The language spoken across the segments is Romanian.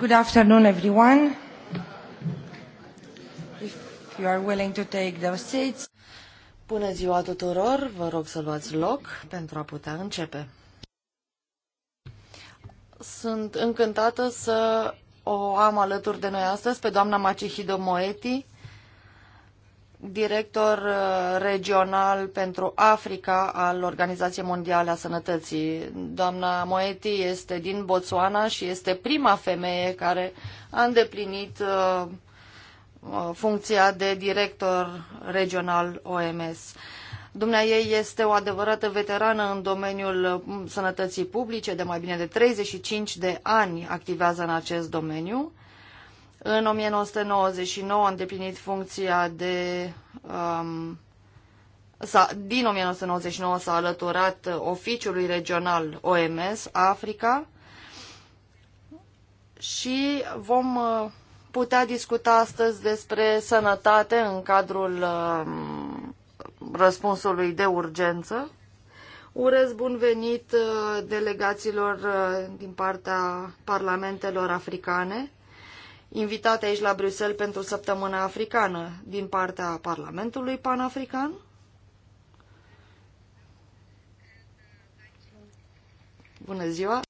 Good afternoon, everyone. If you are willing to take those seats. Bună ziua tuturor, vă rog să luați loc pentru a putea începe. Sunt încântată să o am alături de noi astăzi pe doamna Macihido Moeti, director uh, regional pentru Africa al Organizației Mondiale a Sănătății. Doamna Moeti este din Botswana și este prima femeie care a îndeplinit uh, uh, funcția de director regional OMS. Dumnea ei este o adevărată veterană în domeniul sănătății publice, de mai bine de 35 de ani activează în acest domeniu în 1999 a îndeplinit funcția de... Um, din 1999 s-a alăturat oficiului regional OMS Africa și vom uh, putea discuta astăzi despre sănătate în cadrul um, răspunsului de urgență. Urez bun venit uh, delegațiilor uh, din partea parlamentelor africane invitat aici la Bruxelles pentru săptămâna africană din partea Parlamentului Panafrican. Bună ziua!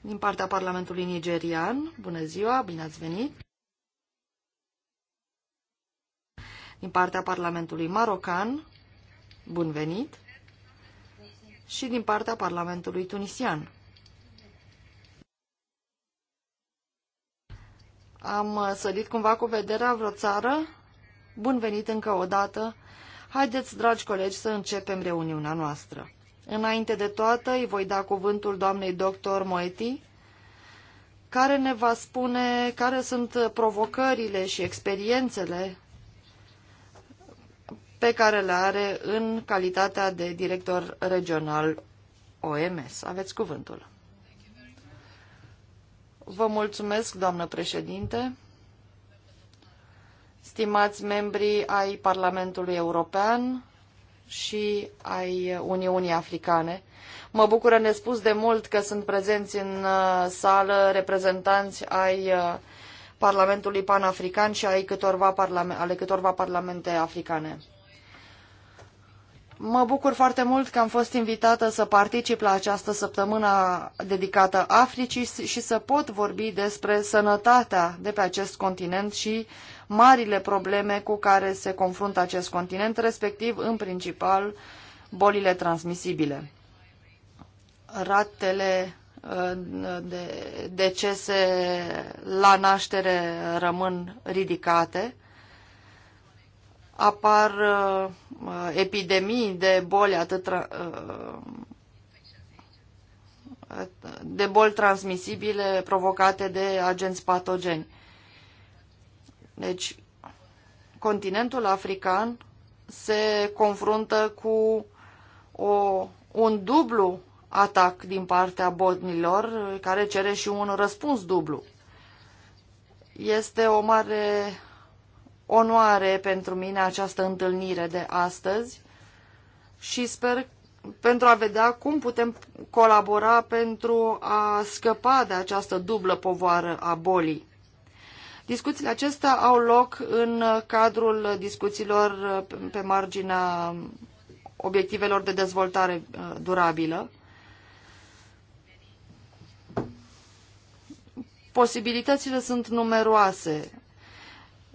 Din partea Parlamentului Nigerian, bună ziua, bine ați venit! Din partea Parlamentului Marocan, bun venit! și din partea Parlamentului tunisian. Am sărit cumva cu vederea vreo țară? Bun venit încă o dată! Haideți, dragi colegi, să începem reuniunea noastră. Înainte de toată, îi voi da cuvântul doamnei doctor Moeti, care ne va spune care sunt provocările și experiențele pe care le are în calitatea de director regional OMS. Aveți cuvântul. Vă mulțumesc, doamnă președinte. Stimați membri ai Parlamentului European și ai Uniunii Africane, mă bucură nespus de mult că sunt prezenți în uh, sală reprezentanți ai uh, Parlamentului Panafrican și ai câtorva ale câtorva parlamente africane. Mă bucur foarte mult că am fost invitată să particip la această săptămână dedicată Africii și să pot vorbi despre sănătatea de pe acest continent și marile probleme cu care se confruntă acest continent, respectiv, în principal, bolile transmisibile. Ratele uh, de decese la naștere rămân ridicate apar uh, epidemii de boli atât uh, de boli transmisibile provocate de agenți patogeni. Deci, continentul african se confruntă cu o, un dublu atac din partea botnilor, care cere și un răspuns dublu. Este o mare onoare pentru mine această întâlnire de astăzi și sper pentru a vedea cum putem colabora pentru a scăpa de această dublă povoară a bolii. Discuțiile acestea au loc în cadrul discuțiilor pe marginea obiectivelor de dezvoltare uh, durabilă. Posibilitățile sunt numeroase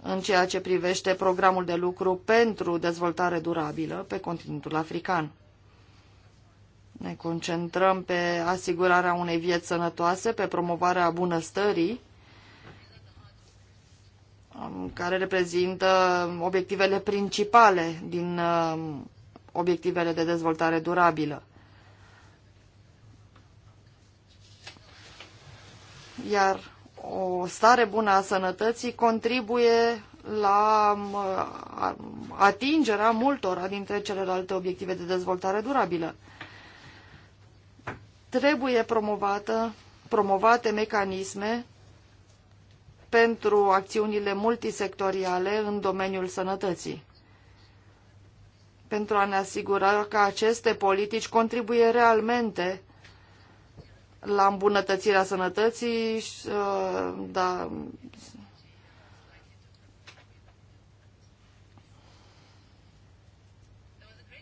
în ceea ce privește programul de lucru pentru dezvoltare durabilă pe continentul african. Ne concentrăm pe asigurarea unei vieți sănătoase, pe promovarea bunăstării, um, care reprezintă obiectivele principale din um, obiectivele de dezvoltare durabilă. Iar o stare bună a sănătății contribuie la atingerea multora dintre celelalte obiective de dezvoltare durabilă. Trebuie promovată, promovate mecanisme pentru acțiunile multisectoriale în domeniul sănătății pentru a ne asigura că aceste politici contribuie realmente la îmbunătățirea sănătății, uh, da,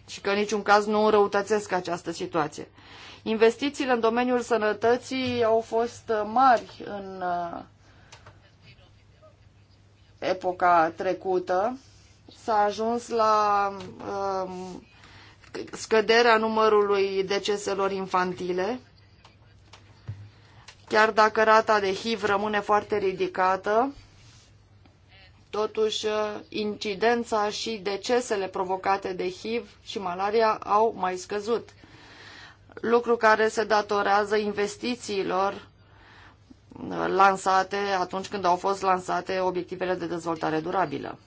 și că în niciun caz nu înrăutățesc această situație. Investițiile în domeniul sănătății au fost uh, mari în uh, epoca trecută. S-a ajuns la scăderea numărului deceselor infantile Chiar dacă rata de HIV rămâne foarte ridicată, totuși uh, incidența și decesele provocate de HIV și malaria au mai scăzut, lucru care se datorează investițiilor uh, lansate atunci când au fost lansate obiectivele de dezvoltare durabilă.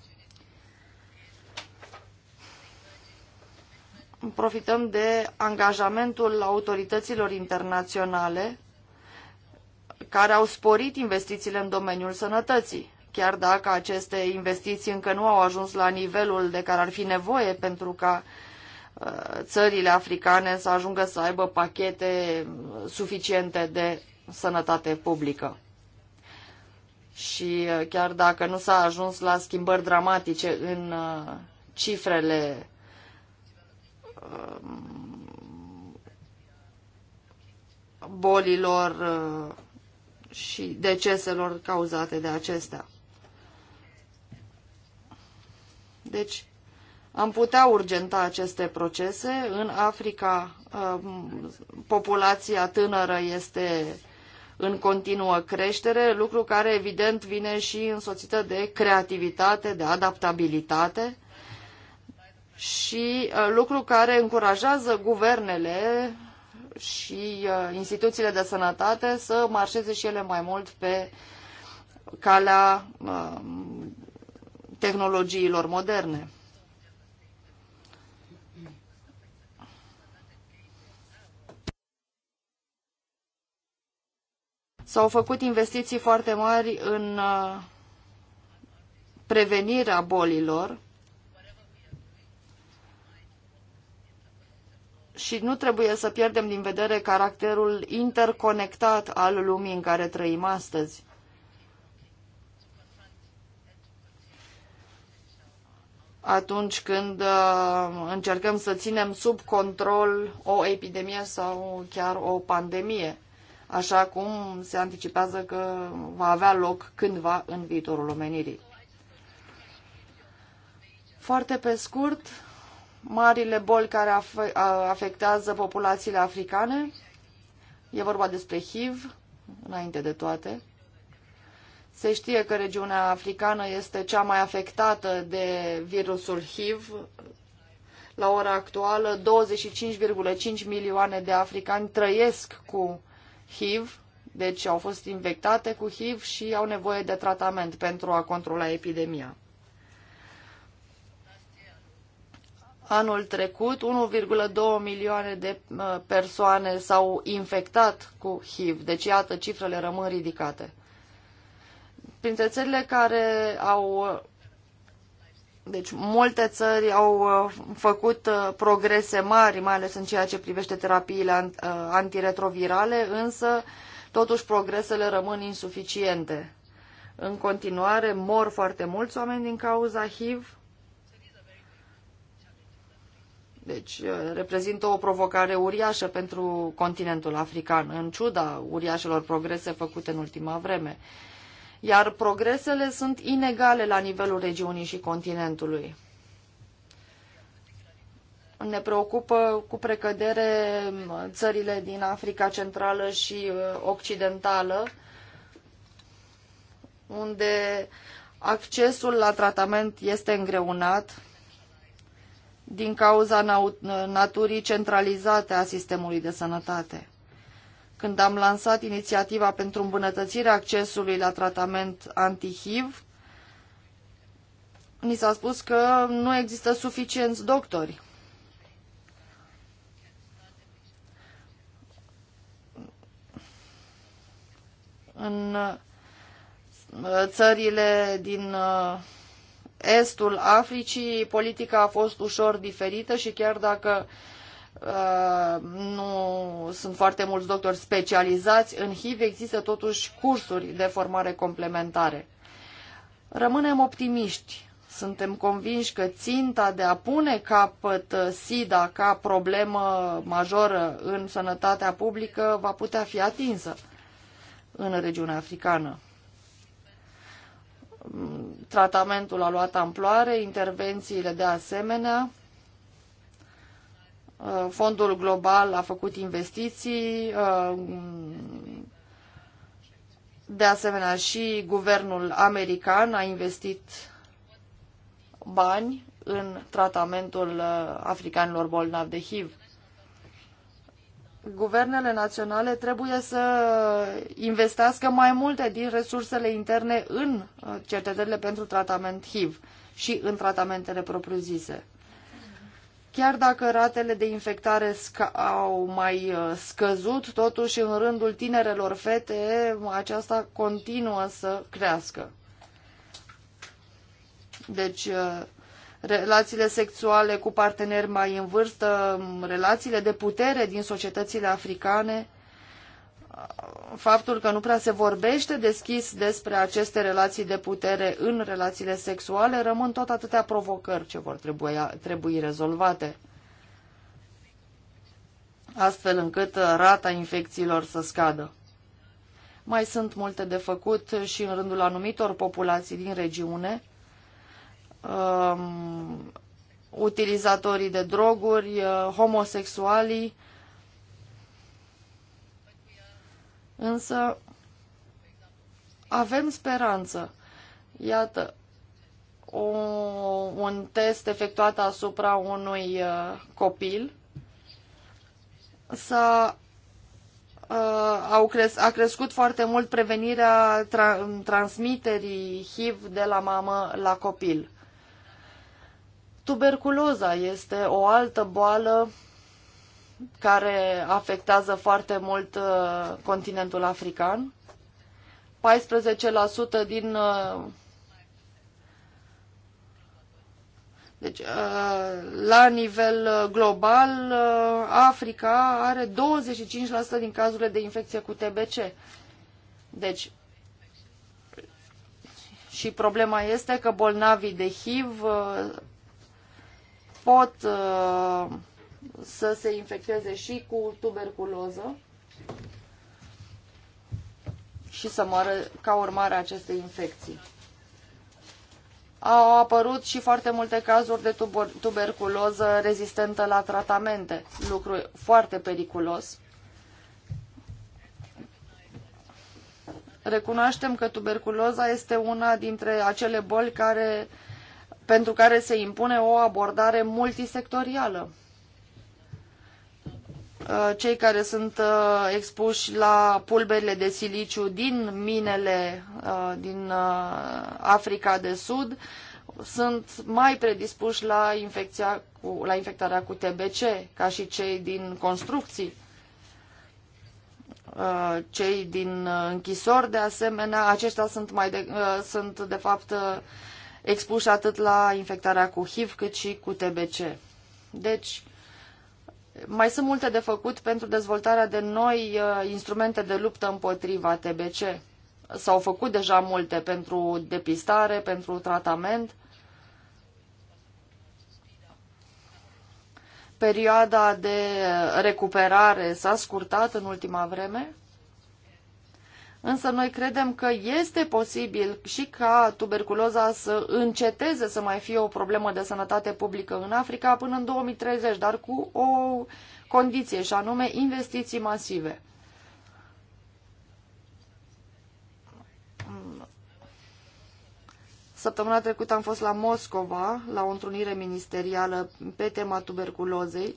Profităm de angajamentul autorităților internaționale care au sporit investițiile în domeniul sănătății. Chiar dacă aceste investiții încă nu au ajuns la nivelul de care ar fi nevoie pentru ca uh, țările africane să ajungă să aibă pachete suficiente de sănătate publică. Și uh, chiar dacă nu s-a ajuns la schimbări dramatice în uh, cifrele um, bolilor și deceselor cauzate de acestea. Deci, am putea urgenta aceste procese. În Africa, um, populația tânără este în continuă creștere, lucru care evident vine și însoțită de creativitate, de adaptabilitate și uh, lucru care încurajează guvernele și uh, instituțiile de sănătate să marșeze și ele mai mult pe calea uh, tehnologiilor moderne. S-au făcut investiții foarte mari în uh, prevenirea bolilor, și nu trebuie să pierdem din vedere caracterul interconectat al lumii în care trăim astăzi. atunci când uh, încercăm să ținem sub control o epidemie sau chiar o pandemie, așa cum se anticipează că va avea loc cândva în viitorul omenirii. Foarte pe scurt, marile boli care afectează populațiile africane. E vorba despre HIV, înainte de toate. Se știe că regiunea africană este cea mai afectată de virusul HIV. La ora actuală, 25,5 milioane de africani trăiesc cu HIV, deci au fost infectate cu HIV și au nevoie de tratament pentru a controla epidemia. Anul trecut, 1,2 milioane de uh, persoane s-au infectat cu HIV, deci iată, cifrele rămân ridicate. Printre țările care au deci multe țări au uh, făcut uh, progrese mari, mai ales în ceea ce privește terapiile antiretrovirale, însă totuși progresele rămân insuficiente. În continuare mor foarte mulți oameni din cauza HIV deci uh, reprezintă o provocare uriașă pentru continentul african, în ciuda uriașelor progrese făcute în ultima vreme. Iar progresele sunt inegale la nivelul regiunii și continentului. Ne preocupă cu precădere țările din Africa Centrală și uh, Occidentală, unde accesul la tratament este îngreunat din cauza naturii centralizate a sistemului de sănătate. Când am lansat inițiativa pentru îmbunătățirea accesului la tratament anti-HIV, ni s-a spus că nu există suficienți doctori. În uh, țările din uh, estul Africii politica a fost ușor diferită și chiar dacă uh, nu sunt foarte mulți doctori specializați în HIV, există totuși cursuri de formare complementare. Rămânem optimiști. Suntem convinși că ținta de a pune capăt SIDA ca problemă majoră în sănătatea publică va putea fi atinsă în regiunea africană tratamentul a luat amploare, intervențiile de asemenea. Uh, Fondul global a făcut investiții, uh, de asemenea și guvernul american a investit bani în tratamentul uh, africanilor bolnavi de HIV guvernele naționale trebuie să investească mai multe din resursele interne în uh, cercetările pentru tratament HIV și în tratamentele propriu-zise. Chiar dacă ratele de infectare au mai uh, scăzut, totuși în rândul tinerelor fete aceasta continuă să crească. Deci uh, relațiile sexuale cu parteneri mai în vârstă, relațiile de putere din societățile africane, faptul că nu prea se vorbește deschis despre aceste relații de putere în relațiile sexuale, rămân tot atâtea provocări ce vor trebui, trebui rezolvate, astfel încât rata infecțiilor să scadă. Mai sunt multe de făcut și în rândul anumitor populații din regiune, um, utilizatorii de droguri, uh, homosexualii, însă avem speranță. Iată, o, un test efectuat asupra unui uh, copil s-a uh, au cres- a crescut foarte mult prevenirea tra- transmiterii HIV de la mamă la copil. Tuberculoza este o altă boală care afectează foarte mult uh, continentul african. 14% din. Uh, deci, uh, la nivel global, Africa are 25% din cazurile de infecție cu TBC. Deci, și problema este că bolnavii de HIV pot uh, să se infecteze și cu tuberculoză și să moară ca urmare a acestei infecții. Au apărut și foarte multe cazuri de tuberculoză rezistentă la tratamente, lucru foarte periculos. Recunoaștem că tuberculoza este una dintre acele boli care uh, pentru care se impune o abordare multisectorială. Uh, cei care sunt uh, expuși la pulberile de siliciu din minele uh, din Africa de Sud sunt mai predispuși la, infecția cu, la infectarea cu TBC ca și cei din construcții cei din închisori, de asemenea, aceștia sunt, mai de, sunt de fapt expuși atât la infectarea cu HIV cât și cu TBC. Deci, mai sunt multe de făcut pentru dezvoltarea de noi uh, instrumente de luptă împotriva TBC. S-au făcut deja multe pentru depistare, pentru tratament. Perioada de recuperare s-a scurtat în ultima vreme. Însă noi credem că este posibil și ca tuberculoza să înceteze să mai fie o problemă de sănătate publică în Africa până în 2030, dar cu o condiție și anume investiții masive. Săptămâna trecută am fost la Moscova, la o întrunire ministerială pe tema tuberculozei,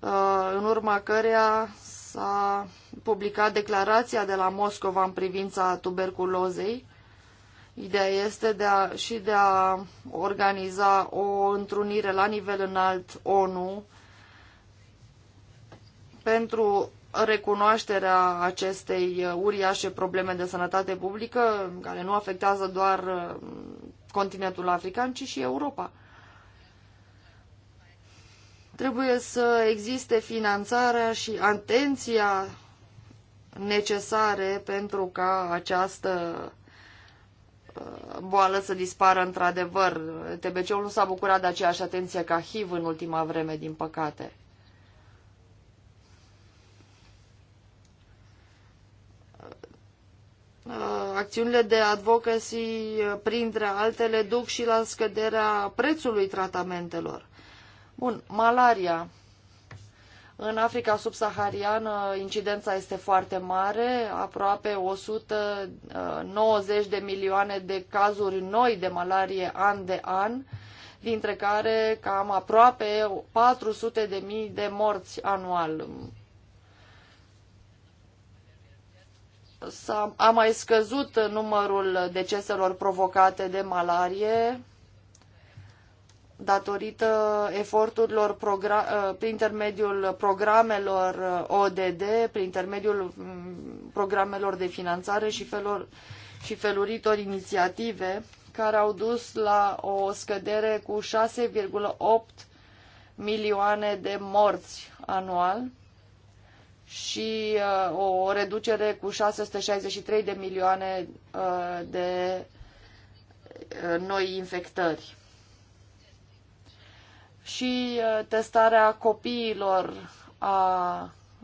uh, în urma căreia s-a publicat declarația de la Moscova în privința tuberculozei. Ideea este de a, și de a organiza o întrunire la nivel înalt ONU pentru recunoașterea acestei uriașe probleme de sănătate publică, care nu afectează doar continentul african, ci și Europa. Trebuie să existe finanțarea și atenția necesare pentru ca această uh, boală să dispară într-adevăr. TBC-ul nu s-a bucurat de aceeași atenție ca HIV în ultima vreme, din păcate. Uh, acțiunile de advocacy, uh, printre altele, duc și la scăderea prețului tratamentelor. Bun, malaria. În Africa subsahariană incidența este foarte mare, aproape 190 de milioane de cazuri noi de malarie an de an, dintre care cam aproape 400 de mii de morți anual. S-a, a mai scăzut numărul deceselor provocate de malarie, datorită eforturilor uh, prin intermediul programelor uh, ODD, prin intermediul mm, programelor de finanțare și, felor, și feluritor inițiative care au dus la o scădere cu 6,8 milioane de morți anual și uh, o reducere cu 663 de milioane de noi infectări și uh, testarea copiilor a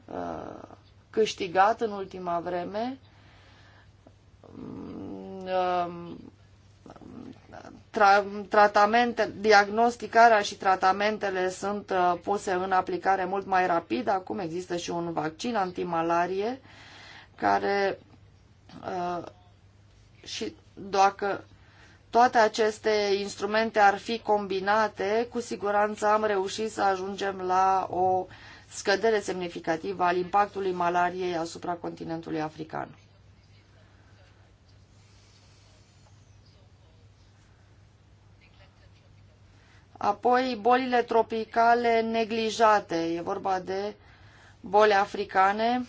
uh, câștigat în ultima vreme. Mm, um, tra tratamente, diagnosticarea și tratamentele sunt uh, puse în aplicare mult mai rapid. Acum există și un vaccin antimalarie care și dacă toate aceste instrumente ar fi combinate, cu siguranță am reușit să ajungem la o scădere semnificativă al impactului malariei asupra continentului african. Apoi, bolile tropicale neglijate. E vorba de boli africane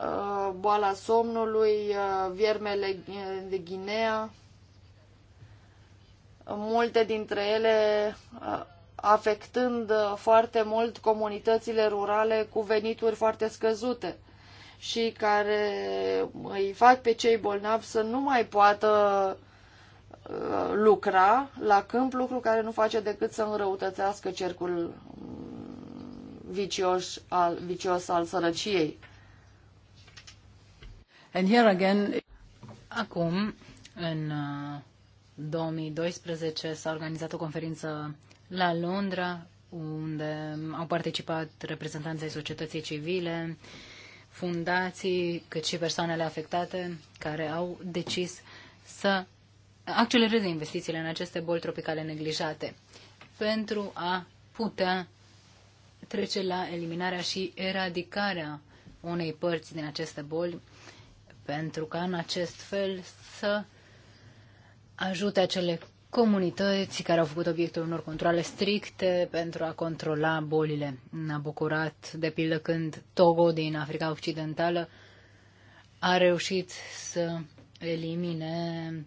Uh, boala somnului, uh, viermele de Guinea. Multe dintre ele uh, afectând foarte mult comunitățile rurale cu venituri foarte scăzute și care îi fac pe cei bolnavi să nu mai poată lucra la câmp, lucru care nu face decât să înrăutățească cercul mm, vicios al, vicios al sărăciei. And here again... Acum, în 2012, uh, s-a organizat o conferință la Londra, unde au participat reprezentanții societății civile, fundații, cât și persoanele afectate care au decis să accelereze investițiile în aceste boli tropicale neglijate pentru a putea trece la eliminarea și eradicarea unei părți din aceste boli pentru ca în acest fel să ajute acele comunități care au făcut obiectul unor controle stricte pentru a controla bolile. n a bucurat, de pildă, când Togo din Africa Occidentală a reușit să elimine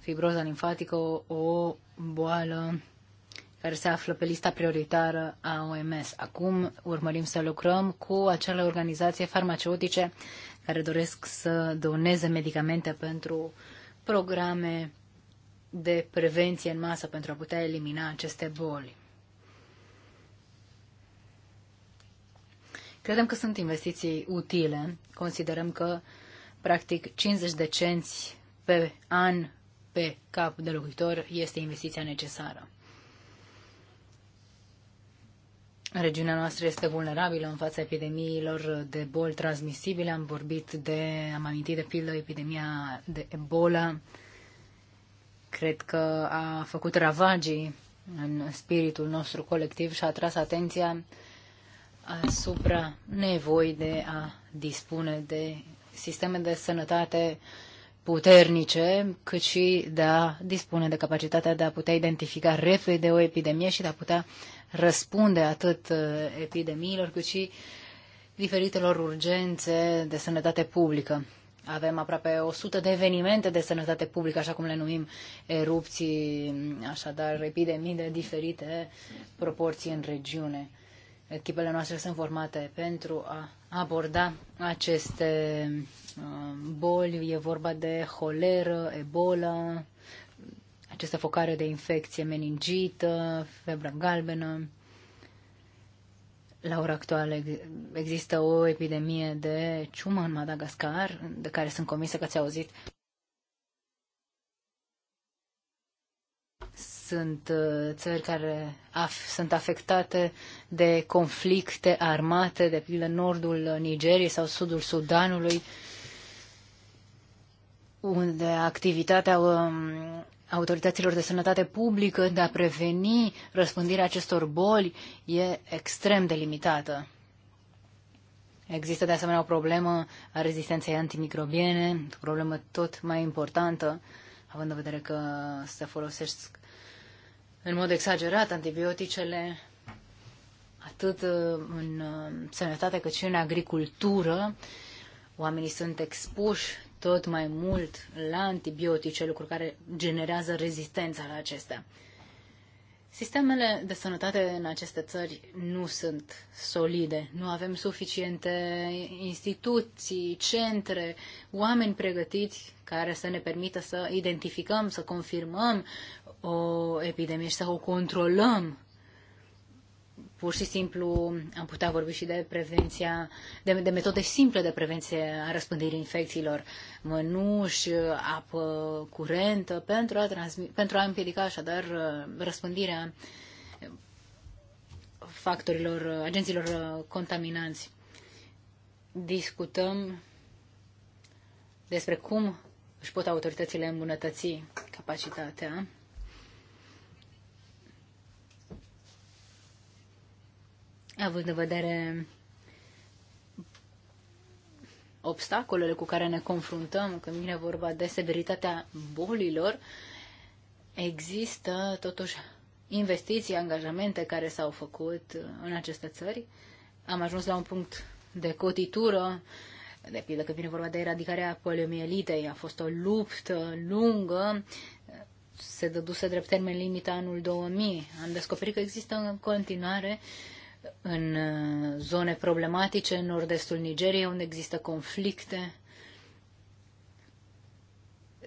fibroza limfatică, o boală care se află pe lista prioritară a OMS. Acum urmărim să lucrăm cu acele organizații farmaceutice care doresc să doneze medicamente pentru programe de prevenție în masă pentru a putea elimina aceste boli. Credem că sunt investiții utile. Considerăm că, practic, 50 de cenți pe an pe cap de locuitor este investiția necesară. Regiunea noastră este vulnerabilă în fața epidemiilor de boli transmisibile. Am vorbit de, am amintit de pildă epidemia de Ebola. Cred că a făcut ravagii în spiritul nostru colectiv și a tras atenția asupra nevoii de a dispune de sisteme de sănătate puternice, cât și de a dispune de capacitatea de a putea identifica repede o epidemie și de a putea răspunde atât uh, epidemiilor cât și diferitelor urgențe de sănătate publică. Avem aproape 100 de evenimente de sănătate publică, așa cum le numim erupții, așadar epidemii de diferite proporții în regiune. Echipele noastre sunt formate pentru a aborda aceste uh, boli. E vorba de holeră, ebola, această focare de infecție meningită, febră galbenă. La ora actuală există o epidemie de ciumă în Madagascar, de care sunt convinsă că ați auzit. Sunt uh, țări care af- sunt afectate de conflicte armate, de pildă nordul Nigeriei sau sudul Sudanului, unde activitatea um, autorităților de sănătate publică de a preveni răspândirea acestor boli e extrem de limitată. Există de asemenea o problemă a rezistenței antimicrobiene, o problemă tot mai importantă, având în vedere că se folosesc în mod exagerat antibioticele atât uh, în uh, sănătate cât și în agricultură. Oamenii sunt expuși tot mai mult la antibiotice, lucruri care generează rezistența la acestea. Sistemele de sănătate în aceste țări nu sunt solide, nu avem suficiente instituții, centre, oameni pregătiți care să ne permită să identificăm, să confirmăm o epidemie și să o controlăm pur și simplu am putea vorbi și de prevenția, de, de metode simple de prevenție a răspândirii infecțiilor, mănuși, apă curentă, pentru a, transmi, pentru a împiedica așadar uh, răspândirea factorilor, uh, agenților uh, contaminanți. Discutăm despre cum își pot autoritățile îmbunătăți capacitatea având în vedere obstacolele cu care ne confruntăm când vine vorba de severitatea bolilor, există totuși investiții, angajamente care s-au făcut în aceste țări. Am ajuns la un punct de cotitură, de pildă când vine vorba de eradicarea poliomielitei, a fost o luptă lungă, se dăduse drept termen limită anul 2000. Am descoperit că există în continuare uh, în uh, zone problematice, în nord-estul Nigeriei, unde există conflicte.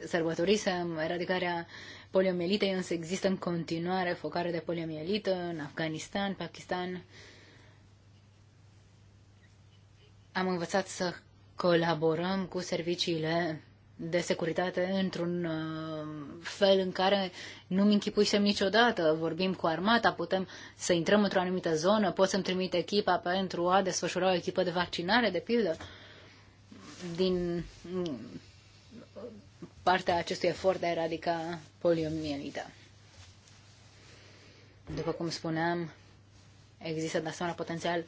Sărbătorisem eradicarea poliomielitei, însă există în continuare focare de poliomielită în Afganistan, Pakistan. Am învățat să colaborăm cu serviciile de securitate într-un uh, fel în care nu-mi închipuisem niciodată. Vorbim cu armata, putem să intrăm într-o anumită zonă, pot să-mi trimit echipa pentru a desfășura o echipă de vaccinare, de pildă. Din mm, partea acestui efort de a eradica poliomielita. După cum spuneam, există de asemenea potențial uh,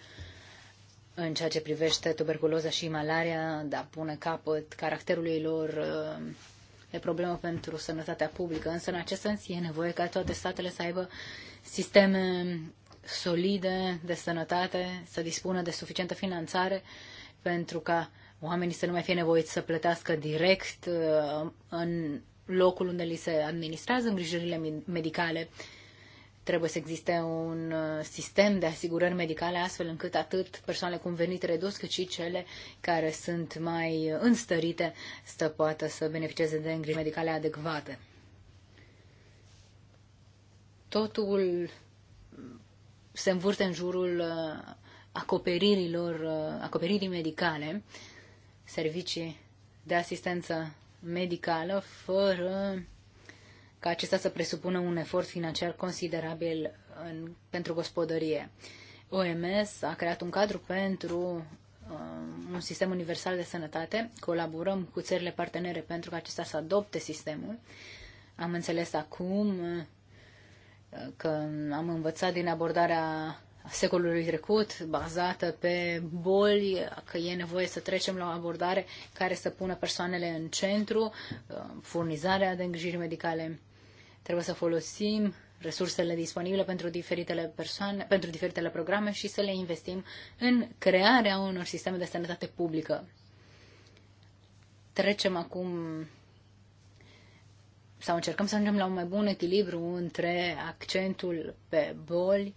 în ceea ce privește tuberculoza și malaria, de a pune capăt caracterului lor de uh, problemă pentru sănătatea publică. Însă, în acest sens, e nevoie ca toate statele să aibă sisteme solide de sănătate, să dispună de suficientă finanțare pentru ca oamenii să nu mai fie nevoiți să plătească direct uh, în locul unde li se administrează îngrijirile medicale Trebuie să existe un uh, sistem de asigurări medicale astfel încât atât persoanele cu un venit redus cât și cele care sunt mai înstărite să poată să beneficieze de îngrijiri medicale adecvate. Totul se învârte în jurul uh, acoperirilor, uh, acoperirii medicale, servicii de asistență medicală fără ca acesta să presupună un efort financiar considerabil în, pentru gospodărie. OMS a creat un cadru pentru uh, un sistem universal de sănătate. Colaborăm cu țările partenere pentru ca acesta să adopte sistemul. Am înțeles acum uh, că am învățat din abordarea secolului trecut, bazată pe boli, că e nevoie să trecem la o abordare care să pună persoanele în centru, uh, furnizarea de îngrijiri medicale Trebuie să folosim resursele disponibile pentru diferitele persoane, pentru diferitele programe și să le investim în crearea unor sisteme de sănătate publică. Trecem acum sau încercăm să ajungem la un mai bun echilibru între accentul pe boli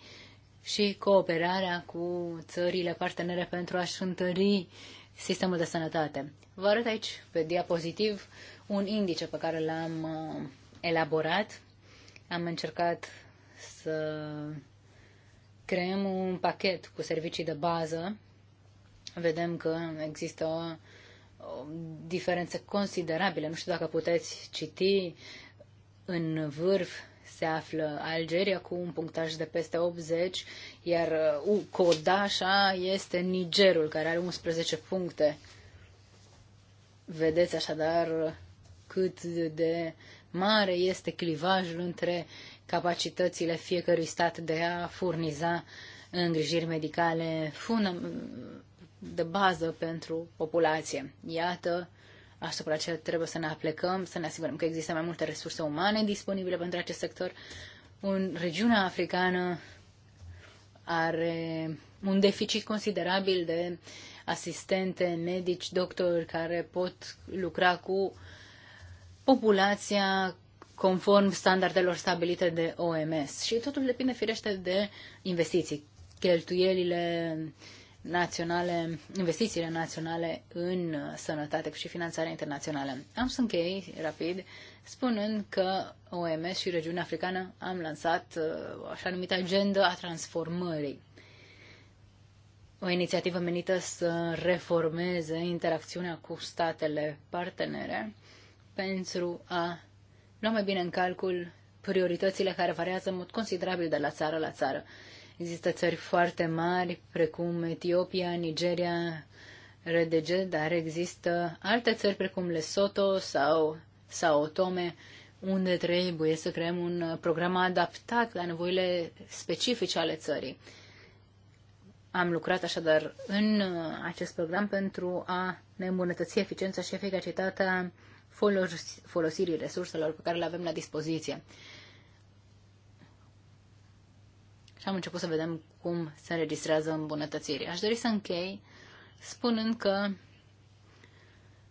și cooperarea cu țările partenere pentru a-și întări sistemul de sănătate. Vă arăt aici, pe diapozitiv, un indice pe care l-am uh, elaborat. Am încercat să creăm un pachet cu servicii de bază. Vedem că există o diferență considerabilă Nu știu dacă puteți citi în vârf se află Algeria cu un punctaj de peste 80, iar uh, Codașa este Nigerul, care are 11 puncte. Vedeți așadar cât de mare este clivajul între capacitățile fiecărui stat de a furniza îngrijiri medicale de bază pentru populație. Iată asupra ce trebuie să ne aplecăm, să ne asigurăm că există mai multe resurse umane disponibile pentru acest sector. Un, regiunea africană are un deficit considerabil de asistente, medici, doctori care pot lucra cu populația conform standardelor stabilite de OMS. Și totul depinde firește de investiții, cheltuielile naționale, investițiile naționale în sănătate și finanțarea internațională. Am să închei rapid spunând că OMS și regiunea africană am lansat uh, o așa numită agenda a transformării. O inițiativă menită să reformeze interacțiunea cu statele partenere pentru a lua mai bine în calcul prioritățile care variază în mod considerabil de la țară la țară. Există țări foarte mari, precum Etiopia, Nigeria, RDG, dar există alte țări precum Lesotho sau sau Tome, unde trebuie să creăm un program adaptat la nevoile specifice ale țării. Am lucrat așadar în acest program pentru a ne îmbunătăți eficiența și eficacitatea folosirii resurselor pe care le avem la dispoziție. Și am început să vedem cum se înregistrează îmbunătățirii. Aș dori să închei spunând că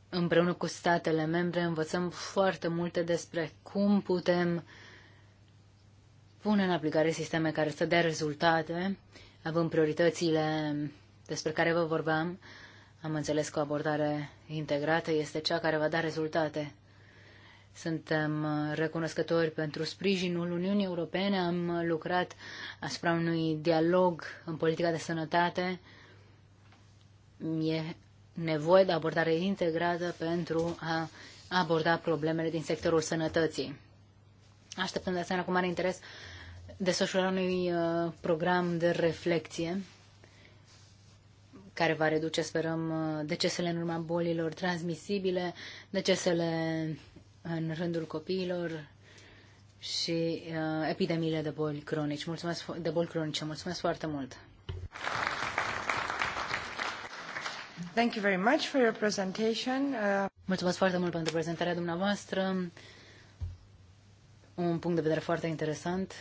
împreună cu statele membre învățăm foarte multe despre cum putem pune în aplicare sisteme care să dea rezultate, având prioritățile despre care vă vorbeam, am înțeles că o abordare integrată este cea care va da rezultate. Suntem recunoscători pentru sprijinul Uniunii Europene. Am lucrat asupra unui dialog în politica de sănătate. E nevoie de abordare integrată pentru a aborda problemele din sectorul sănătății. Așteptăm de asemenea cu mare interes desfășurarea unui uh, program de reflexie care va reduce, sperăm, uh, decesele în urma bolilor transmisibile, decesele în rândul copiilor și uh, epidemiile de boli cronici. Mulțumesc de boli cronice. Mulțumesc foarte mult. Thank you very much for your presentation. Uh... Mulțumesc foarte mult pentru prezentarea dumneavoastră. Un punct de vedere foarte interesant.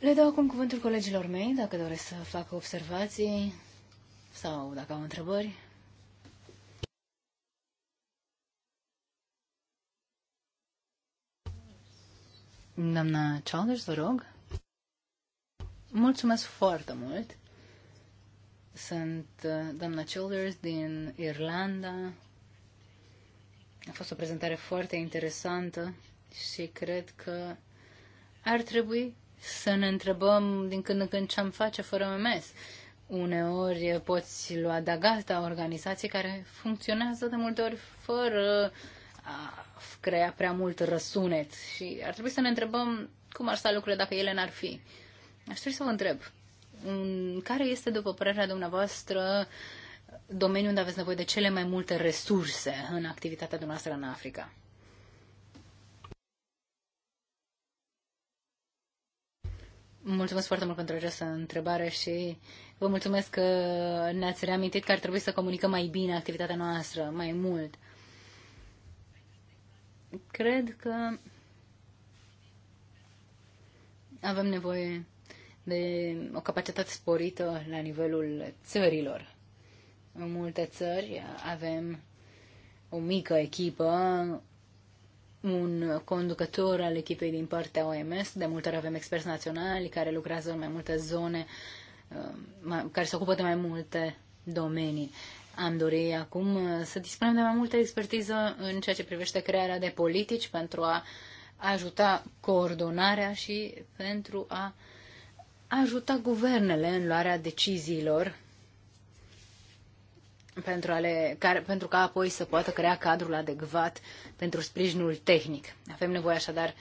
Le dau acum cuvântul colegilor mei, dacă doresc să facă observații sau dacă au întrebări. Doamna Childers, vă rog. Mulțumesc foarte mult. Sunt uh, doamna Childers din Irlanda. A fost o prezentare foarte interesantă și cred că ar trebui să ne întrebăm din când în când ce am face fără MS. Uneori eh, poți lua de gata organizații care funcționează de multe ori fără a crea prea mult răsunet și ar trebui să ne întrebăm cum ar sta lucrurile dacă ele n-ar fi. Aș trebui să vă întreb, care este, după părerea dumneavoastră, domeniul unde aveți nevoie de cele mai multe resurse în activitatea dumneavoastră în Africa? Mulțumesc foarte mult pentru această întrebare și vă mulțumesc că ne-ați reamintit că ar trebui să comunicăm mai bine activitatea noastră, mai mult. Cred că avem nevoie de o capacitate sporită la nivelul țărilor. În multe țări avem o mică echipă un conducător al echipei din partea OMS. De multe ori avem experți naționali care lucrează în mai multe zone, um, care se ocupă de mai multe domenii. Am dorit acum uh, să dispunem de mai multă expertiză în ceea ce privește crearea de politici pentru a ajuta coordonarea și pentru a ajuta guvernele în luarea deciziilor pentru, a care, pentru ca apoi să poată crea cadrul adecvat pentru sprijinul tehnic. Avem nevoie așadar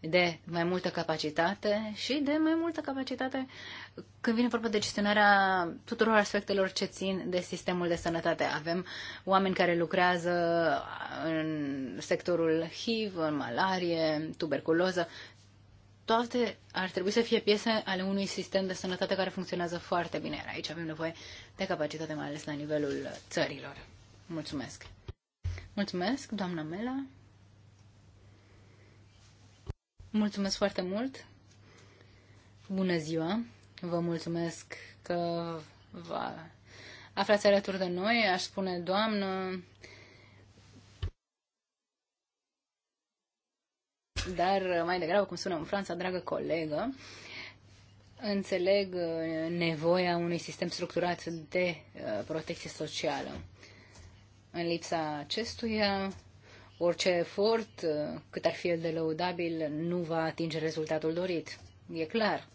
de mai multă capacitate și de mai multă capacitate când vine vorba de gestionarea tuturor aspectelor ce țin de sistemul de sănătate. Avem oameni care lucrează în sectorul HIV, în malarie, tuberculoză toate ar trebui să fie piese ale unui sistem de sănătate care funcționează foarte bine, iar aici avem nevoie de capacitate, mai ales la nivelul țărilor. Mulțumesc! Mulțumesc, doamna Mela! Mulțumesc foarte mult! Bună ziua! Vă mulțumesc că vă aflați alături de noi. Aș spune, doamnă, dar mai degrabă, cum sună în Franța, dragă colegă, înțeleg uh, nevoia unui sistem structurat de uh, protecție socială. În lipsa acestuia, orice efort, uh, cât ar fi el de lăudabil, nu va atinge rezultatul dorit. E clar.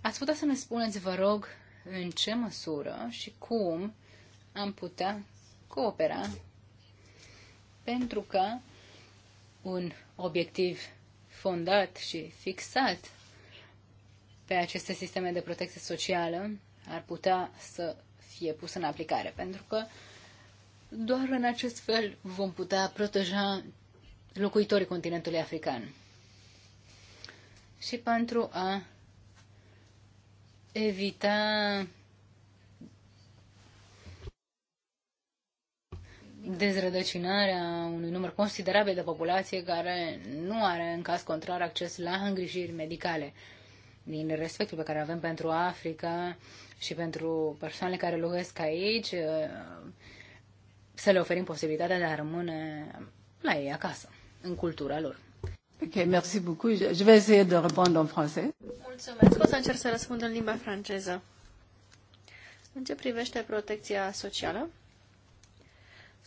Ați putea să ne spuneți, vă rog, în ce măsură și cum am putea coopera pentru ca un obiectiv fondat și fixat pe aceste sisteme de protecție socială ar putea să fie pus în aplicare, pentru că doar în acest fel vom putea proteja locuitorii continentului african. Și pentru a evita dezrădăcinarea unui număr considerabil de populație care nu are, în caz contrar, acces la îngrijiri medicale. Din respectul pe care avem pentru Africa și pentru persoanele care locuiesc aici, eh, să le oferim posibilitatea de a rămâne la ei acasă, în cultura lor. Ok, merci beaucoup. Je vais essayer de répondre en français. Mulțumesc. O să încerc să răspund în limba franceză. În ce privește protecția socială,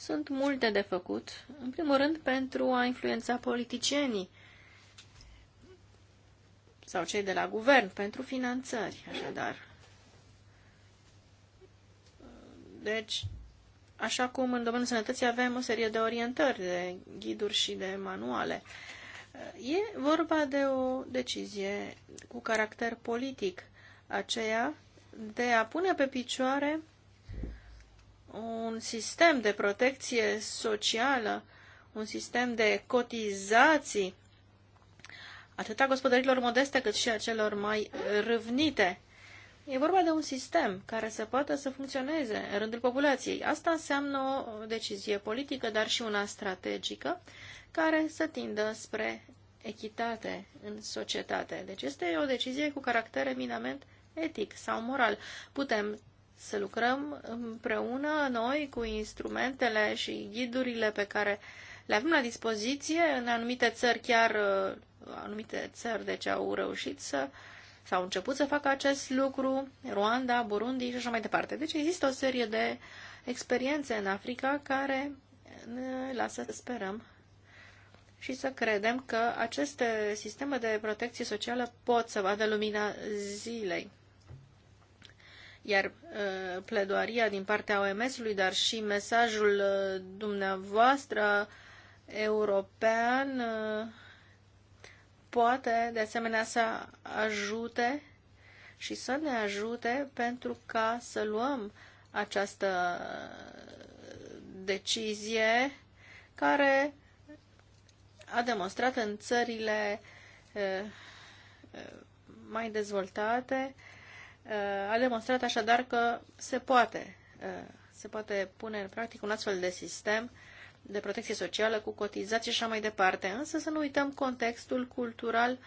sunt multe de făcut, în primul rând pentru a influența politicienii sau cei de la guvern pentru finanțări, așadar. Deci, așa cum în domeniul sănătății avem o serie de orientări, de ghiduri și de manuale, e vorba de o decizie cu caracter politic, aceea de a pune pe picioare un sistem de protecție socială, un sistem de cotizații, atât a gospodărilor modeste cât și a celor mai râvnite. E vorba de un sistem care să poată să funcționeze în rândul populației. Asta înseamnă o decizie politică, dar și una strategică, care să tindă spre echitate în societate. Deci este o decizie cu caracter eminament etic sau moral. Putem să lucrăm împreună noi cu instrumentele și ghidurile pe care le avem la dispoziție. În anumite țări chiar, uh, anumite țări deci au reușit să sau au început să facă acest lucru, Rwanda, Burundi și așa mai departe. Deci există o serie de experiențe în Africa care ne lasă să sperăm și să credem că aceste sisteme de protecție socială pot să vadă lumina zilei. Iar uh, pledoaria din partea OMS-ului, dar și mesajul uh, dumneavoastră european uh, poate de asemenea să ajute și să ne ajute pentru ca să luăm această decizie care a demonstrat în țările mai dezvoltate Uh, a demonstrat așadar că se poate, uh, se poate pune în practic un astfel de sistem de protecție socială cu cotizații și așa mai departe. Însă să nu uităm contextul cultural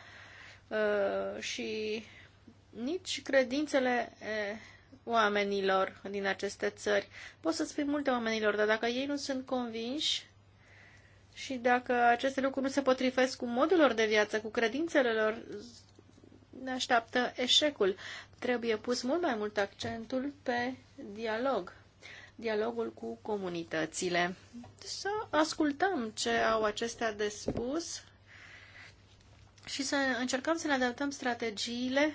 uh, și nici credințele oamenilor din aceste țări. Poți să spui multe oamenilor, dar dacă ei nu sunt convinși și dacă aceste lucruri nu se potrivesc cu modul lor de viață, cu credințele lor, ne așteaptă eșecul. Trebuie pus mult mai mult accentul pe dialog, dialogul cu comunitățile. Să ascultăm ce au acestea de spus și să încercăm să ne adaptăm strategiile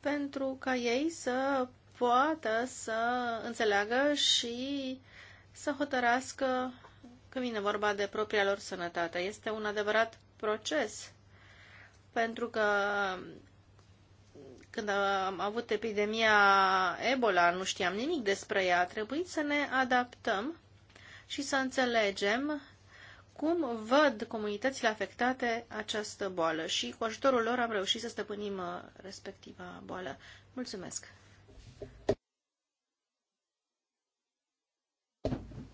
pentru ca ei să poată să înțeleagă și să hotărască când vine vorba de propria lor sănătate. Este un adevărat proces pentru că um, când am avut epidemia Ebola, nu știam nimic despre ea. A trebuit să ne adaptăm și să înțelegem cum văd comunitățile afectate această boală și cu ajutorul lor am reușit să stăpânim uh, respectiva boală. Mulțumesc!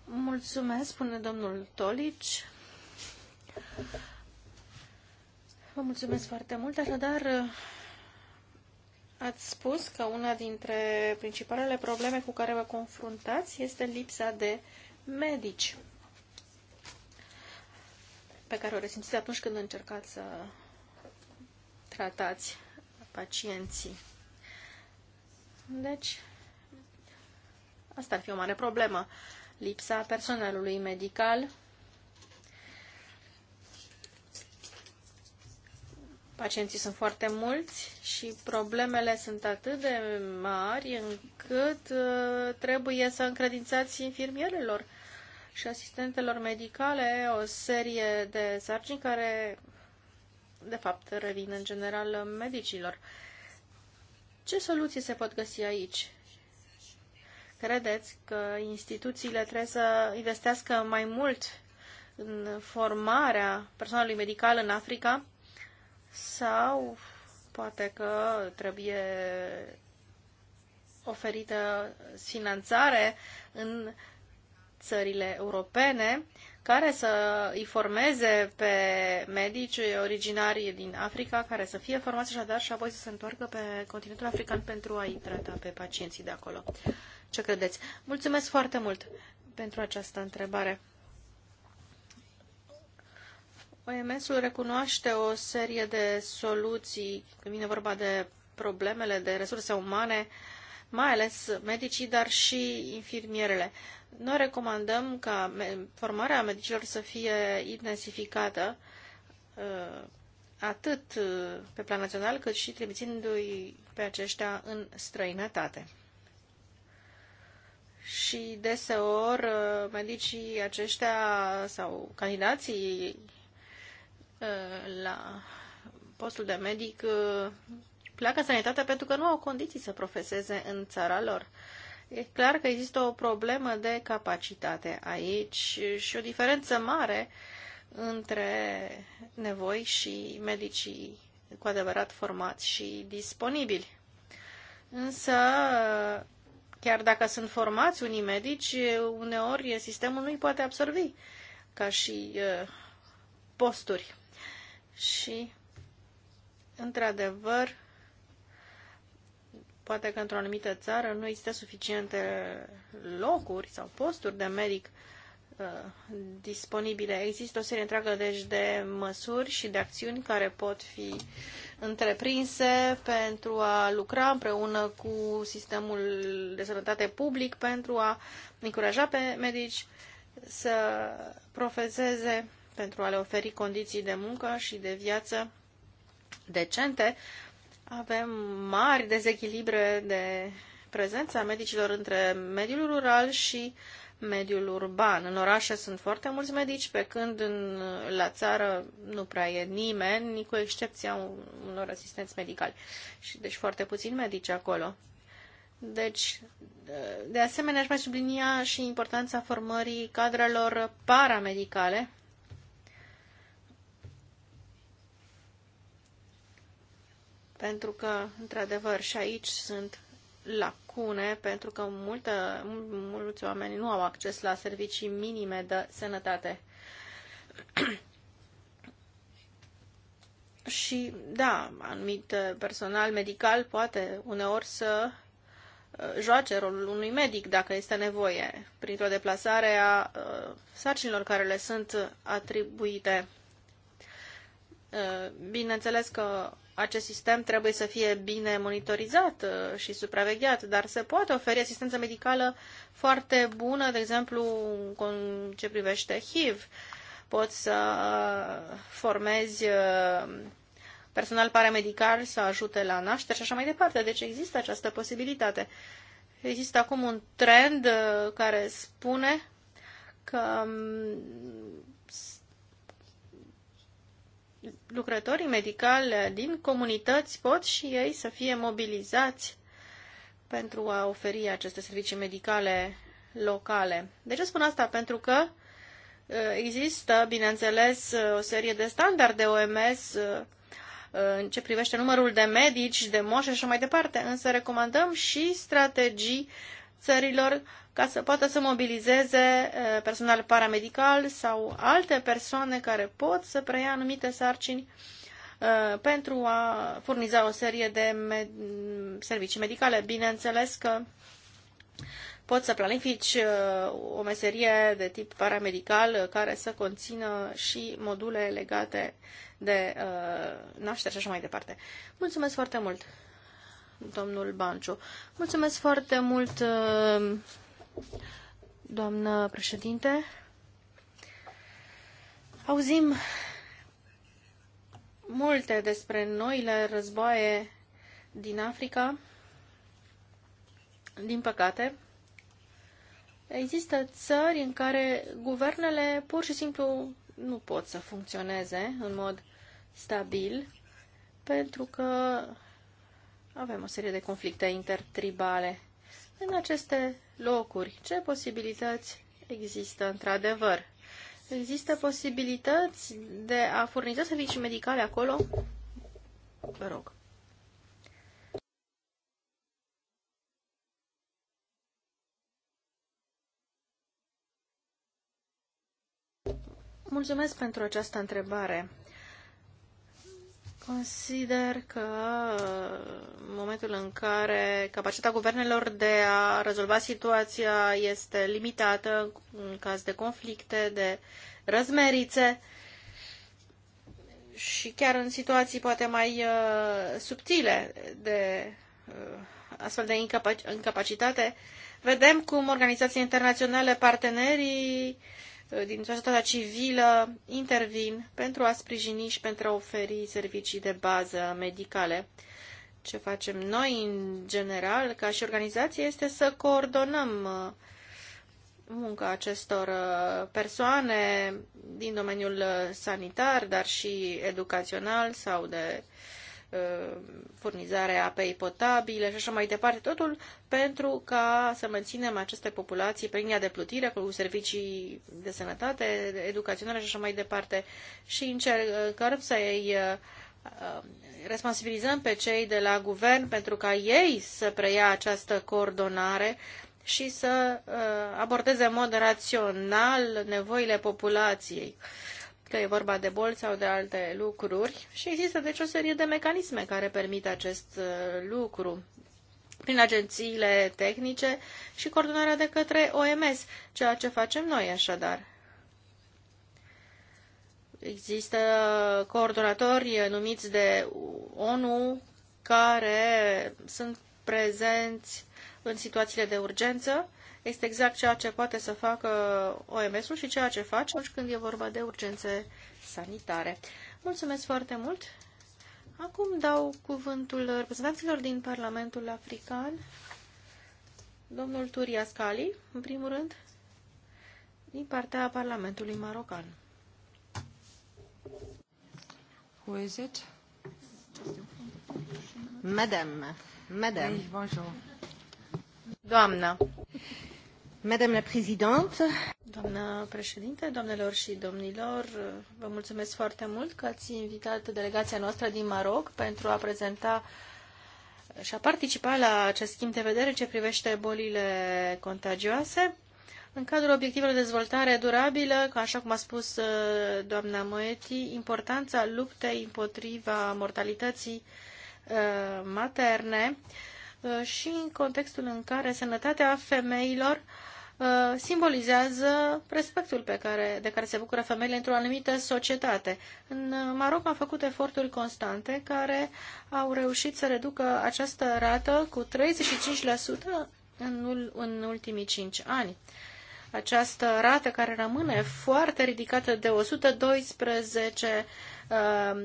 Mulțumesc, spune domnul Tolici. Vă mulțumesc foarte mult. Așadar, ați spus că una dintre principalele probleme cu care vă confruntați este lipsa de medici pe care o resimțiți atunci când încercați să tratați pacienții. Deci, asta ar fi o mare problemă. Lipsa personalului medical Pacienții sunt foarte mulți și problemele sunt atât de mari încât uh, trebuie să încredințați infirmierilor și asistentelor medicale o serie de sarcini care, de fapt, revin în general medicilor. Ce soluții se pot găsi aici? Credeți că instituțiile trebuie să investească mai mult în formarea personalului medical în Africa? sau poate că trebuie oferită finanțare în țările europene care să îi formeze pe medici originari din Africa, care să fie formați așadar și apoi să se întoarcă pe continentul african pentru a-i trata pe pacienții de acolo. Ce credeți? Mulțumesc foarte mult pentru această întrebare. OMS-ul recunoaște o serie de soluții când vine vorba de problemele de resurse umane, mai ales medicii, dar și infirmierele. Noi recomandăm ca formarea medicilor să fie intensificată ă, atât pe plan național, cât și trimițindu-i pe aceștia în străinătate. Și deseori ă, medicii aceștia sau candidații Uh, la postul de medic pleacă uh, sănătatea pentru că nu au condiții să profeseze în țara lor. E clar că există o problemă de capacitate aici și o diferență mare între nevoi și medicii cu adevărat formați și disponibili. Însă, chiar dacă sunt formați unii medici, uneori sistemul nu îi poate absorbi ca și uh, posturi și, într-adevăr, poate că într-o anumită țară nu există suficiente locuri sau posturi de medic uh, disponibile. Există o serie întreagă deci, de măsuri și de acțiuni care pot fi întreprinse pentru a lucra împreună cu sistemul de sănătate public, pentru a încuraja pe medici să profeseze pentru a le oferi condiții de muncă și de viață decente, avem mari dezechilibre de prezența medicilor între mediul rural și mediul urban. În orașe sunt foarte mulți medici, pe când în, la țară nu prea e nimeni, cu excepția unor asistenți medicali. Și deci foarte puțini medici acolo. Deci, de asemenea, aș mai sublinia și importanța formării cadrelor paramedicale, pentru că, într-adevăr, și aici sunt lacune, pentru că multă, mulți oameni nu au acces la servicii minime de sănătate. și, da, anumit personal medical poate uneori să uh, joace rolul unui medic dacă este nevoie, printr-o deplasare a uh, sarcinilor care le sunt atribuite. Uh, bineînțeles că acest sistem trebuie să fie bine monitorizat uh, și supravegheat, dar se poate oferi asistență medicală foarte bună, de exemplu, în ce privește HIV. Poți să uh, formezi uh, personal paramedical să ajute la naștere și așa mai departe. Deci există această posibilitate. Există acum un trend care spune că um, lucrătorii medicali din comunități pot și ei să fie mobilizați pentru a oferi aceste servicii medicale locale. De ce spun asta? Pentru că uh, există, bineînțeles, uh, o serie de standarde OMS uh, în ce privește numărul de medici, de moși și așa mai departe, însă recomandăm și strategii țărilor ca să poată să mobilizeze personal paramedical sau alte persoane care pot să preia anumite sarcini pentru a furniza o serie de med servicii medicale. Bineînțeles că poți să planifici o meserie de tip paramedical care să conțină și module legate de naștere și așa mai departe. Mulțumesc foarte mult, domnul Banciu. Mulțumesc foarte mult Doamnă președinte, auzim multe despre noile războaie din Africa. Din păcate, există țări în care guvernele pur și simplu nu pot să funcționeze în mod stabil pentru că avem o serie de conflicte intertribale în aceste locuri. Ce posibilități există într-adevăr? Există posibilități de a furniza servicii medicale acolo? Vă rog. Mulțumesc pentru această întrebare. Consider că în uh, momentul în care capacitatea guvernelor de a rezolva situația este limitată în caz de conflicte, de răzmerițe și chiar în situații poate mai uh, subtile de uh, astfel de incapacitate, vedem cum organizații internaționale, partenerii Uh, din societatea civilă intervin pentru a sprijini și pentru a oferi servicii de bază medicale. Ce facem noi, în general, ca și organizație, este să coordonăm uh, munca acestor uh, persoane din domeniul sanitar, dar și educațional sau de uh, Uh, furnizarea apei potabile și așa mai departe, totul pentru ca să menținem aceste populații pe linia de plutire cu servicii de sănătate, educaționale și așa mai departe și încercăm să îi uh, uh, responsabilizăm pe cei de la guvern pentru ca ei să preia această coordonare și să abordeze în mod rațional nevoile populației. Uh, că e vorba de boli sau de alte lucruri și există deci o serie de mecanisme care permit acest uh, lucru prin agențiile tehnice și coordonarea de către OMS, ceea ce facem noi așadar. Există coordonatori numiți de ONU care sunt prezenți în situațiile de urgență este exact ceea ce poate să facă OMS-ul și ceea ce face atunci când e vorba de urgențe sanitare. Mulțumesc foarte mult! Acum dau cuvântul reprezentanților din Parlamentul African. Domnul Turia Scali, în primul rând, din partea Parlamentului Marocan. Who is it? Madame. Madame. bonjour. Doamna doamnă președintă doamnelor și domnilor, vă mulțumesc foarte mult că ați invitat delegația noastră din Maroc pentru a prezenta și a participa la acest schimb de vedere ce privește bolile contagioase. În cadrul obiectivelor de dezvoltare durabilă, așa cum a spus uh, doamna Moeti, importanța luptei împotriva mortalității uh, materne uh, și în contextul în care sănătatea femeilor Uh, simbolizează respectul pe care, de care se bucură femeile într-o anumită societate. În Maroc am făcut eforturi constante care au reușit să reducă această rată cu 35% în, în ultimii 5 ani. Această rată care rămâne foarte ridicată de 112 uh, uh,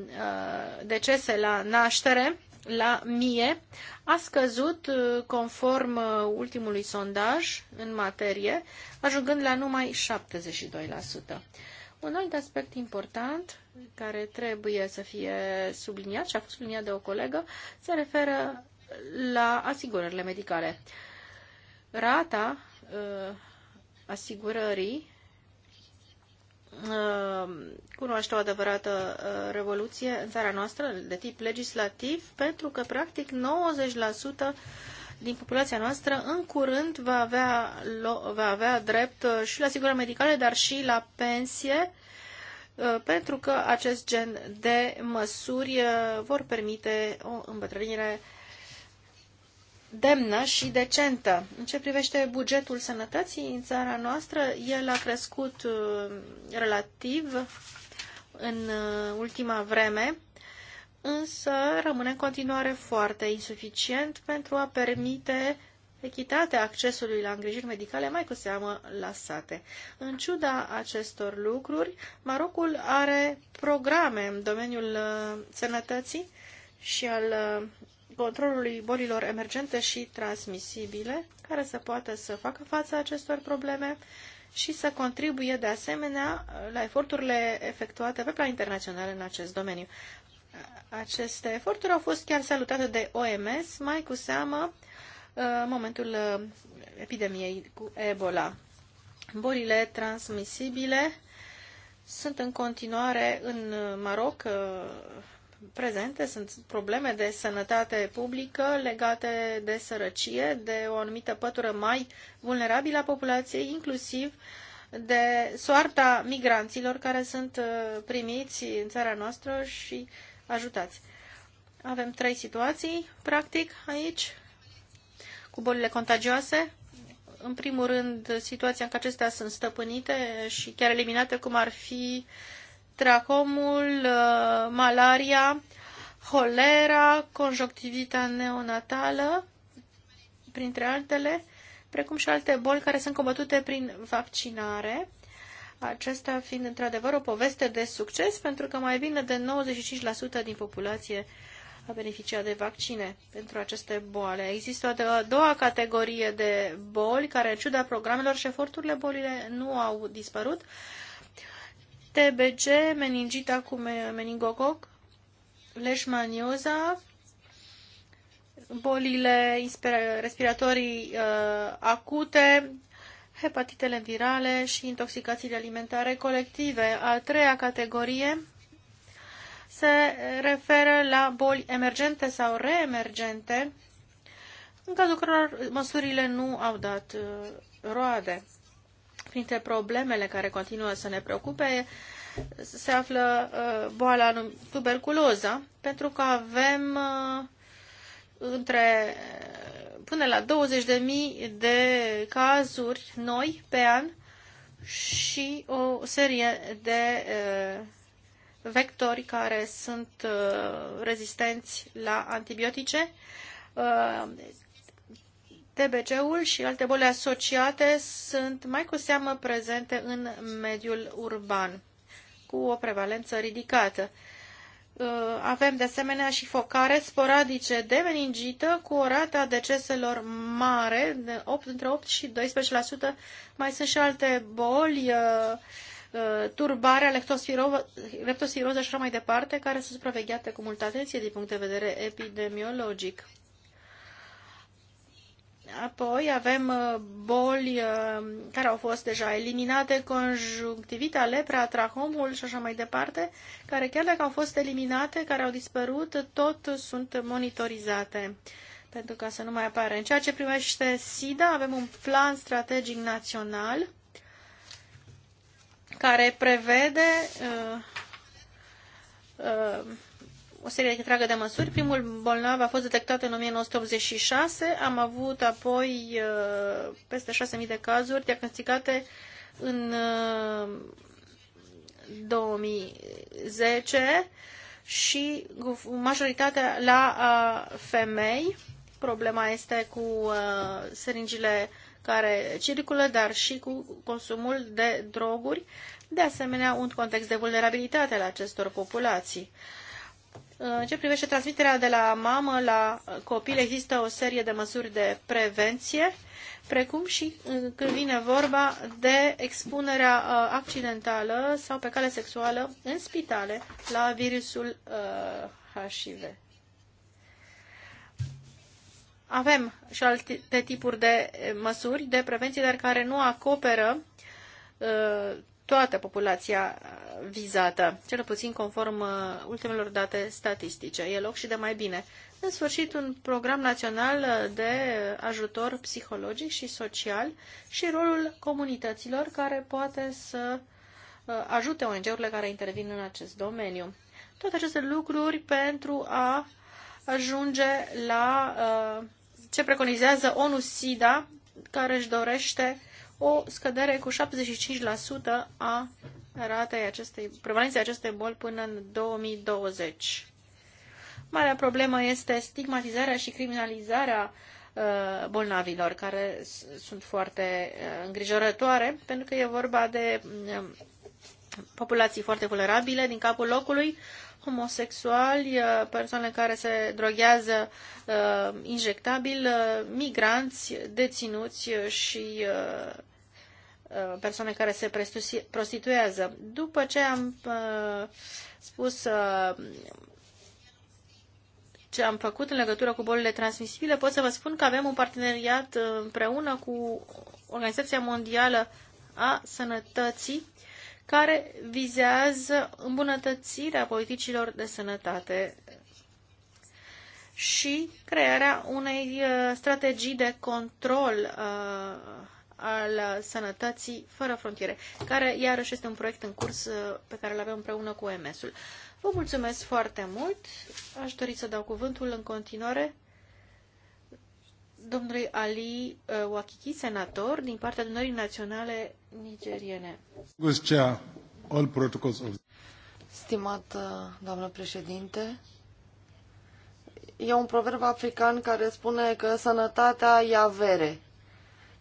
decese la naștere la mie a scăzut uh, conform uh, ultimului sondaj în materie, ajungând la numai 72%. Un alt aspect important care trebuie să fie subliniat și a fost subliniat de o colegă se referă la asigurările medicale. Rata uh, asigurării Uh, cunoaște o adevărată uh, revoluție în țara noastră de tip legislativ, pentru că practic 90% din populația noastră în curând va avea, va avea drept uh, și la sigură medicală, dar și la pensie, pentru că acest gen de măsuri vor permite o îmbătrânire demnă și decentă. În ce privește bugetul sănătății în țara noastră, el a crescut uh, relativ în uh, ultima vreme, însă rămâne în continuare foarte insuficient pentru a permite echitatea accesului la îngrijiri medicale, mai cu seamă la sate. În ciuda acestor lucruri, Marocul are programe în domeniul uh, sănătății și al controlului bolilor emergente și transmisibile, care să poată să facă față acestor probleme și să contribuie de asemenea la eforturile efectuate pe plan internațional în acest domeniu. Aceste eforturi au fost chiar salutate de OMS, mai cu seamă uh, în momentul uh, epidemiei cu Ebola. Bolile transmisibile sunt în continuare în Maroc uh, prezente sunt probleme de sănătate publică legate de sărăcie, de o anumită pătură mai vulnerabilă a populației, inclusiv de soarta migranților care sunt uh, primiți în țara noastră și ajutați. Avem trei situații, practic, aici, cu bolile contagioase. În primul rând, situația în care acestea sunt stăpânite și chiar eliminate, cum ar fi uh, tracomul, uh, malaria, holera, conjunctivita neonatală, printre altele, precum și alte boli care sunt combătute prin vaccinare. Acesta fiind într-adevăr o poveste de succes, pentru că mai bine de 95% din populație a beneficiat de vaccine pentru aceste boale. Există o a doua categorie de boli care, în ciuda programelor și eforturile, bolile nu au dispărut. TBC, meningita cu meningococ, leșmanioza, bolile respiratorii uh, acute, hepatitele virale și intoxicațiile alimentare colective. A treia categorie se referă la boli emergente sau reemergente, în cazul cărora măsurile nu au dat uh, roade. Printre problemele care continuă să ne preocupe se află uh, boala tuberculoza, pentru că avem uh, între uh, până la 20.000 de cazuri noi pe an și o serie de vectori care sunt rezistenți la antibiotice. TBC-ul și alte boli asociate sunt mai cu seamă prezente în mediul urban, cu o prevalență ridicată. Uh, avem de asemenea și focare sporadice de meningită cu o rată a deceselor mare, de 8, între 8 și 12%. Mai sunt și alte boli, uh, uh, turbarea, leptospiroză și așa mai departe, care sunt supravegheate cu multă atenție din punct de vedere epidemiologic. Apoi avem uh, boli uh, care au fost deja eliminate, conjunctivita, lepra, trahomul și așa mai departe, care chiar dacă au fost eliminate, care au dispărut, tot sunt monitorizate pentru ca să nu mai apară. În ceea ce privește SIDA, avem un plan strategic național care prevede uh, uh, o serie întreagă de măsuri. Primul bolnav a fost detectat în 1986, am avut apoi uh, peste 6.000 de cazuri diagnosticate în 2010 uh, și majoritatea la femei. Problema este cu uh, seringile care circulă, dar și cu consumul de droguri, de asemenea un context de vulnerabilitate la acestor populații. În ce privește transmiterea de la mamă la copil, există o serie de măsuri de prevenție, precum și uh, când vine vorba de expunerea uh, accidentală sau pe cale sexuală în spitale la virusul HIV. Uh, Avem și alte tipuri de măsuri de prevenție, dar care nu acoperă toată populația uh, vizată, cel puțin conform uh, ultimelor date statistice. E loc și de mai bine. În sfârșit, un program național uh, de ajutor psihologic și social și rolul comunităților care poate să ajute ONG-urile care intervin în acest domeniu. Toate aceste lucruri pentru a ajunge la ce preconizează ONU-SIDA, care își dorește o scădere cu 75% a ratei acestei, prevalenței acestei boli până în 2020. Marea problemă este stigmatizarea și criminalizarea uh, bolnavilor, care sunt foarte uh, îngrijorătoare, pentru că e vorba de um, populații foarte vulnerabile din capul locului, homosexuali, uh, persoane care se droghează injectabil, migranți, deținuți și Uh, persoane care se prostituează. După ce am uh, spus uh, ce am făcut în legătură cu bolile transmisibile, pot să vă spun că avem un parteneriat împreună cu Organizația Mondială a Sănătății, care vizează îmbunătățirea politicilor de sănătate și crearea unei strategii de control al Sănătății Fără Frontiere, care iarăși este un proiect în curs uh, pe care îl avem împreună cu OMS-ul. Vă mulțumesc foarte mult. Aș dori să dau cuvântul în continuare domnului Ali uh, Wakiki, senator din partea adunării naționale nigeriene. All protocols Stimat uh, doamnă președinte, e un proverb african care spune că sănătatea e avere.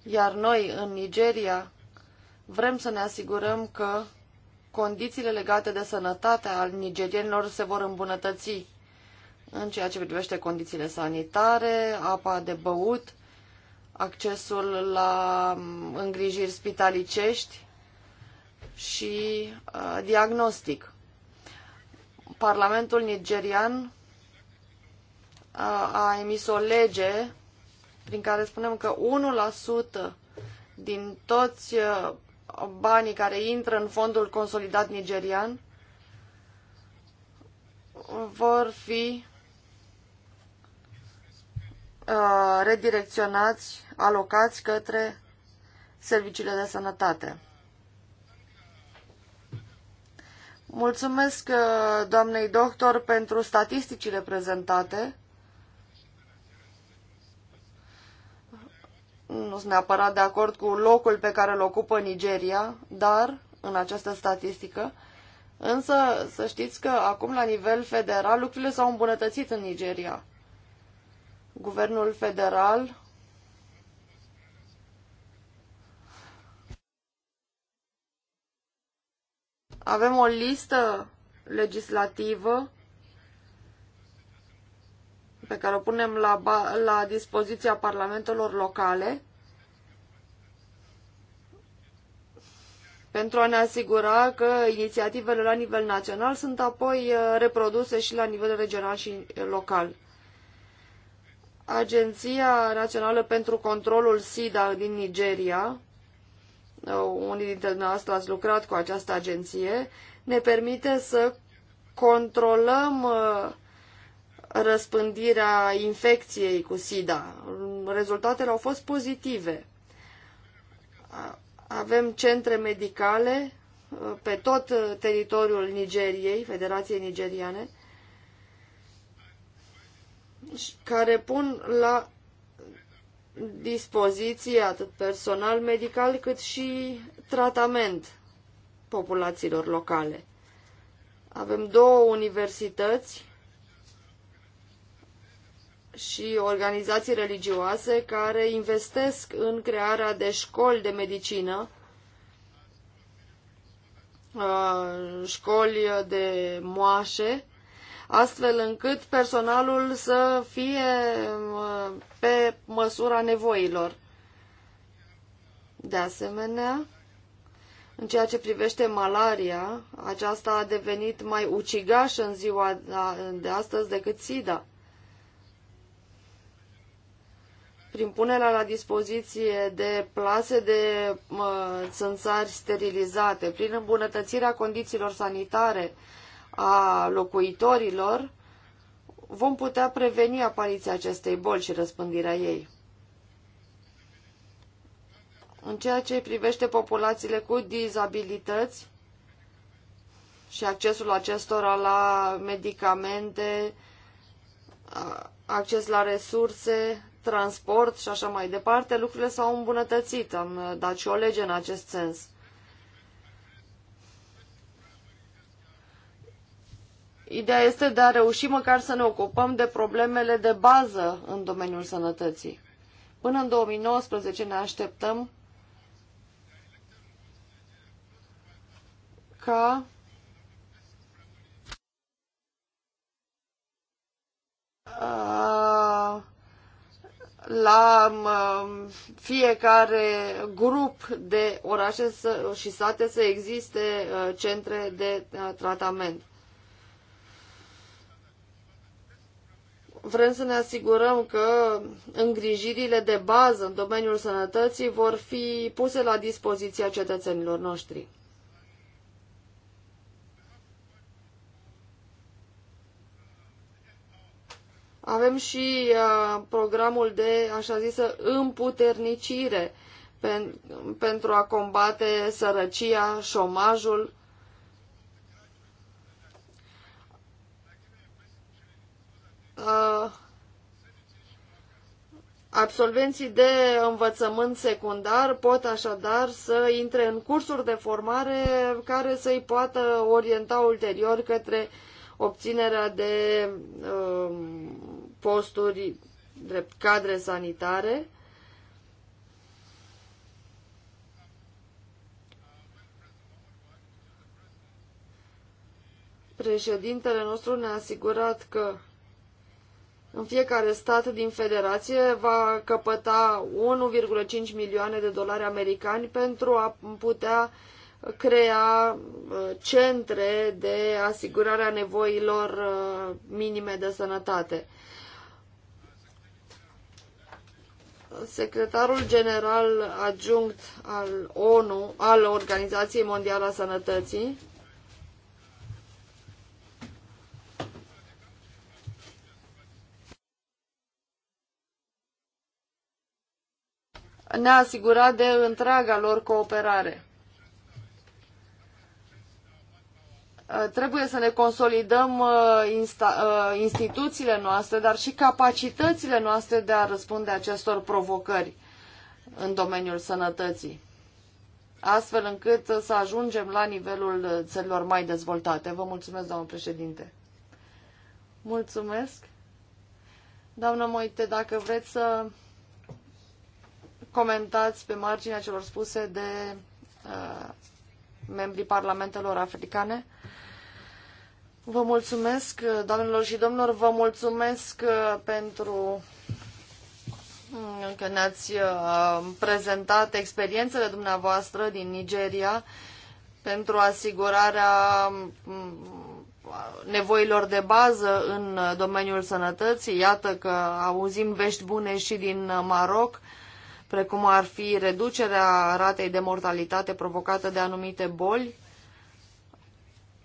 Iar noi, în Nigeria, vrem să ne asigurăm că condițiile legate de sănătate al nigerienilor se vor îmbunătăți în ceea ce privește condițiile sanitare, apa de băut, accesul la mm, îngrijiri spitalicești și uh, diagnostic. Parlamentul nigerian uh, a emis o lege prin care spunem că 1% din toți uh, banii care intră în fondul consolidat nigerian vor fi uh, redirecționați, alocați către serviciile de sănătate. Mulțumesc uh, doamnei doctor pentru statisticile prezentate nu sunt neapărat de acord cu locul pe care îl ocupă Nigeria, dar în această statistică, însă să știți că acum la nivel federal lucrurile s-au îmbunătățit în Nigeria. Guvernul federal avem o listă legislativă pe care o punem la, la dispoziția parlamentelor locale pentru a ne asigura că inițiativele la nivel național sunt apoi uh, reproduse și la nivel regional și local. Agenția Națională pentru Controlul SIDA din Nigeria, uh, unii dintre noastre ați lucrat cu această agenție, ne permite să controlăm uh, răspândirea infecției cu SIDA. Rezultatele au fost pozitive. Avem centre medicale uh, pe tot uh, teritoriul Nigeriei, Federației Nigeriane, care pun la dispoziție atât personal medical cât și tratament populațiilor locale. Avem două universități și organizații religioase care investesc în crearea de școli de medicină, uh, școli de moașe, astfel încât personalul să fie uh, pe măsura nevoilor. De asemenea, în ceea ce privește malaria, aceasta a devenit mai ucigașă în ziua de astăzi decât SIDA. prin punerea la dispoziție de plase de țânțari sterilizate, prin îmbunătățirea condițiilor sanitare a locuitorilor, vom putea preveni apariția acestei boli și răspândirea ei. În ceea ce privește populațiile cu dizabilități și accesul acestora la medicamente, acces la resurse, transport și așa mai departe, lucrurile s-au îmbunătățit. Am uh, dat și o lege în acest sens. Ideea este de a reuși măcar să ne ocupăm de problemele de bază în domeniul sănătății. Până în 2019 ne așteptăm ca uh, la um, fiecare grup de orașe și sate să existe uh, centre de uh, tratament. Vrem să ne asigurăm că îngrijirile de bază în domeniul sănătății vor fi puse la dispoziția cetățenilor noștri. Avem și uh, programul de, așa zisă, împuternicire pen, pentru a combate sărăcia, șomajul. Uh, absolvenții de învățământ secundar pot așadar să intre în cursuri de formare care să-i poată orienta ulterior către obținerea de um, posturi drept cadre sanitare. Președintele nostru ne-a asigurat că în fiecare stat din federație va căpăta 1,5 milioane de dolari americani pentru a putea crea uh, centre de asigurare a nevoilor uh, minime de sănătate. secretarul general adjunct al ONU, al Organizației Mondiale a Sănătății, ne-a asigurat de întreaga lor cooperare. Uh, trebuie să ne consolidăm uh, uh, instituțiile noastre, dar și capacitățile noastre de a răspunde acestor provocări în domeniul sănătății, astfel încât să ajungem la nivelul țărilor mai dezvoltate. Vă mulțumesc, doamnă președinte. Mulțumesc. Doamnă Moite, dacă vreți să comentați pe marginea celor spuse de uh, membrii parlamentelor africane. Vă mulțumesc, doamnelor și domnilor, vă mulțumesc uh, pentru mm, că ne-ați uh, prezentat experiențele dumneavoastră din Nigeria pentru asigurarea mm, nevoilor de bază în domeniul sănătății. Iată că auzim vești bune și din Maroc precum ar fi reducerea ratei de mortalitate provocată de anumite boli,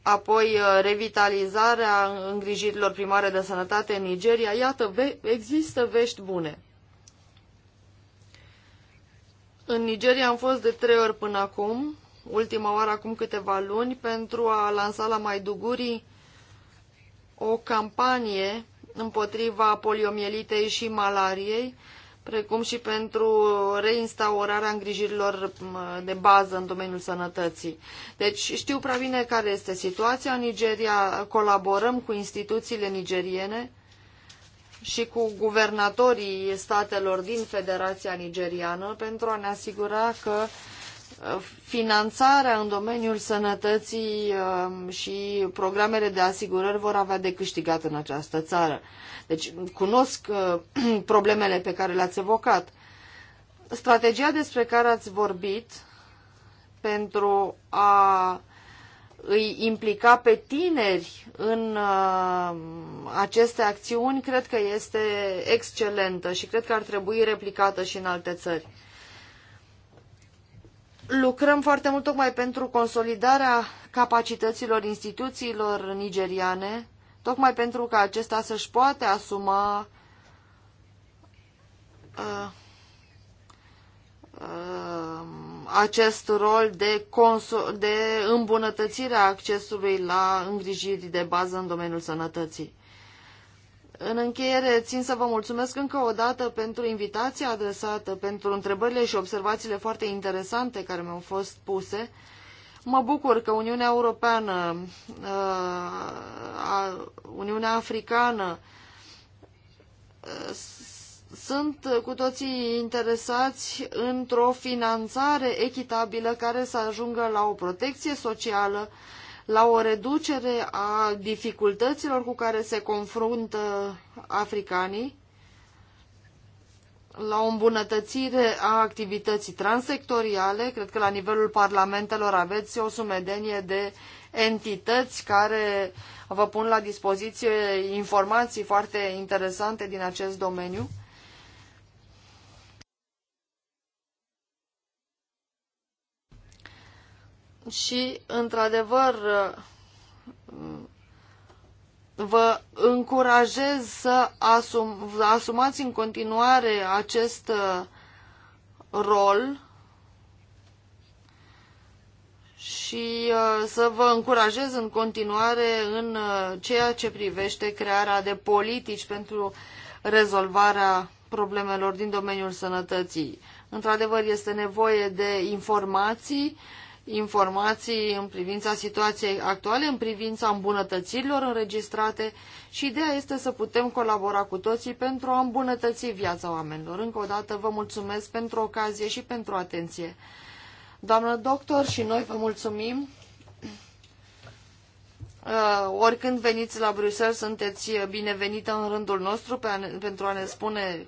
apoi uh, revitalizarea îngrijirilor primare de sănătate în Nigeria. Iată, ve- există vești bune. În Nigeria am fost de trei ori până acum, ultima oară acum câteva luni, pentru a lansa la Maiduguri o campanie împotriva poliomielitei și malariei, precum și pentru reinstaurarea îngrijirilor de bază în domeniul sănătății. Deci știu prea bine care este situația. În Nigeria colaborăm cu instituțiile nigeriene și cu guvernatorii statelor din Federația Nigeriană pentru a ne asigura că uh, finanțarea în domeniul sănătății um, și programele de asigurări vor avea de câștigat în această țară. Deci cunosc uh, problemele pe care le-ați evocat. Strategia despre care ați vorbit pentru a îi implica pe tineri în uh, aceste acțiuni, cred că este excelentă și cred că ar trebui replicată și în alte țări. Lucrăm foarte mult tocmai pentru consolidarea capacităților instituțiilor nigeriane, tocmai pentru ca acesta să-și poate asuma uh, uh, acest rol de, de îmbunătățire a accesului la îngrijiri de bază în domeniul sănătății. În încheiere, țin să vă mulțumesc încă o dată pentru invitația adresată, pentru întrebările și observațiile foarte interesante care mi-au fost puse. Mă bucur că Uniunea Europeană, uh, Uniunea Africană uh, sunt cu toții interesați într-o finanțare echitabilă care să ajungă la o protecție socială, la o reducere a dificultăților cu care se confruntă africanii, la o îmbunătățire a activității transsectoriale. Cred că la nivelul parlamentelor aveți o sumedenie de entități care vă pun la dispoziție informații foarte interesante din acest domeniu. și, într-adevăr, vă încurajez să asum, să asumați în continuare acest uh, rol și uh, să vă încurajez în continuare în uh, ceea ce privește crearea de politici pentru rezolvarea problemelor din domeniul sănătății. Într-adevăr, este nevoie de informații uh, informații în privința situației actuale, în privința îmbunătățirilor înregistrate și ideea este să putem colabora cu toții pentru a îmbunătăți viața oamenilor. Încă o dată vă mulțumesc pentru ocazie și pentru atenție. Doamnă doctor, și noi vă mulțumim. Uh, oricând veniți la Bruxelles, sunteți binevenită în rândul nostru pentru a ne spune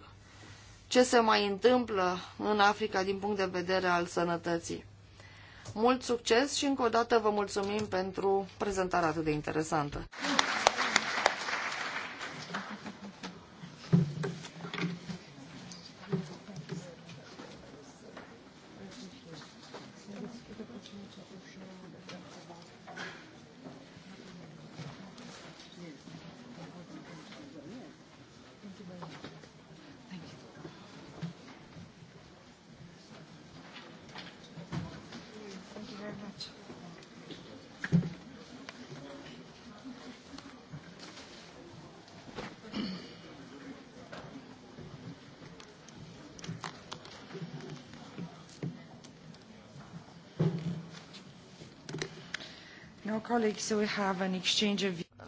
ce se mai întâmplă în Africa din punct de vedere al sănătății. Mult succes și încă o dată vă mulțumim pentru prezentarea atât de interesantă.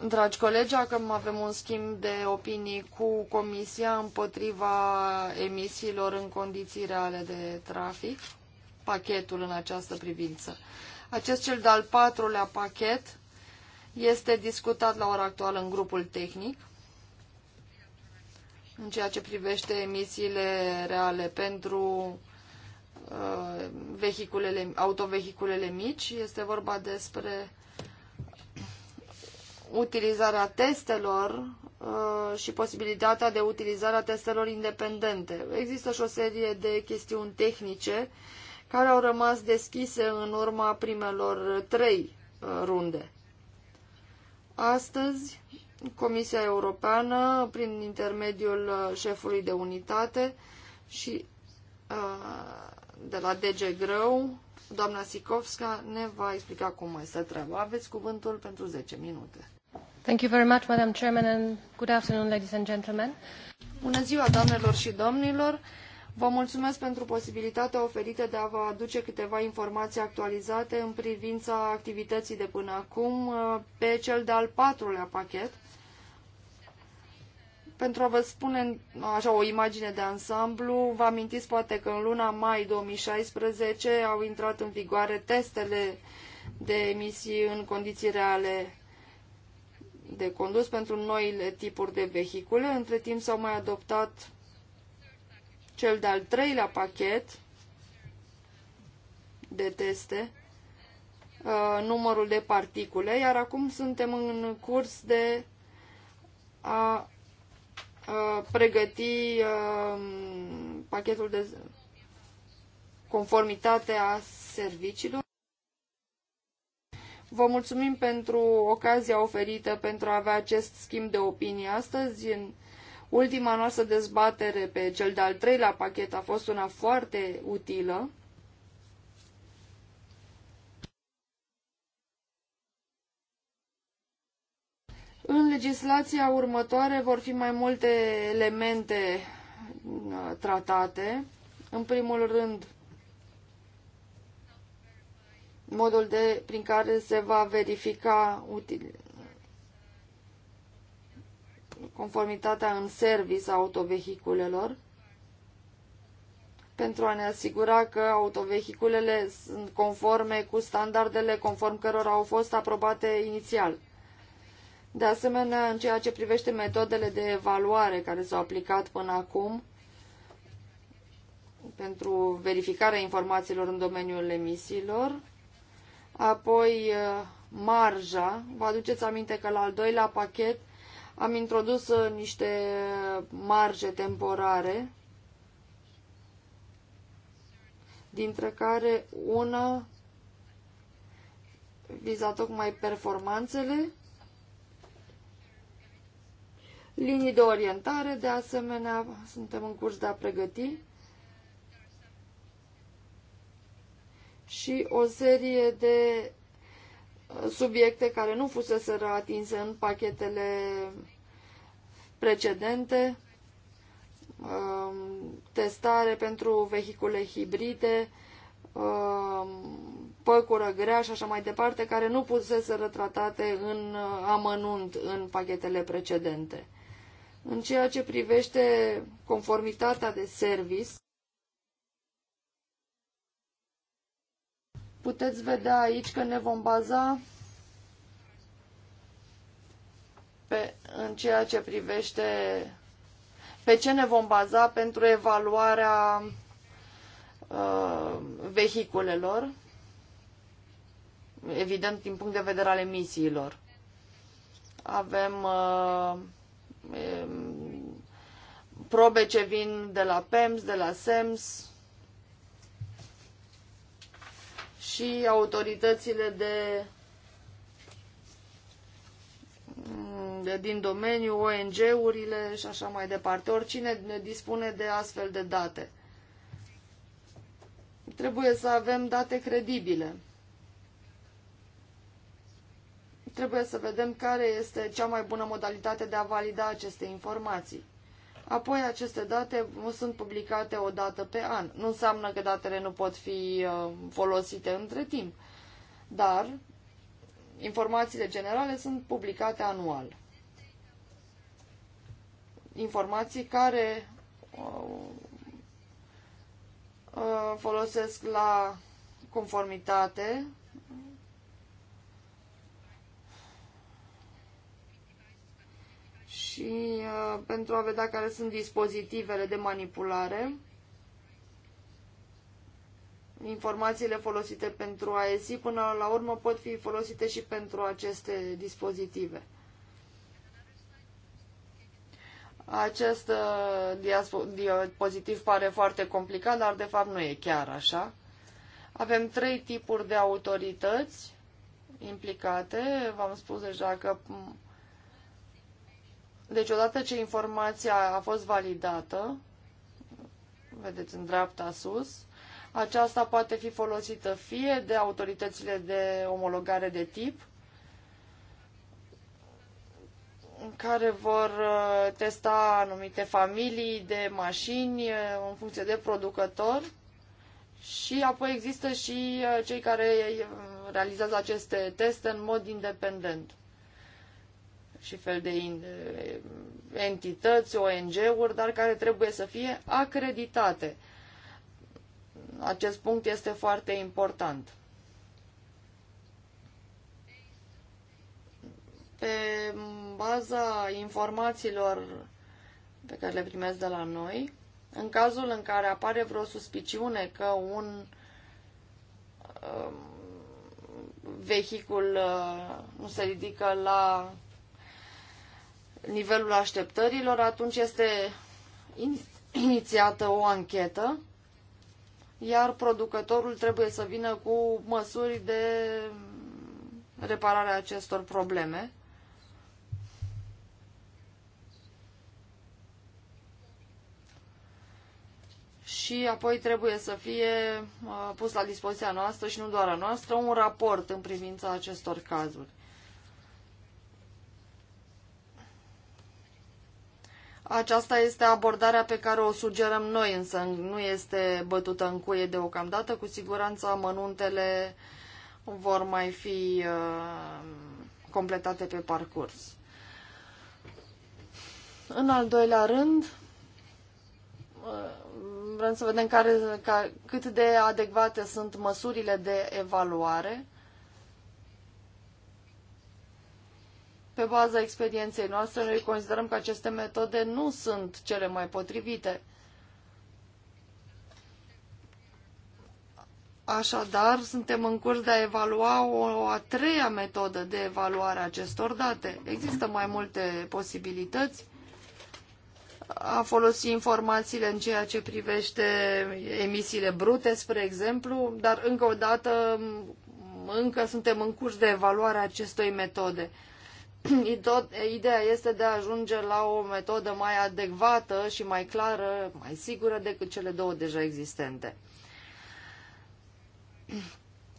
Dragi colegi, acum avem un schimb de opinii cu Comisia împotriva emisiilor în condiții reale de trafic, pachetul în această privință. Acest cel de-al patrulea pachet este discutat la ora actuală în grupul tehnic în ceea ce privește emisiile reale pentru uh, vehiculele, autovehiculele mici. Este vorba despre utilizarea testelor uh, și posibilitatea de utilizare a testelor independente. Există și o serie de chestiuni tehnice care au rămas deschise în urma primelor trei uh, runde. Astăzi, Comisia Europeană, prin intermediul uh, șefului de unitate și uh, de la DG Grău, Doamna Sikovska ne va explica cum mai stă treaba. Aveți cuvântul pentru 10 minute și domnilor! Vă mulțumesc pentru posibilitatea oferită de a vă aduce câteva informații actualizate în privința activității de până acum uh, pe cel de-al patrulea pachet. Pentru a vă spune uh, așa o imagine de ansamblu, vă amintiți poate că în luna mai 2016 au intrat în vigoare testele de emisii în condiții reale de condus pentru noile tipuri de vehicule. Între timp s-au mai adoptat cel de-al treilea pachet de teste, uh, numărul de particule, iar acum suntem în curs de a uh, pregăti uh, pachetul de conformitate a serviciilor. Vă mulțumim pentru ocazia oferită pentru a avea acest schimb de opinii astăzi. În ultima noastră dezbatere pe cel de-al treilea pachet a fost una foarte utilă. În legislația următoare vor fi mai multe elemente uh, tratate. În primul rând, modul de, prin care se va verifica util, conformitatea în service a autovehiculelor pentru a ne asigura că autovehiculele sunt conforme cu standardele conform cărora au fost aprobate inițial. De asemenea, în ceea ce privește metodele de evaluare care s-au aplicat până acum pentru verificarea informațiilor în domeniul emisiilor, Apoi, uh, marja. Vă aduceți aminte că la al doilea pachet am introdus uh, niște marje temporare, dintre care una viza tocmai performanțele, linii de orientare, de asemenea, suntem în curs de a pregăti și o serie de uh, subiecte care nu fusese atinse în pachetele precedente, um, testare pentru vehicule hibride, um, păcură grea și așa mai departe, care nu pusese rătratate în uh, amănunt în pachetele precedente. În ceea ce privește conformitatea de service, Puteți vedea aici că ne vom baza pe, în ceea ce privește pe ce ne vom baza pentru evaluarea uh, vehiculelor, evident din punct de vedere al emisiilor. Avem uh, probe ce vin de la PEMS, de la SEMS, și autoritățile de, de din domeniu, ONG-urile și așa mai departe, oricine ne dispune de astfel de date. Trebuie să avem date credibile. Trebuie să vedem care este cea mai bună modalitate de a valida aceste informații. Apoi aceste date sunt publicate o dată pe an. Nu înseamnă că datele nu pot fi uh, folosite între timp, dar informațiile generale sunt publicate anual. Informații care uh, uh, folosesc la conformitate și uh, pentru a vedea care sunt dispozitivele de manipulare, informațiile folosite pentru ASI până la urmă pot fi folosite și pentru aceste dispozitive. Acest uh, diapozitiv pare foarte complicat, dar de fapt nu e chiar așa. Avem trei tipuri de autorități implicate. V-am spus deja că deci odată ce informația a fost validată, vedeți în dreapta sus, aceasta poate fi folosită fie de autoritățile de omologare de tip, care vor uh, testa anumite familii de mașini uh, în funcție de producător și apoi există și uh, cei care realizează aceste teste în mod independent și fel de eh, entități, ONG-uri, dar care trebuie să fie acreditate. Acest punct este foarte important. Pe baza informațiilor pe care le primesc de la noi, în cazul în care apare vreo suspiciune că un um, vehicul uh, nu se ridică la nivelul așteptărilor, atunci este inițiată o anchetă, iar producătorul trebuie să vină cu măsuri de reparare acestor probleme. și apoi trebuie să fie uh, pus la dispoziția noastră și nu doar a noastră un raport în privința acestor cazuri. Aceasta este abordarea pe care o sugerăm noi, însă nu este bătută în cuie deocamdată. Cu siguranță amănuntele vor mai fi uh, completate pe parcurs. În al doilea rând, uh, vrem să vedem care, ca, cât de adecvate sunt măsurile de evaluare Pe baza experienței noastre, noi considerăm că aceste metode nu sunt cele mai potrivite. Așadar, suntem în curs de a evalua o a treia metodă de evaluare a acestor date. Există mai multe posibilități a folosi informațiile în ceea ce privește emisiile brute, spre exemplu, dar încă o dată încă suntem în curs de evaluare a acestei metode. Ideea este de a ajunge la o metodă mai adecvată și mai clară, mai sigură decât cele două deja existente.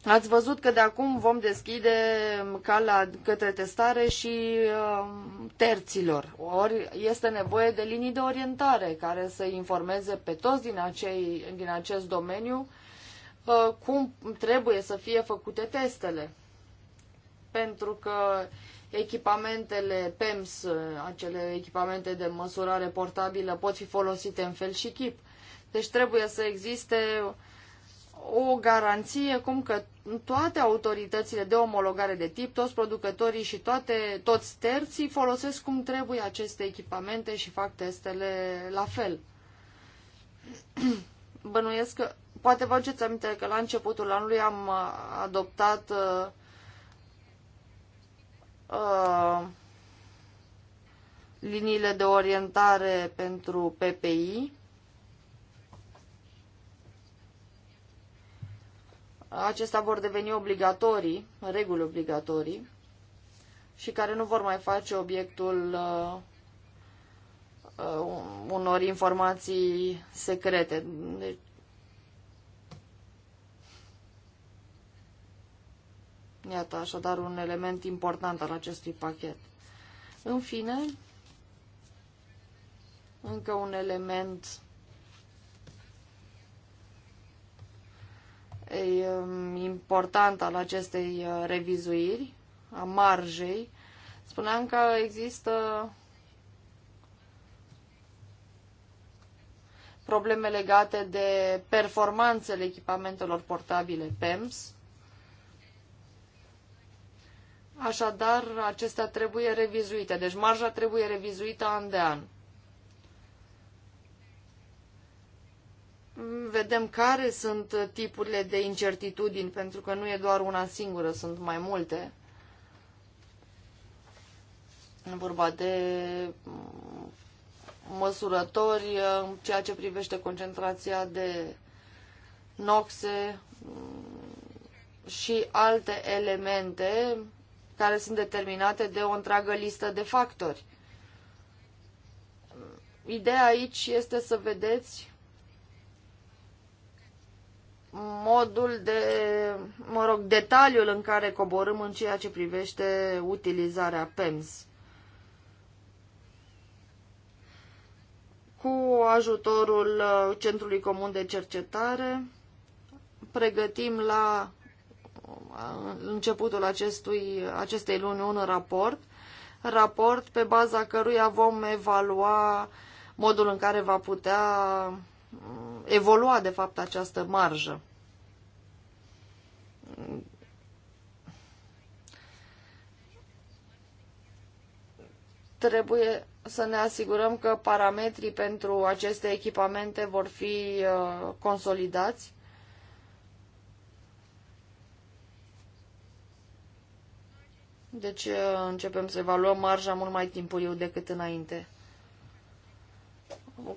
Ați văzut că de acum vom deschide calea către testare și um, terților. Ori este nevoie de linii de orientare care să informeze pe toți din, acei, din acest domeniu uh, cum trebuie să fie făcute testele. Pentru că echipamentele PEMS, uh, acele echipamente de măsurare portabilă, pot fi folosite în fel și chip. Deci trebuie să existe o garanție cum că toate autoritățile de omologare de tip, toți producătorii și toate, toți terții folosesc cum trebuie aceste echipamente și fac testele la fel. Bănuiesc că, poate vă aduceți aminte că la începutul anului am uh, adoptat uh, Uh, liniile de orientare pentru PPI. Acestea vor deveni obligatorii, reguli obligatorii, și care nu vor mai face obiectul uh, uh unor informații secrete. Deci, Iată așadar un element important al acestui pachet. În fine, încă un element um, important al acestei uh, revizuiri, a marjei. Spuneam că există probleme legate de performanțele echipamentelor portabile PEMS, Așadar, acestea trebuie revizuite. Deci marja trebuie revizuită an de an. Vedem care sunt tipurile de incertitudini, pentru că nu e doar una singură, sunt mai multe. În vorba de măsurători în ceea ce privește concentrația de noxe și alte elemente care sunt determinate de o întreagă listă de factori. Ideea aici este să vedeți modul de, mă rog, detaliul în care coborâm în ceea ce privește utilizarea PEMS. Cu ajutorul uh, Centrului Comun de Cercetare, pregătim la începutul acestui, acestei luni un raport, raport pe baza căruia vom evalua modul în care va putea uh, evolua, de fapt, această marjă. Trebuie să ne asigurăm că parametrii pentru aceste echipamente vor fi uh, consolidați Deci uh, începem să evaluăm marja mult mai timpuriu decât înainte.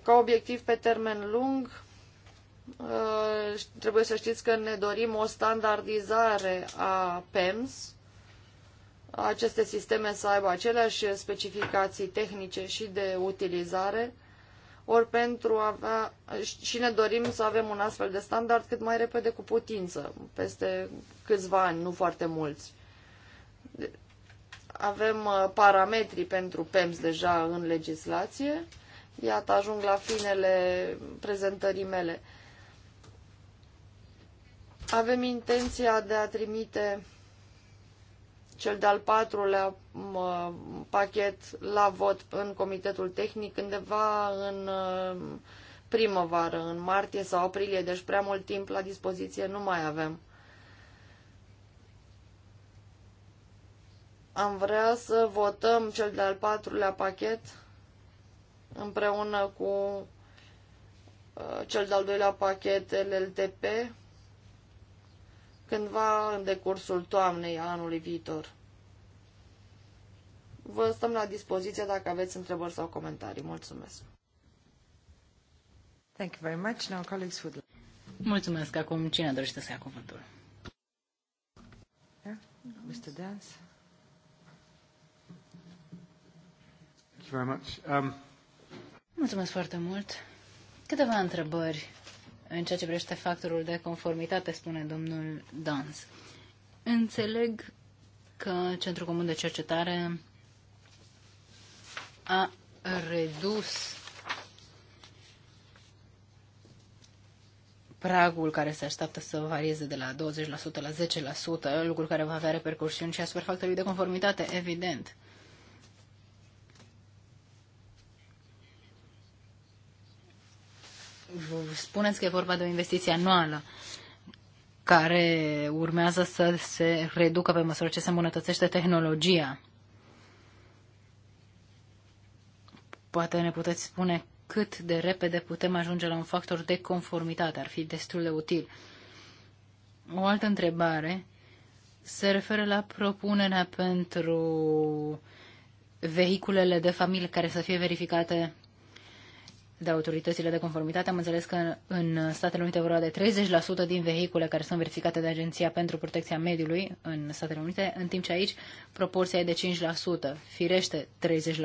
Ca obiectiv pe termen lung, uh, trebuie să știți că ne dorim o standardizare a PEMS, aceste sisteme să aibă aceleași specificații tehnice și de utilizare, ori pentru a avea, și ne dorim să avem un astfel de standard cât mai repede cu putință, peste câțiva ani, nu foarte mulți. Avem uh, parametrii pentru PEMS deja în legislație. Iată, ajung la finele prezentării mele. Avem intenția de a trimite cel de-al patrulea uh, pachet la vot în Comitetul Tehnic undeva în uh, primăvară, în martie sau aprilie, deci prea mult timp la dispoziție nu mai avem. am vrea să votăm cel de-al patrulea pachet împreună cu uh, cel de-al doilea pachet LLTP cândva în decursul toamnei anului viitor. Vă stăm la dispoziție dacă aveți întrebări sau comentarii. Mulțumesc! Thank you very much. Now, colleagues would... Mulțumesc. Acum cine dorește să ia cuvântul? Yeah? Mr. Dance? Thank you very much. Um... Mulțumesc foarte mult. Câteva întrebări în ceea ce privește factorul de conformitate, spune domnul Dans. Înțeleg că Centrul Comun de Cercetare a redus pragul care se așteaptă să varieze de la 20% la 10%, lucru care va avea repercursiuni și asupra factorului de conformitate, evident. spuneți că e vorba de o investiție anuală care urmează să se reducă pe măsură ce se îmbunătățește tehnologia. Poate ne puteți spune cât de repede putem ajunge la un factor de conformitate. Ar fi destul de util. O altă întrebare se referă la propunerea pentru vehiculele de familie care să fie verificate de autoritățile de conformitate. Am înțeles că în Statele Unite vorba de 30% din vehicule care sunt verificate de Agenția pentru Protecția Mediului în Statele Unite, în timp ce aici proporția e de 5%. Firește, 30%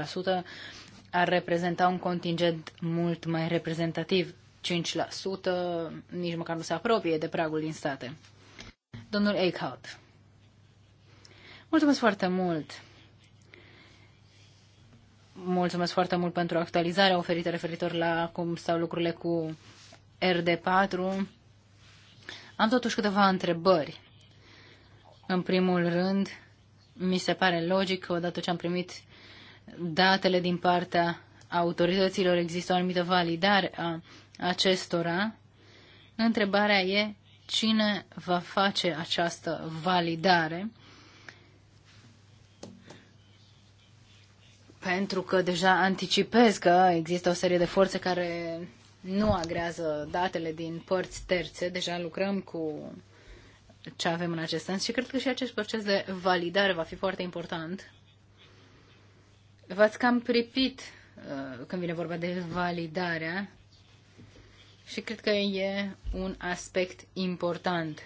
ar reprezenta un contingent mult mai reprezentativ. 5% nici măcar nu se apropie de pragul din state. Domnul Eichhout. Mulțumesc foarte mult! Mulțumesc foarte mult pentru actualizarea oferită referitor la cum stau lucrurile cu RD4. Am totuși câteva întrebări. În primul rând, mi se pare logic că odată ce am primit datele din partea autorităților, există o anumită validare a acestora. Întrebarea e cine va face această validare pentru că deja anticipez că există o serie de forțe care nu agrează datele din părți terțe. Deja lucrăm cu ce avem în acest sens și cred că și acest proces de validare va fi foarte important. V-ați cam pripit uh, când vine vorba de validarea și cred că e un aspect important.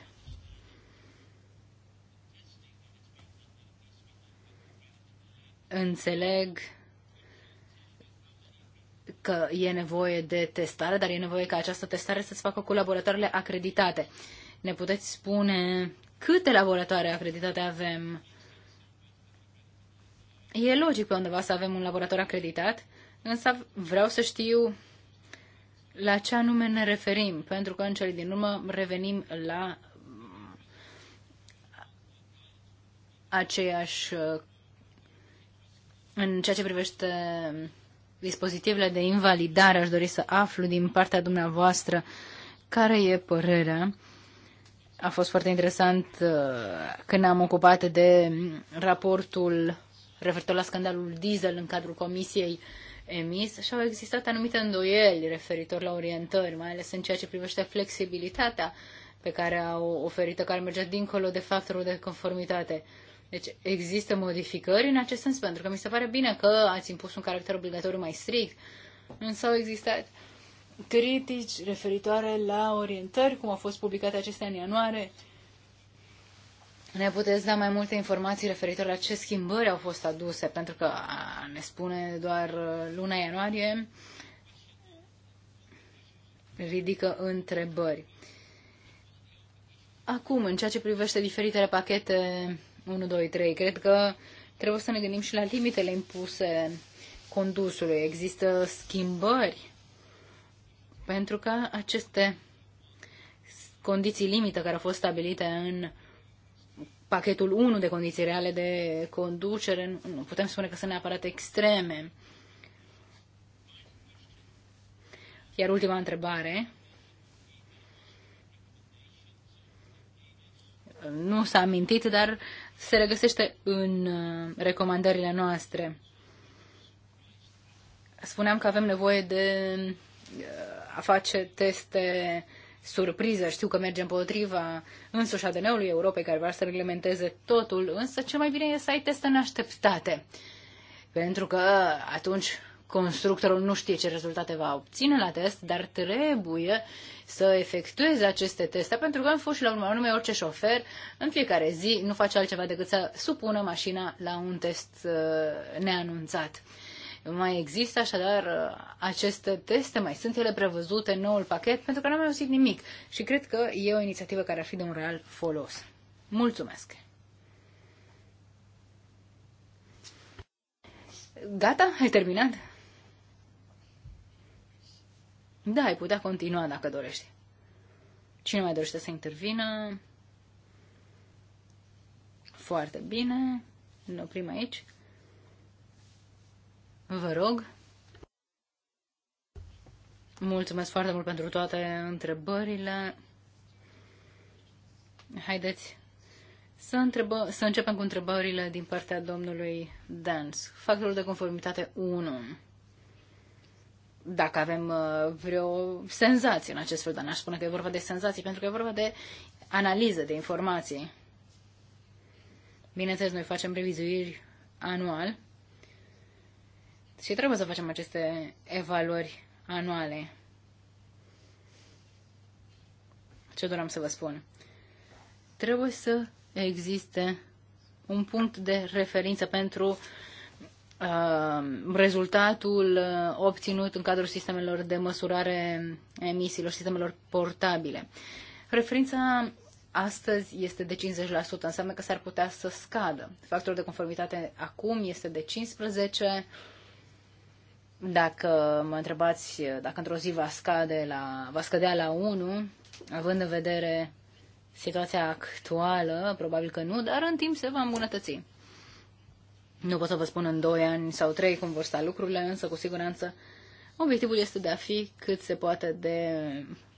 Înțeleg că e nevoie de testare, dar e nevoie ca această testare să-ți facă cu laboratoarele acreditate. Ne puteți spune câte laboratoare acreditate avem? E logic pe undeva să avem un laborator acreditat, însă vreau să știu la ce anume ne referim, pentru că în cele din urmă revenim la aceeași în ceea ce privește dispozitivele de invalidare, aș dori să aflu din partea dumneavoastră care e părerea. A fost foarte interesant uh, când ne-am ocupat de raportul referitor la scandalul diesel în cadrul comisiei emis și au existat anumite îndoieli referitor la orientări, mai ales în ceea ce privește flexibilitatea pe care au oferit-o, care mergea dincolo de factorul de conformitate. Deci există modificări în acest sens, pentru că mi se pare bine că ați impus un caracter obligatoriu mai strict, însă au existat critici referitoare la orientări, cum au fost publicate acestea în ianuarie. Ne puteți da mai multe informații referitoare la ce schimbări au fost aduse, pentru că ne spune doar uh, luna ianuarie, ridică întrebări. Acum, în ceea ce privește diferitele pachete 1, 2, 3. Cred că trebuie să ne gândim și la limitele impuse condusului. Există schimbări pentru că aceste condiții limită care au fost stabilite în pachetul 1 de condiții reale de conducere, nu putem spune că sunt neapărat extreme. Iar ultima întrebare, nu s-a amintit, dar se regăsește în uh, recomandările noastre. Spuneam că avem nevoie de uh, a face teste surpriză. Știu că mergem potriva însuși ADN-ului Europei care vrea să reglementeze totul, însă cel mai bine e să ai teste neașteptate. Pentru că atunci constructorul nu știe ce rezultate va obține la test, dar trebuie să efectueze aceste teste, pentru că, în fost și la urmă, anume, orice șofer, în fiecare zi, nu face altceva decât să supună mașina la un test uh, neanunțat. Mai există așadar uh, aceste teste, mai sunt ele prevăzute în noul pachet, pentru că n-am mai auzit nimic și cred că e o inițiativă care ar fi de un real folos. Mulțumesc! Gata? Ai terminat? Da, ai putea continua dacă dorești. Cine mai dorește să intervină? Foarte bine. Ne oprim aici. Vă rog. Mulțumesc foarte mult pentru toate întrebările. Haideți să, întrebă, să începem cu întrebările din partea domnului Dans. Factorul de conformitate 1 dacă avem uh, vreo senzație în acest fel, dar n-aș spune că e vorba de senzații, pentru că e vorba de analiză de informații. Bineînțeles, noi facem revizuiri anual și trebuie să facem aceste evaluări anuale. Ce doream să vă spun? Trebuie să existe un punct de referință pentru uh, Uh, rezultatul uh, obținut în cadrul sistemelor de măsurare emisiilor, sistemelor portabile. Referința astăzi este de 50%, înseamnă că s-ar putea să scadă. Factorul de conformitate acum este de 15%. Dacă mă întrebați dacă într-o zi va, scade la, va scădea la 1, având în vedere situația actuală, probabil că nu, dar în timp se va îmbunătăți. Nu pot să vă spun în 2 ani sau 3 cum vor sta lucrurile, însă cu siguranță obiectivul este de a fi cât se poate de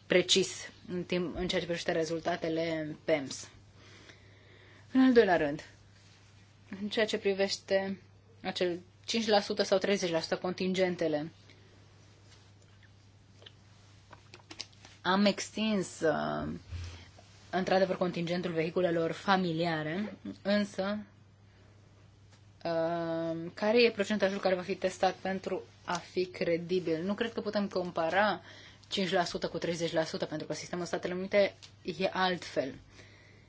precis în, timp, în ceea ce privește rezultatele PEMS. În al doilea rând, în ceea ce privește acel 5% sau 30% contingentele, am extins uh, într-adevăr contingentul vehiculelor familiare, însă Um, care e procentajul care va fi testat pentru a fi credibil. Nu cred că putem compara 5% cu 30%, pentru că sistemul Statele Unite e altfel.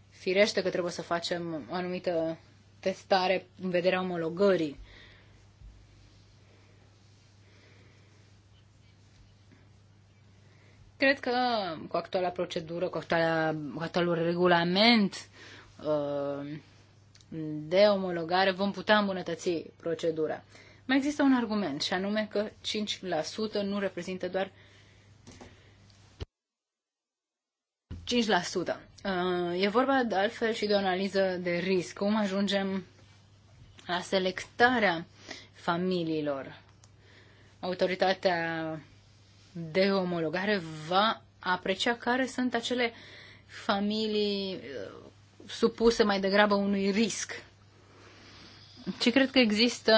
Firește că trebuie să facem o anumită testare în vederea omologării. Cred că cu actuala procedură, cu, actuala, cu actualul regulament, uh, de omologare vom putea îmbunătăți procedura. Mai există un argument, și anume că 5% nu reprezintă doar 5%. Uh, e vorba de altfel și de o analiză de risc. Cum ajungem la selectarea familiilor? Autoritatea de omologare va aprecia care sunt acele familii uh, supuse mai degrabă unui risc. Și cred că există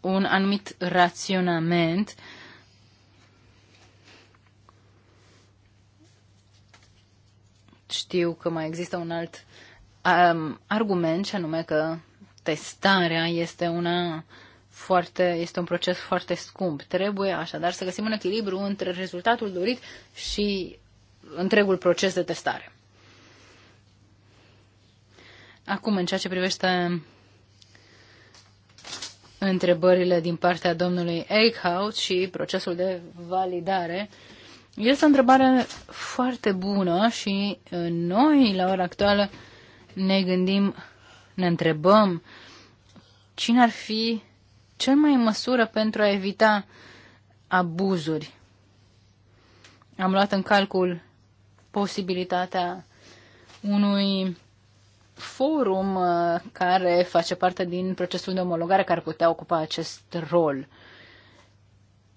un anumit raționament știu că mai există un alt um, argument și anume că testarea este una foarte, este un proces foarte scump. Trebuie așadar să găsim un echilibru între rezultatul dorit și întregul proces de testare. Acum, în ceea ce privește întrebările din partea domnului Eichhout și procesul de validare, este o întrebare foarte bună și noi, la ora actuală, ne gândim, ne întrebăm cine ar fi cel mai în măsură pentru a evita abuzuri. Am luat în calcul posibilitatea unui forum uh, care face parte din procesul de omologare care putea ocupa acest rol.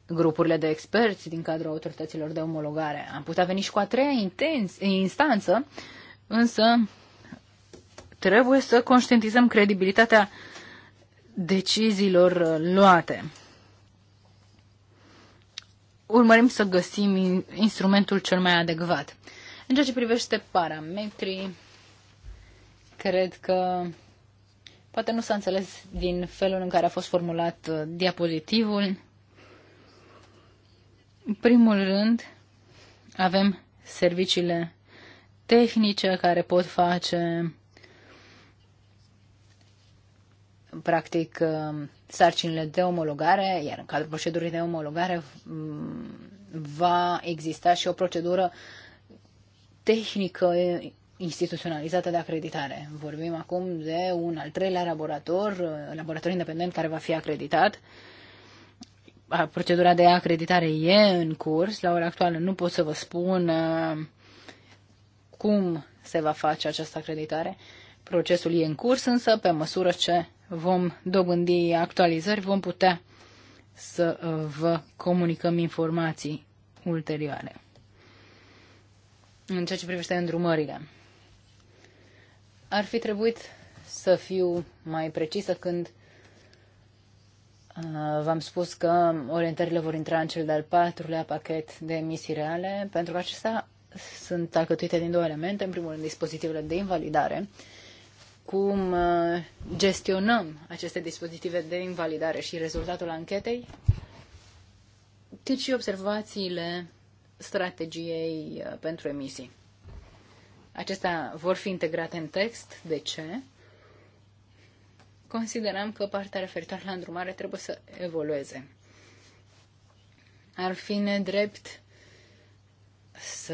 Grupurile de experți din cadrul autorităților de omologare am putea veni și cu a treia intens, instanță, însă trebuie să conștientizăm credibilitatea deciziilor uh, luate. Urmărim să găsim instrumentul cel mai adecvat. În ceea ce privește parametrii, cred că poate nu s-a înțeles din felul în care a fost formulat uh, diapozitivul. În primul rând, avem serviciile tehnice care pot face practic uh, sarcinile de omologare, iar în cadrul procedurii de omologare mm, va exista și o procedură tehnică instituționalizată de acreditare. Vorbim acum de un al treilea laborator, laborator independent care va fi acreditat. Procedura de acreditare e în curs. La ora actuală nu pot să vă spun cum se va face această acreditare. Procesul e în curs, însă pe măsură ce vom dobândi actualizări, vom putea să vă comunicăm informații ulterioare în ceea ce privește îndrumările. Ar fi trebuit să fiu mai precisă când uh, V-am spus că orientările vor intra în cel de-al patrulea pachet de emisii reale, pentru că acestea sunt alcătuite din două elemente. În primul rând, dispozitivele de invalidare, cum uh, gestionăm aceste dispozitive de invalidare și rezultatul anchetei, cât deci și observațiile strategiei uh, pentru emisii. Acestea vor fi integrate în text. De ce? Considerăm că partea referitoare la îndrumare trebuie să evolueze. Ar fi nedrept să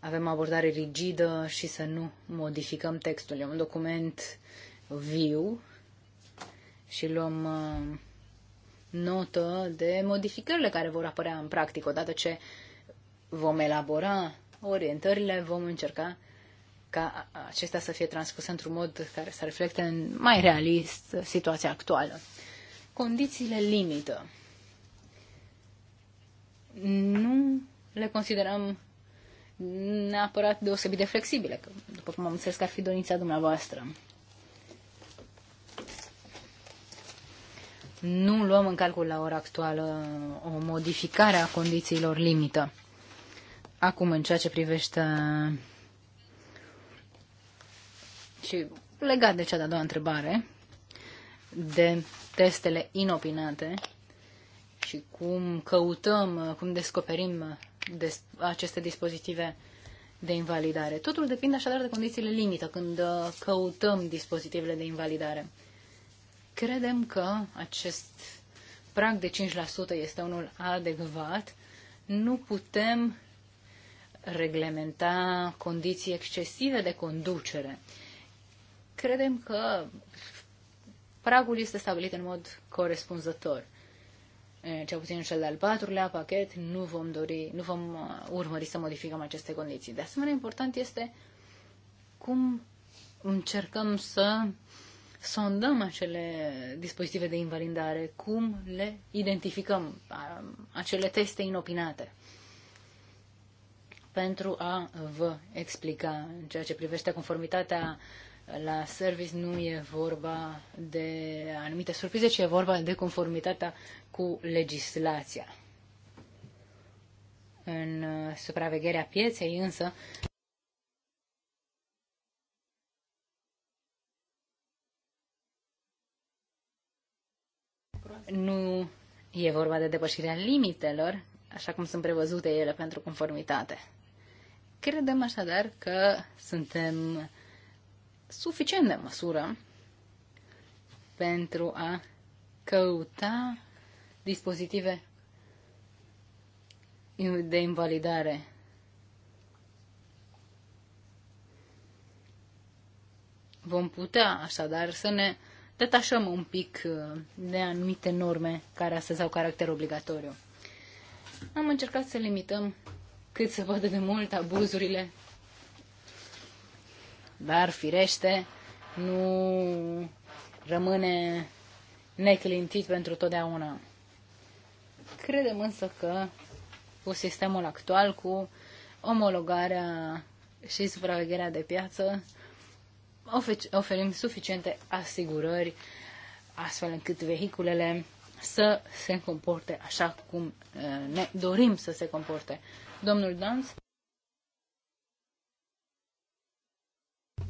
avem abordare rigidă și să nu modificăm textul. E un document viu și luăm uh, notă de modificările care vor apărea în practică. Odată ce vom elabora orientările, vom încerca ca acestea să fie transpuse într-un mod care să reflecte în mai realist situația actuală. Condițiile limită. Nu le considerăm neapărat deosebit de flexibile, că, după cum am înțeles că ar fi dorința dumneavoastră. nu luăm în calcul la ora actuală o modificare a condițiilor limită. Acum, în ceea ce privește și legat de cea de-a doua întrebare, de testele inopinate și cum căutăm, cum descoperim aceste dispozitive de invalidare. Totul depinde așadar de condițiile limită când uh, căutăm dispozitivele de invalidare. Credem că acest prag de 5% este unul adecvat. Nu putem reglementa condiții excesive de conducere. Credem că pragul este stabilit în mod corespunzător. Cel puțin în cel de-al patrulea pachet nu vom, dori, nu vom uh, urmări să modificăm aceste condiții. De asemenea, important este cum încercăm să sondăm acele dispozitive de invalidare, cum le identificăm, acele teste inopinate. Pentru a vă explica în ceea ce privește conformitatea la service nu e vorba de anumite surprize, ci e vorba de conformitatea cu legislația. În uh, supravegherea pieței, însă, nu e vorba de depășirea limitelor, așa cum sunt prevăzute ele pentru conformitate. Credem așadar că suntem suficient de măsură pentru a căuta dispozitive de invalidare. Vom putea așadar să ne detașăm un pic uh, de anumite norme care astăzi au caracter obligatoriu. Am încercat să limităm cât se poate de mult abuzurile, dar firește nu rămâne neclintit pentru totdeauna. Credem însă că cu sistemul actual, cu omologarea și supravegherea de piață, oferim suficiente asigurări astfel încât vehiculele să se comporte așa cum uh, ne dorim să se comporte. Domnul Dans,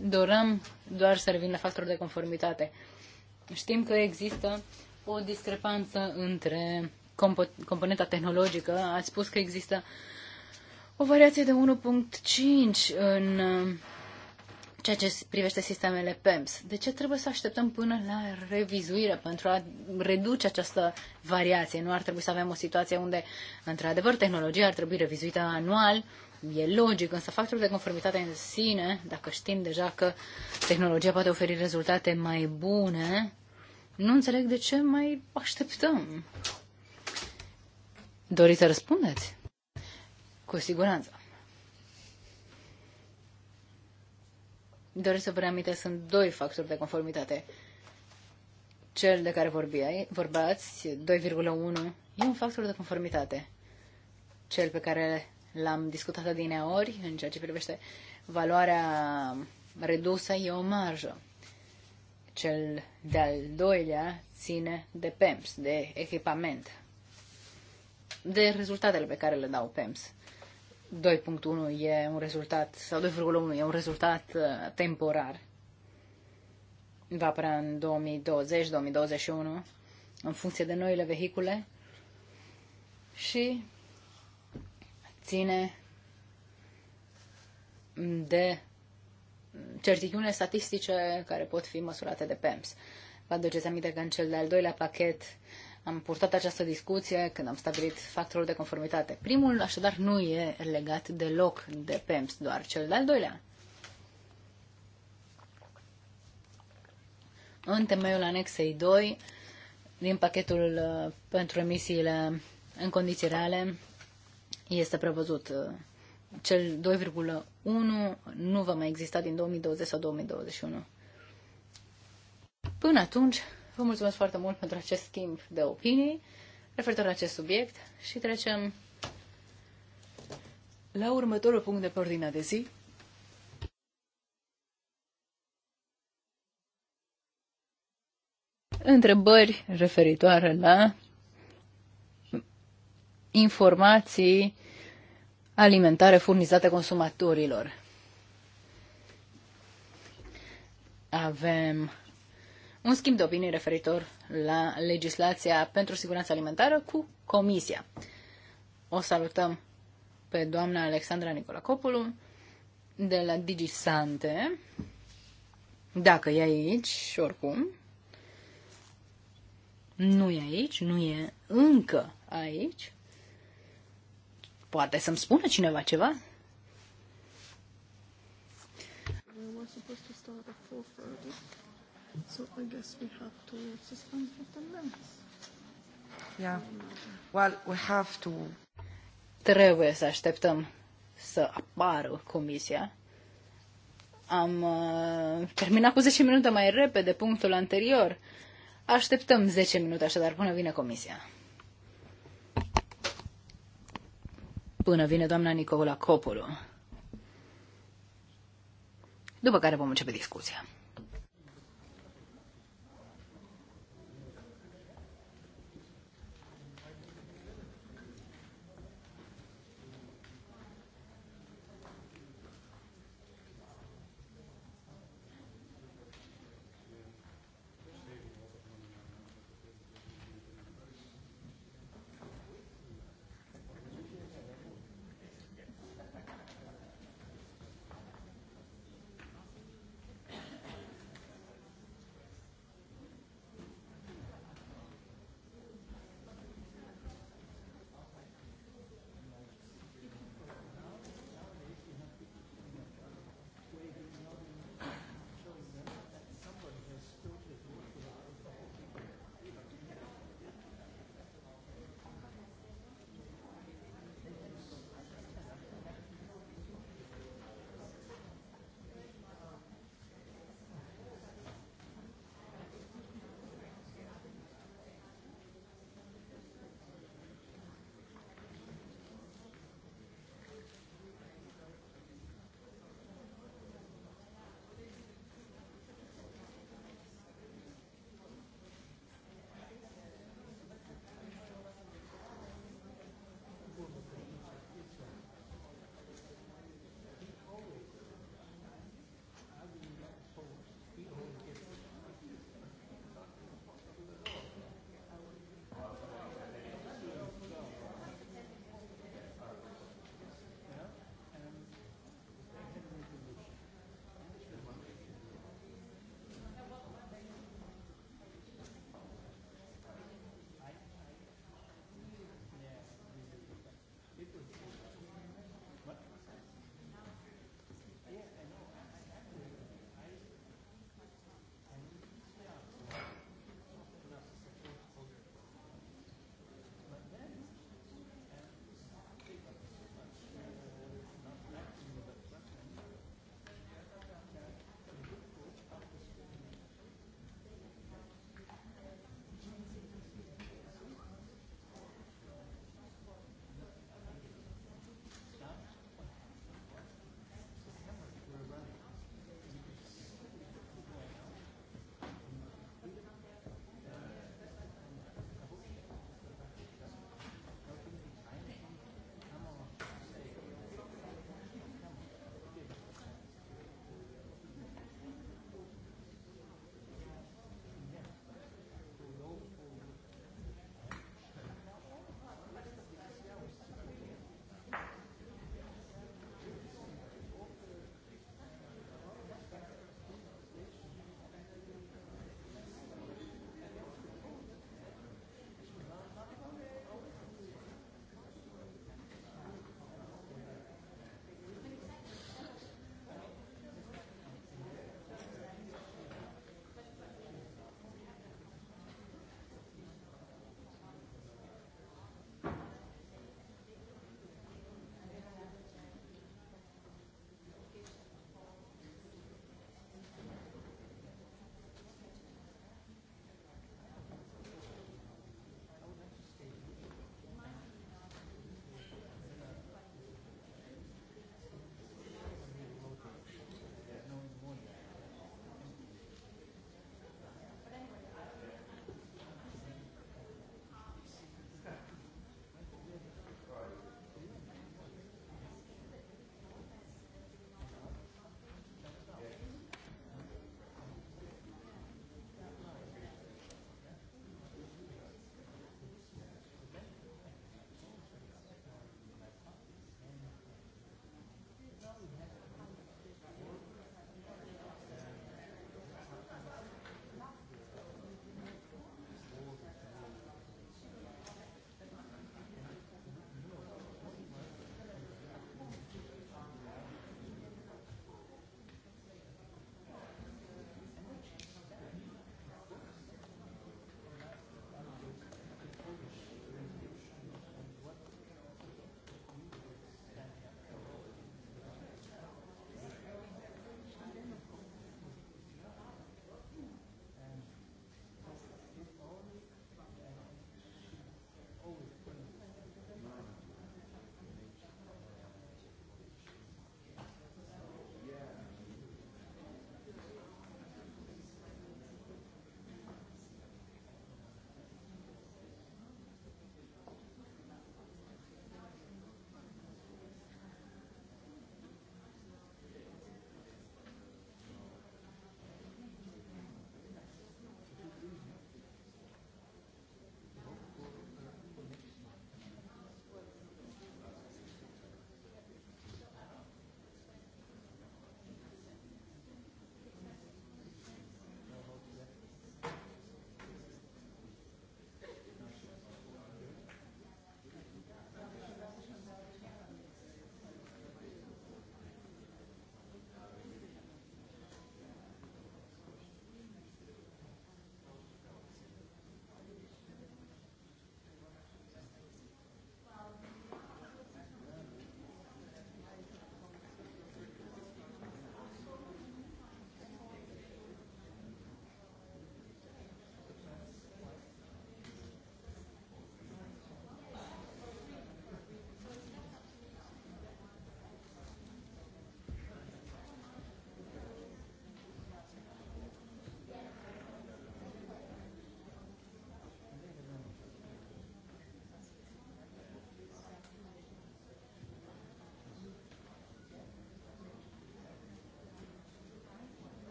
dorăm doar să revin la factorul de conformitate. Știm că există o discrepanță între compo- componenta tehnologică. Ați spus că există o variație de 1.5 în uh, ceea ce privește sistemele PEMS. De ce trebuie să așteptăm până la revizuire pentru a reduce această variație? Nu ar trebui să avem o situație unde, într-adevăr, tehnologia ar trebui revizuită anual, e logic, însă factorul de conformitate în sine, dacă știm deja că tehnologia poate oferi rezultate mai bune, nu înțeleg de ce mai așteptăm. Doriți să răspundeți? Cu siguranță. Doresc să vă reamintesc, sunt doi factori de conformitate. Cel de care vorbeai, vorbați, 2,1, e un factor de conformitate. Cel pe care l-am discutat ori, în ceea ce privește valoarea redusă, e o marjă. Cel de-al doilea ține de PEMS, de echipament, de rezultatele pe care le dau PEMS. 2.1 e un rezultat, sau 2.1 e un rezultat uh, temporar. Va apărea în 2020-2021, în funcție de noile vehicule și ține de certitudine statistice care pot fi măsurate de PEMS. Vă aduceți aminte că în cel de-al doilea pachet am purtat această discuție când am stabilit factorul de conformitate. Primul, așadar, nu e legat deloc de PEMS, doar cel de-al doilea. În temeiul anexei 2, din pachetul uh, pentru emisiile în condiții reale, este prevăzut uh, cel 2,1 nu va mai exista din 2020 sau 2021. Până atunci, Vă mulțumesc foarte mult pentru acest schimb de opinii referitor la acest subiect și trecem la următorul punct de pe ordinea de zi. Întrebări referitoare la informații alimentare furnizate consumatorilor. Avem un schimb de opinii referitor la legislația pentru siguranța alimentară cu Comisia. O salutăm pe doamna Alexandra Nicolacopulu de la DigiSante, dacă e aici, oricum, nu e aici, nu e încă aici. Poate să-mi spună cineva ceva? We So I guess we have to suspend for 10 minutes. Yeah. Well, we have to... Trebuie să așteptăm să apară comisia. Am uh, terminat cu 10 minute mai repede punctul anterior. Așteptăm 10 minute așadar până vine comisia. Până vine doamna Nicola Copolo. După care vom începe discuția.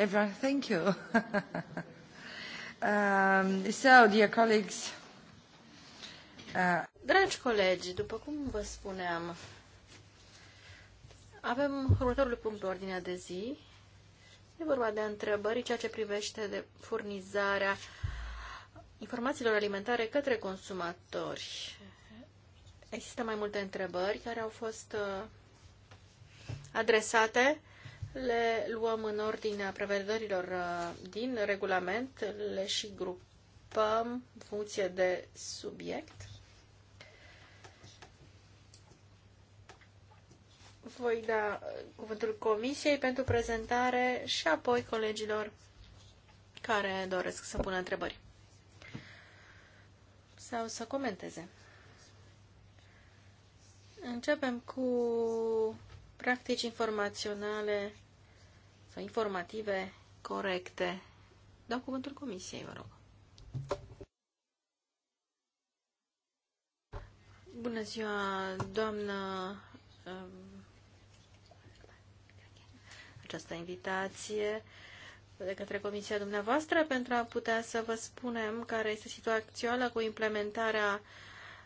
Everyone, thank you. um, so, dear colleagues, uh... Dragi colegi, după cum vă spuneam, avem următorul punct pe ordinea de zi. E vorba de întrebări ceea ce privește de furnizarea informațiilor alimentare către consumatori. Există mai multe întrebări care au fost uh, adresate le luăm în ordinea prevederilor uh, din regulament, le și grupăm în funcție de subiect. Voi da uh, cuvântul Comisiei pentru prezentare și apoi colegilor care doresc să pună întrebări sau să comenteze. Începem cu practici informaționale sau informative corecte. Dau cuvântul comisiei, vă rog. Bună ziua, doamnă um, această invitație de către comisia dumneavoastră pentru a putea să vă spunem care este situația actuală cu implementarea uh,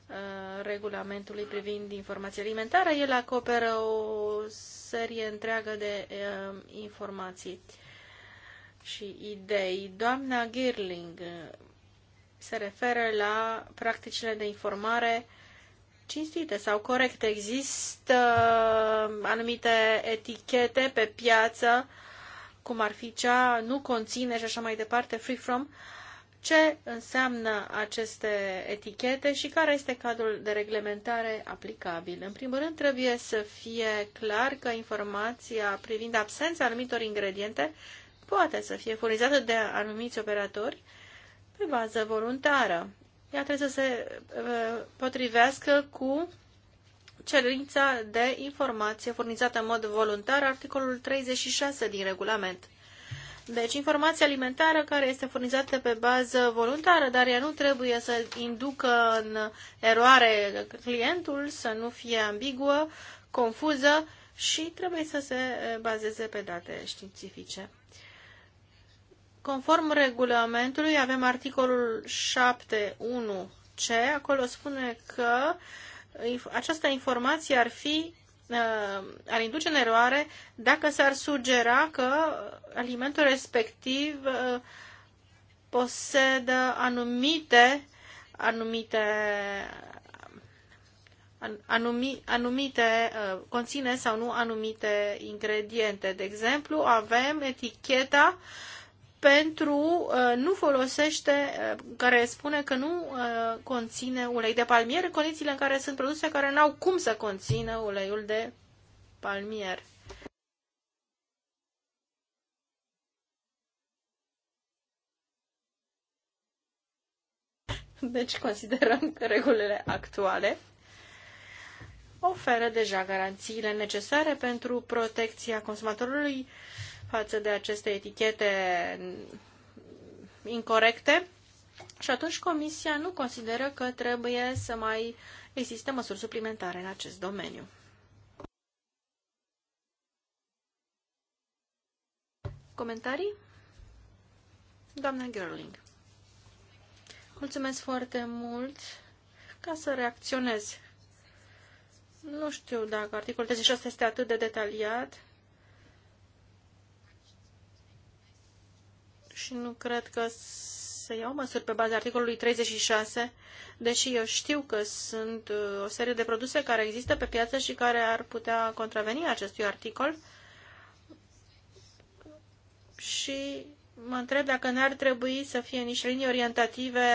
Uh, regulamentului privind informația alimentară. El acoperă o serie întreagă de uh, informații și idei. Doamna Girling uh, se referă la practicile de informare cinstite sau corecte. Există anumite etichete pe piață, cum ar fi cea nu conține și așa mai departe, free from, uh, ce înseamnă aceste etichete și care este cadrul de reglementare aplicabil. În primul rând, trebuie să fie clar că informația privind absența anumitor ingrediente poate să fie furnizată de anumiți operatori pe bază voluntară. Ea trebuie să se uh, potrivească cu cerința de informație furnizată în mod voluntar, articolul 36 din regulament. Deci informația alimentară care este furnizată pe bază voluntară, dar ea nu trebuie să inducă în eroare clientul, să nu fie ambiguă, confuză și trebuie să se bazeze pe date științifice. Conform regulamentului avem articolul 7.1c, acolo spune că această informație ar fi Uh, ar induce în eroare dacă s-ar sugera că alimentul respectiv uh, posedă anumite anumite anumite, anumite uh, conține sau nu anumite ingrediente. De exemplu, avem eticheta uh, pentru uh, nu folosește, uh, care spune că nu uh, conține ulei de palmier, în condițiile în care sunt produse care n-au cum să conțină uleiul de palmier. Deci considerăm că regulile actuale oferă deja garanțiile necesare pentru protecția consumatorului față de aceste etichete incorrecte. Și atunci Comisia nu consideră că trebuie să mai există măsuri suplimentare în acest domeniu. Comentarii? Doamna Gerling. Mulțumesc foarte mult ca să reacționez. Nu știu dacă articolul 36 este atât de detaliat. și nu cred că se iau măsuri pe baza articolului 36, deși eu știu că sunt uh, o serie de produse care există pe piață și care ar putea contraveni acestui articol. Și mă întreb dacă n-ar trebui să fie niște linii orientative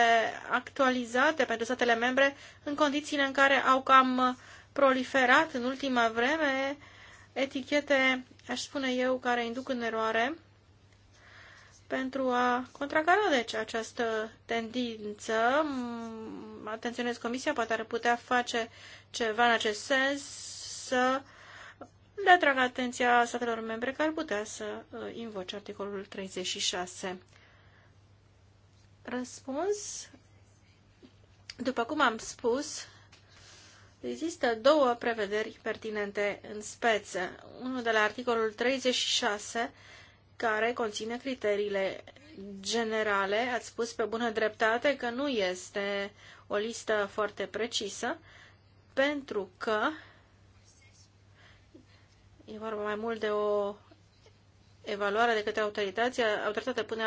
actualizate pentru statele membre în condițiile în care au cam proliferat în ultima vreme etichete, aș spune eu, care induc în eroare pentru a contracara deci această tendință. Atenționez Comisia, poate ar putea face ceva în acest sens să le atrag atenția statelor membre care ar putea să uh, invoce articolul 36. Răspuns? După cum am spus, există două prevederi pertinente în speță. Unul de la articolul 36 care conține criteriile generale. Ați spus pe bună dreptate că nu este o listă foarte precisă, pentru că e vorba mai mult de o evaluare de către autoritatea, autoritatea pune,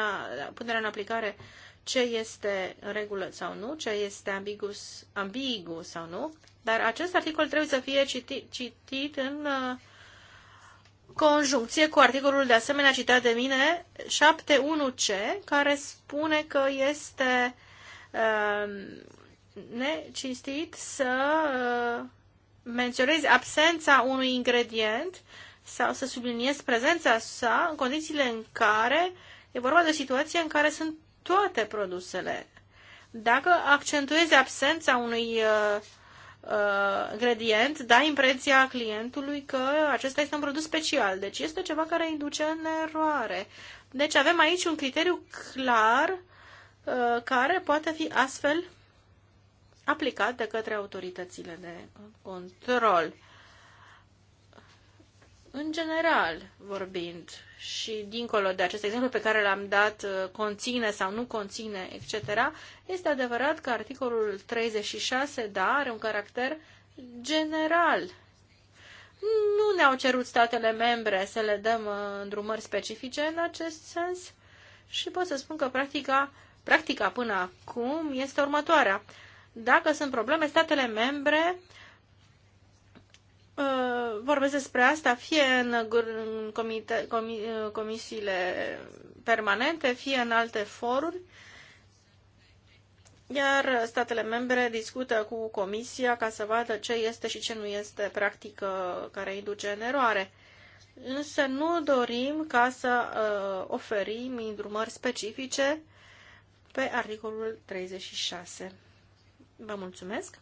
punerea în aplicare ce este în regulă sau nu, ce este ambigus, ambigu sau nu, dar acest articol trebuie să fie citit, citit în uh, conjuncție cu articolul de asemenea citat de mine 71C, care spune că este uh, necinstit să uh, menționezi absența unui ingredient sau să subliniezi prezența sa în condițiile în care e vorba de situație în care sunt toate produsele. Dacă accentuezi absența unui uh, Uh, ingredient, dă da impresia clientului că acesta este un produs special. Deci este ceva care induce în eroare. Deci avem aici un criteriu clar uh, care poate fi astfel aplicat de către autoritățile de control în general vorbind și dincolo de acest exemplu pe care l-am dat, uh, conține sau nu conține, etc., este adevărat că articolul 36, da, are un caracter general. Nu ne-au cerut statele membre să le dăm uh, îndrumări specifice în acest sens și pot să spun că practica, practica până acum este următoarea. Dacă sunt probleme, statele membre uh, vorbesc despre asta fie în comite, comi, comisiile permanente, fie în alte foruri, iar statele membre discută cu Comisia ca să vadă ce este și ce nu este practică care îi duce în eroare. Însă nu dorim ca să uh, oferim îndrumări specifice pe articolul 36. Vă mulțumesc!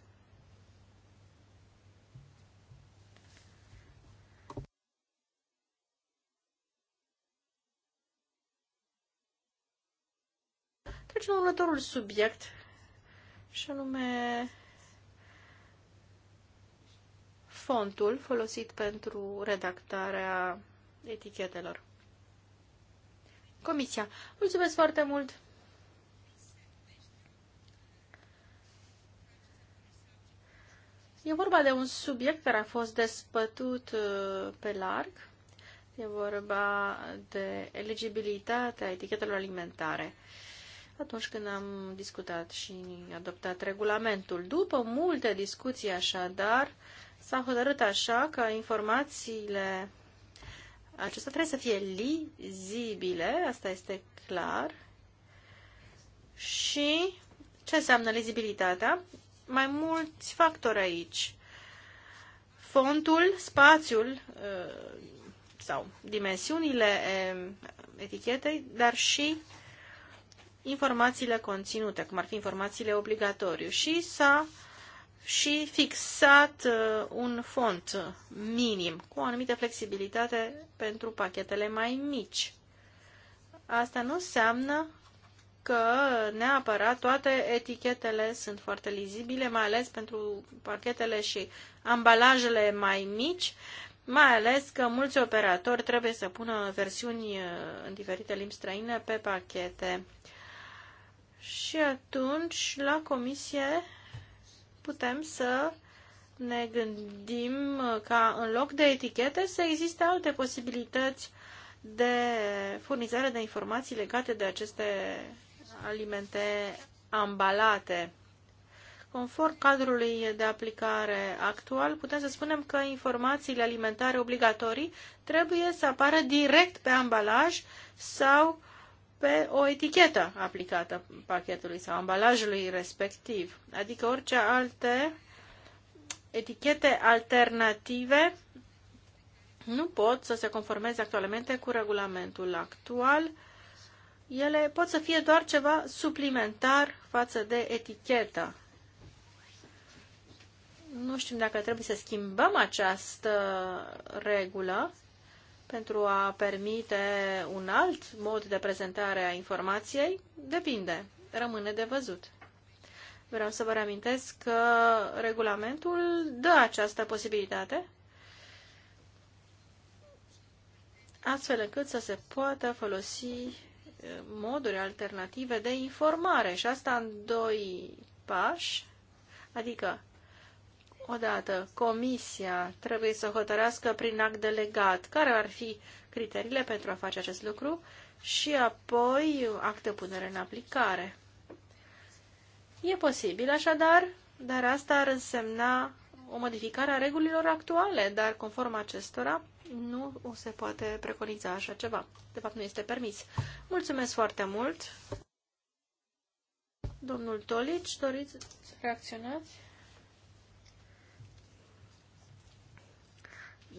Trecem la următorul subiect, și anume fontul folosit pentru redactarea etichetelor. Comisia, mulțumesc foarte mult! E vorba de un subiect care a fost despătut uh, pe larg. E vorba de eligibilitatea etichetelor alimentare. Uh, atunci când am discutat și adoptat regulamentul. După multe discuții așadar, s-a hotărât așa că informațiile acestea trebuie să fie lizibile, asta este clar. Și ce înseamnă lizibilitatea? Mai mulți factori aici. Fontul, spațiul ă, sau dimensiunile etichetei, dar și informațiile conținute, cum ar fi informațiile obligatoriu, și s-a și fixat uh, un font minim cu o anumită flexibilitate pentru pachetele mai mici. Asta nu înseamnă că neapărat toate etichetele sunt foarte lizibile, mai ales pentru pachetele și ambalajele mai mici, mai ales că mulți operatori trebuie să pună versiuni uh, în diferite limbi străine pe pachete. Și atunci, la comisie, putem să ne gândim uh, ca în loc de etichete să existe alte posibilități de furnizare de informații legate de aceste alimente ambalate. Conform cadrului de aplicare actual, putem să spunem că informațiile alimentare obligatorii trebuie să apară direct pe ambalaj sau pe o etichetă aplicată pachetului sau ambalajului respectiv, adică orice alte etichete alternative nu pot să se conformeze actualmente cu regulamentul actual. Ele pot să fie doar ceva suplimentar față de etichetă. Nu știm dacă trebuie să schimbăm această regulă pentru a permite un alt mod de prezentare a informației? Depinde. Rămâne de văzut. Vreau să vă reamintesc că regulamentul dă această posibilitate astfel încât să se poată folosi eh, moduri alternative de informare și asta în doi pași, adică Odată, Comisia trebuie să hotărească prin act delegat care ar fi criteriile pentru a face acest lucru și apoi act de punere în aplicare. E posibil așadar, dar asta ar însemna o modificare a regulilor actuale, dar conform acestora nu se poate preconiza așa ceva. De fapt, nu este permis. Mulțumesc foarte mult! Domnul Tolici, doriți să reacționați?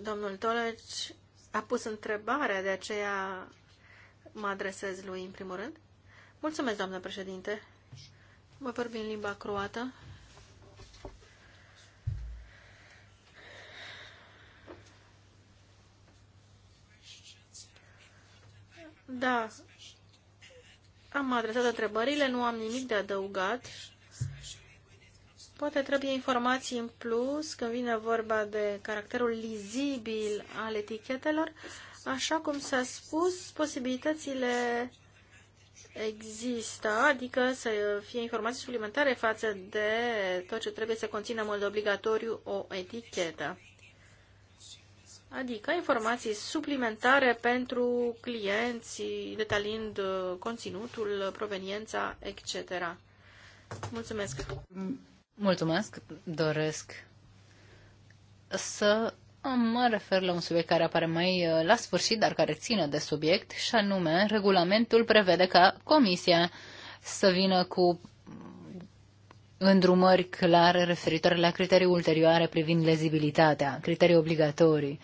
Domnul Toleci a pus întrebarea, de aceea mă adresez lui în primul rând. Mulțumesc, doamnă președinte. Mă vorbi în limba croată. Da, am adresat întrebările, nu am nimic de adăugat Poate trebuie informații în plus când vine vorba de caracterul lizibil al etichetelor. Așa cum s-a spus, posibilitățile există, adică să fie informații suplimentare față de tot ce trebuie să conțină în mod obligatoriu o etichetă. Adică informații suplimentare pentru clienți, detaliind uh, conținutul, proveniența, etc. Mulțumesc! Mm. Mulțumesc. Doresc să mă refer la un subiect care apare mai uh, la sfârșit, dar care ține de subiect, și anume, regulamentul prevede ca Comisia să vină cu îndrumări clare referitoare la criterii ulterioare privind lezibilitatea, criterii obligatorii,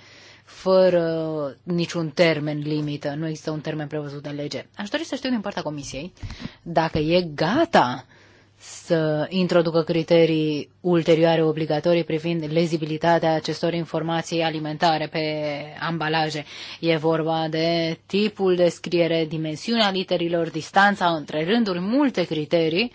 fără niciun termen limită, nu există un termen prevăzut în lege. Aș dori să știu din partea Comisiei dacă e gata să introducă criterii ulterioare obligatorii privind lezibilitatea acestor informații alimentare pe ambalaje. E vorba de tipul de scriere, dimensiunea literilor, distanța între rânduri, multe criterii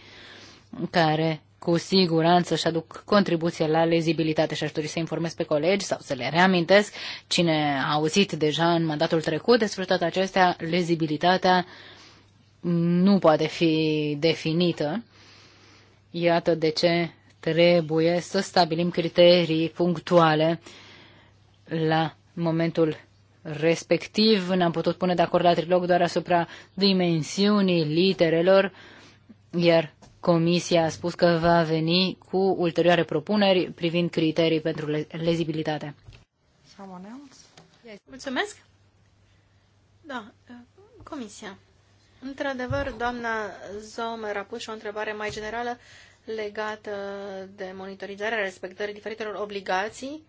care cu siguranță și aduc contribuție la lezibilitate și aș dori să informez pe colegi sau să le reamintesc cine a auzit deja în mandatul trecut despre toate acestea, lezibilitatea nu poate fi definită Iată de ce trebuie să stabilim criterii punctuale la momentul respectiv. Ne-am putut pune de acord la trilog doar asupra dimensiunii literelor, iar Comisia a spus că va veni cu ulterioare propuneri privind criterii pentru le lezibilitate. Mulțumesc! Da, Comisia. Într-adevăr, doamna Zomer a pus și o întrebare mai generală legată de monitorizarea respectării diferitelor obligații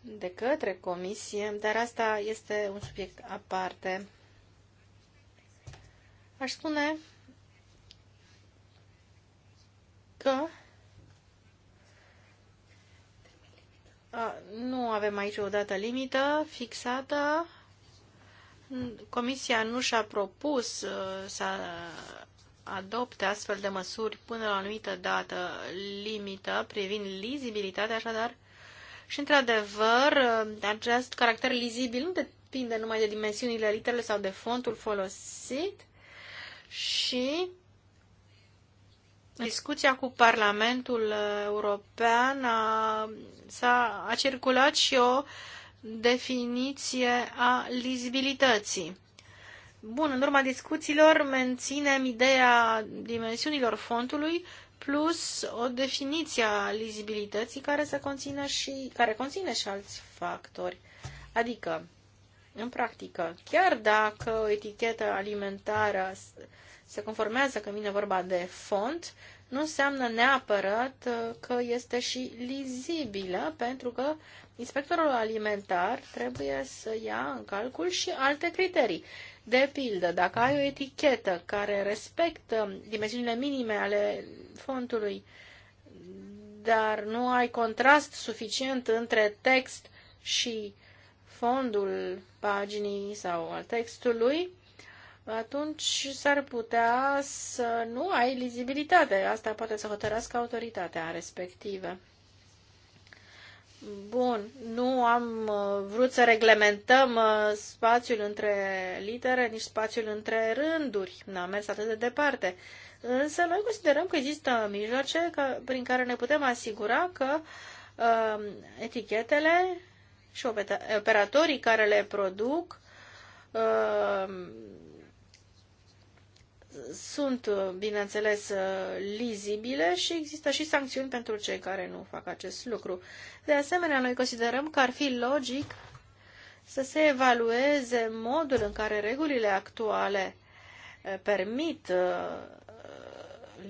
de către comisie, dar asta este un subiect aparte. Aș spune că nu avem aici o dată limită fixată, Comisia nu și-a propus uh, să adopte astfel de măsuri până la o anumită dată limită privind lizibilitatea, așadar, și într-adevăr, uh, acest caracter lizibil nu depinde numai de dimensiunile literelor sau de fontul folosit și discuția cu Parlamentul European a, a, a circulat și o uh, definiție a lizibilității. Bun, în urma discuțiilor menținem ideea dimensiunilor fontului plus o definiție a lizibilității care, să conțină și, care conține și alți factori. Adică, în practică, chiar dacă o etichetă alimentară se conformează când vine vorba de font, nu înseamnă neapărat că este și lizibilă, pentru că inspectorul alimentar trebuie să ia în calcul și alte criterii. De pildă, dacă ai o etichetă care respectă dimensiunile minime ale fontului, dar nu ai contrast suficient între text și fondul paginii sau al textului, atunci s-ar putea să nu ai lizibilitate. Asta poate să hotărească autoritatea respectivă. Bun, nu am uh, vrut să reglementăm uh, spațiul între litere, nici spațiul între rânduri. N-am mers atât de departe. Însă noi considerăm că există mijloace prin care ne putem asigura că uh, etichetele și operatorii care le produc uh, sunt, uh, bineînțeles, uh, lizibile și există și sancțiuni pentru cei care nu fac acest lucru. De asemenea, noi considerăm că ar fi logic să se evalueze modul în care regulile actuale uh, permit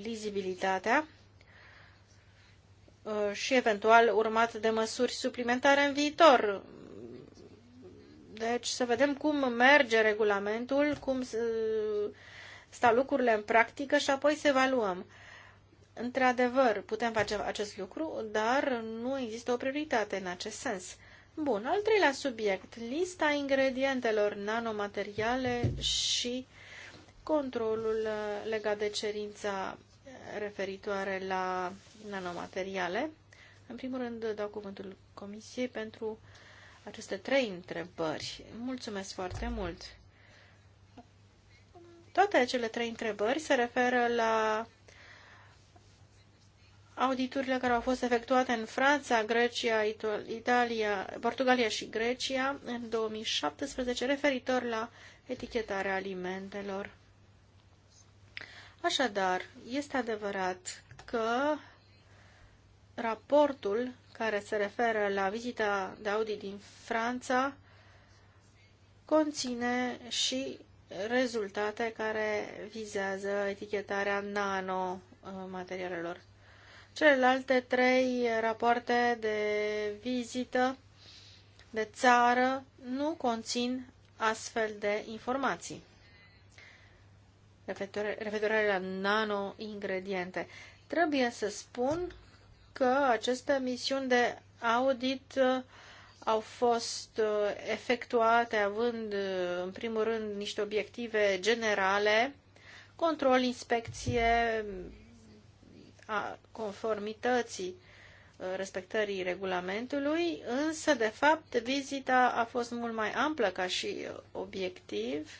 lizibilitatea și eventual urmat de măsuri suplimentare în viitor. Deci să vedem cum merge regulamentul, cum sta lucrurile în practică și apoi să evaluăm. Într-adevăr, putem face acest lucru, dar nu există o prioritate în acest sens. Bun, al treilea subiect, lista ingredientelor nanomateriale și controlul uh, legat de cerința referitoare la nanomateriale. În primul rând, dau cuvântul Comisiei pentru aceste trei întrebări. Mulțumesc foarte mult! Toate cele trei întrebări se referă la auditurile care au fost efectuate în Franța, Grecia, Italia, Portugalia și Grecia în 2017 referitor la etichetarea alimentelor. Așadar, este adevărat că raportul care se referă la vizita de audit din Franța conține și rezultate care vizează etichetarea nanomaterialelor. Celelalte trei rapoarte de vizită de țară nu conțin astfel de informații referitoare la nano-ingrediente. Trebuie să spun că aceste misiuni de audit uh, au fost uh, efectuate având, uh, în primul rând, niște obiective generale, control, inspecție a conformității uh, respectării regulamentului, însă, de fapt, vizita a fost mult mai amplă ca și obiectiv.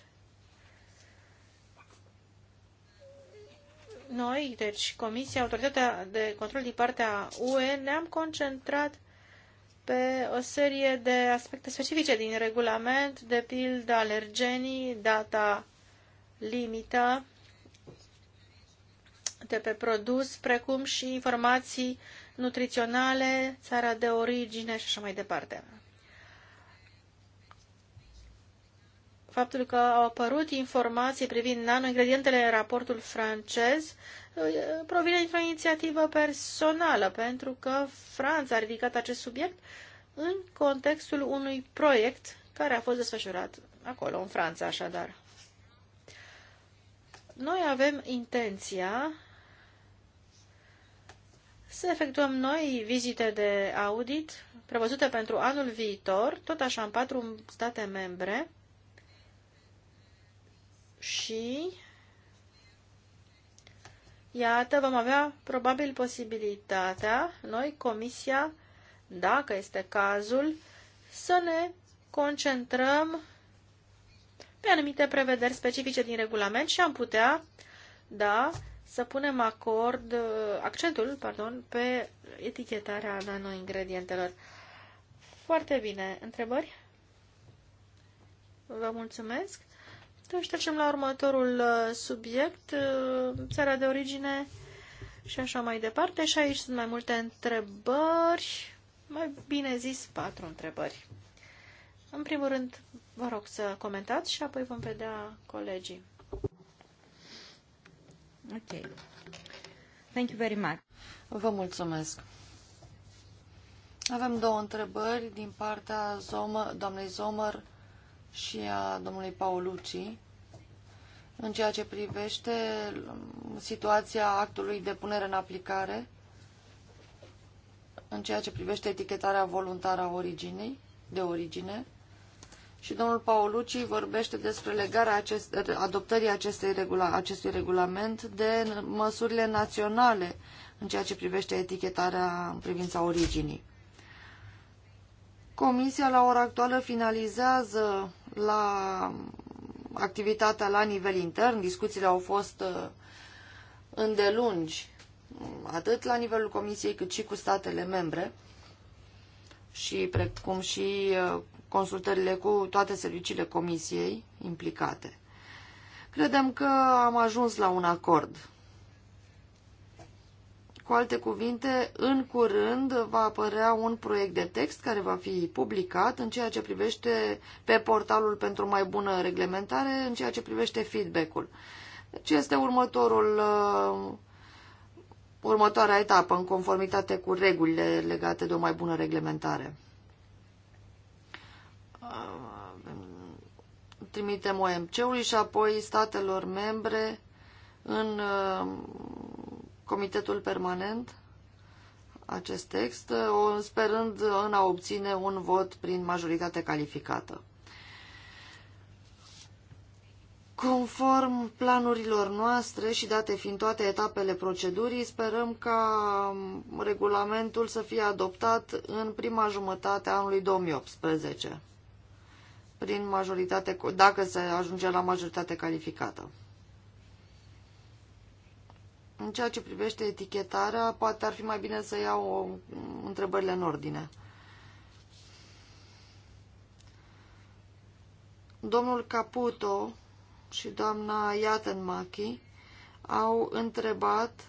Noi, deci Comisia, Autoritatea de Control din partea UE, ne-am concentrat pe o serie de aspecte specifice din regulament, de pildă alergenii, data limită de pe produs, precum și informații nutriționale, țara de origine și așa mai departe. faptul că au apărut informații privind nanoingredientele în raportul francez uh, provine dintr-o inițiativă personală, pentru că Franța a ridicat acest subiect în contextul unui proiect care a fost desfășurat acolo, în Franța, așadar. Noi avem intenția să efectuăm noi vizite de audit prevăzute pentru anul viitor, tot așa în patru state membre, și iată, vom avea probabil posibilitatea, noi, Comisia, dacă este cazul, să ne concentrăm pe anumite prevederi specifice din regulament și am putea, da, să punem acord, accentul, pardon, pe etichetarea ingredientelor. Foarte bine. Întrebări? Vă mulțumesc. Trecem la următorul uh, subiect, uh, țara de origine și așa mai departe. Și aici sunt mai multe întrebări, mai bine zis patru întrebări. În primul rând, vă rog să comentați și apoi vom vedea colegii. Ok. Thank you very much. Vă mulțumesc. Avem două întrebări din partea Zomă, doamnei Zomer și a domnului Paolucci în ceea ce privește situația actului de punere în aplicare, în ceea ce privește etichetarea voluntară a originii, de origine, și domnul Paolucci vorbește despre legarea acest, adoptării acestei regula, acestui regulament de măsurile naționale în ceea ce privește etichetarea în privința originii. Comisia la ora actuală finalizează la activitatea la nivel intern. Discuțiile au fost uh, îndelungi, atât la nivelul Comisiei, cât și cu statele membre și precum și uh, consultările cu toate serviciile Comisiei implicate. Credem că am ajuns la un acord cu alte cuvinte, în curând va apărea un proiect de text care va fi publicat în ceea ce privește pe portalul pentru mai bună reglementare, în ceea ce privește feedback-ul. Deci este următorul, uh, următoarea etapă în conformitate cu regulile legate de o mai bună reglementare. Uh, trimitem OMC-ului și apoi statelor membre în uh, Comitetul Permanent acest text, uh, sperând în a obține un vot prin majoritate calificată. Conform planurilor noastre și date fiind toate etapele procedurii, sperăm ca um, regulamentul să fie adoptat în prima jumătate a anului 2018, prin majoritate, dacă se ajunge la majoritate calificată. În ceea ce privește etichetarea, poate ar fi mai bine să iau întrebările în ordine. Domnul Caputo și doamna Iatenmachi au întrebat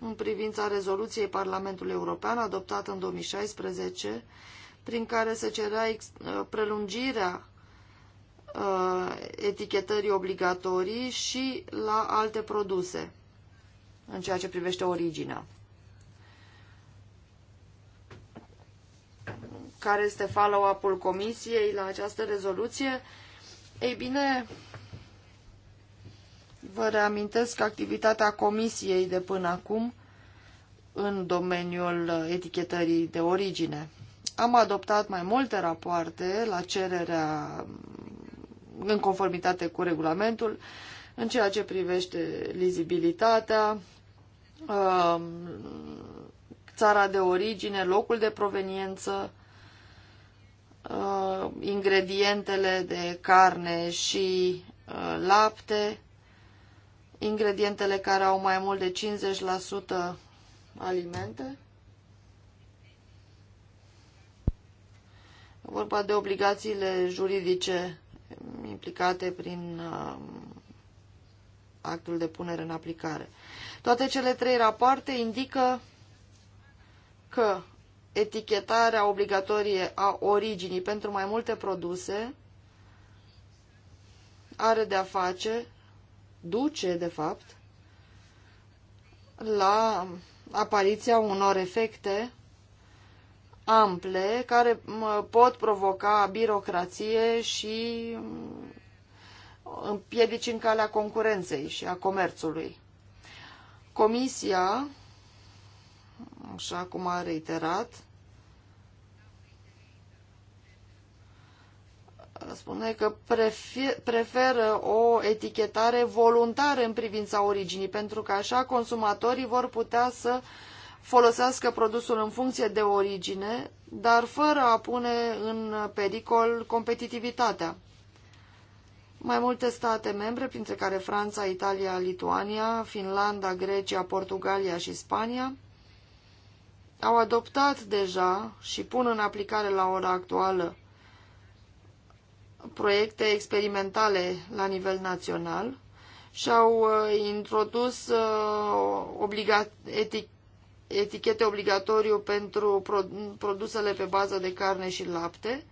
în privința rezoluției Parlamentului European adoptată în 2016, prin care se cerea uh, prelungirea uh, etichetării obligatorii și la alte produse în ceea ce privește originea. Care este follow-up-ul comisiei la această rezoluție? Ei bine, vă reamintesc activitatea comisiei de până acum în domeniul etichetării de origine. Am adoptat mai multe rapoarte la cererea în conformitate cu regulamentul în ceea ce privește lizibilitatea, um, țara de origine, locul de proveniență, uh, ingredientele de carne și uh, lapte, ingredientele care au mai mult de 50% alimente. Vorba de obligațiile juridice implicate prin um, actul de punere în aplicare. Toate cele trei rapoarte indică că etichetarea obligatorie a originii pentru mai multe produse are de-a face, duce de fapt, la apariția unor efecte ample care pot provoca birocrație și împiedici în calea concurenței și a comerțului. Comisia, așa cum a reiterat, spune că preferă o etichetare voluntară în privința originii, pentru că așa consumatorii vor putea să folosească produsul în funcție de origine, dar fără a pune în pericol competitivitatea. Mai multe state membre, printre care Franța, Italia, Lituania, Finlanda, Grecia, Portugalia și Spania, au adoptat deja și pun în aplicare la ora actuală proiecte experimentale la nivel național și au uh, introdus uh, etichete obligatoriu pentru produsele pe bază de carne și lapte,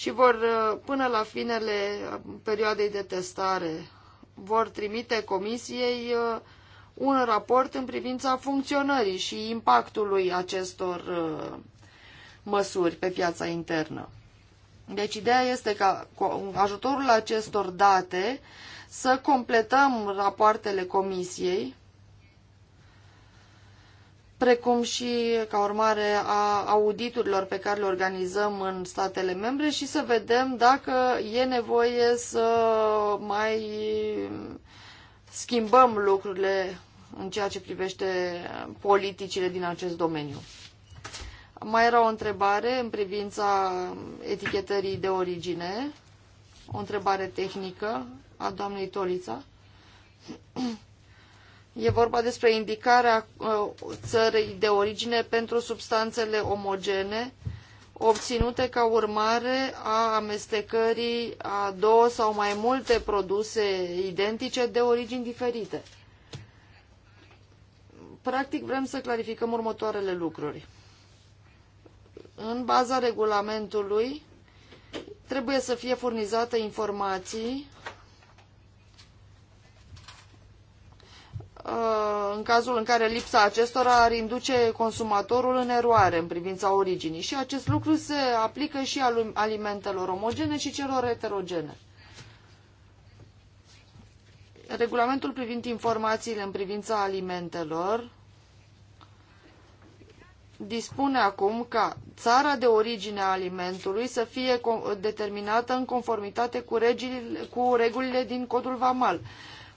și vor, uh, până la finele perioadei de testare, vor trimite comisiei uh, un raport în privința funcționării și impactului acestor uh, măsuri pe piața internă. Deci ideea este ca cu ajutorul acestor date să completăm rapoartele comisiei precum și ca urmare a auditurilor pe care le organizăm în statele membre și să vedem dacă e nevoie să mai schimbăm lucrurile în ceea ce privește politicile din acest domeniu. Mai era o întrebare în privința etichetării de origine, o întrebare tehnică a doamnei Tolița. E vorba despre indicarea uh, țării de origine pentru substanțele omogene obținute ca urmare a amestecării a două sau mai multe produse identice de origini diferite. Practic vrem să clarificăm următoarele lucruri. În baza regulamentului trebuie să fie furnizate informații Uh, în cazul în care lipsa acestora ar induce consumatorul în eroare în privința originii și acest lucru se aplică și alimentelor omogene și celor heterogene. Regulamentul privind informațiile în privința alimentelor dispune acum ca țara de origine a alimentului să fie determinată în conformitate cu, cu regulile din codul VAMAL.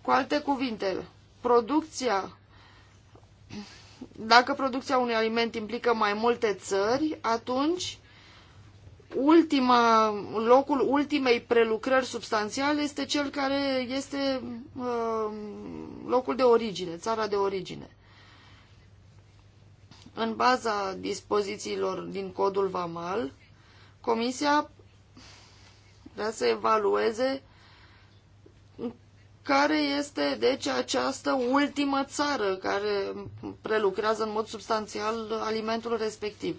Cu alte cuvinte, producția dacă producția unui aliment implică mai multe țări, atunci ultima, locul ultimei prelucrări substanțiale este cel care este uh, locul de origine, țara de origine. În baza dispozițiilor din codul VAMAL, Comisia vrea să evalueze care este deci această ultimă țară care prelucrează în mod substanțial alimentul respectiv.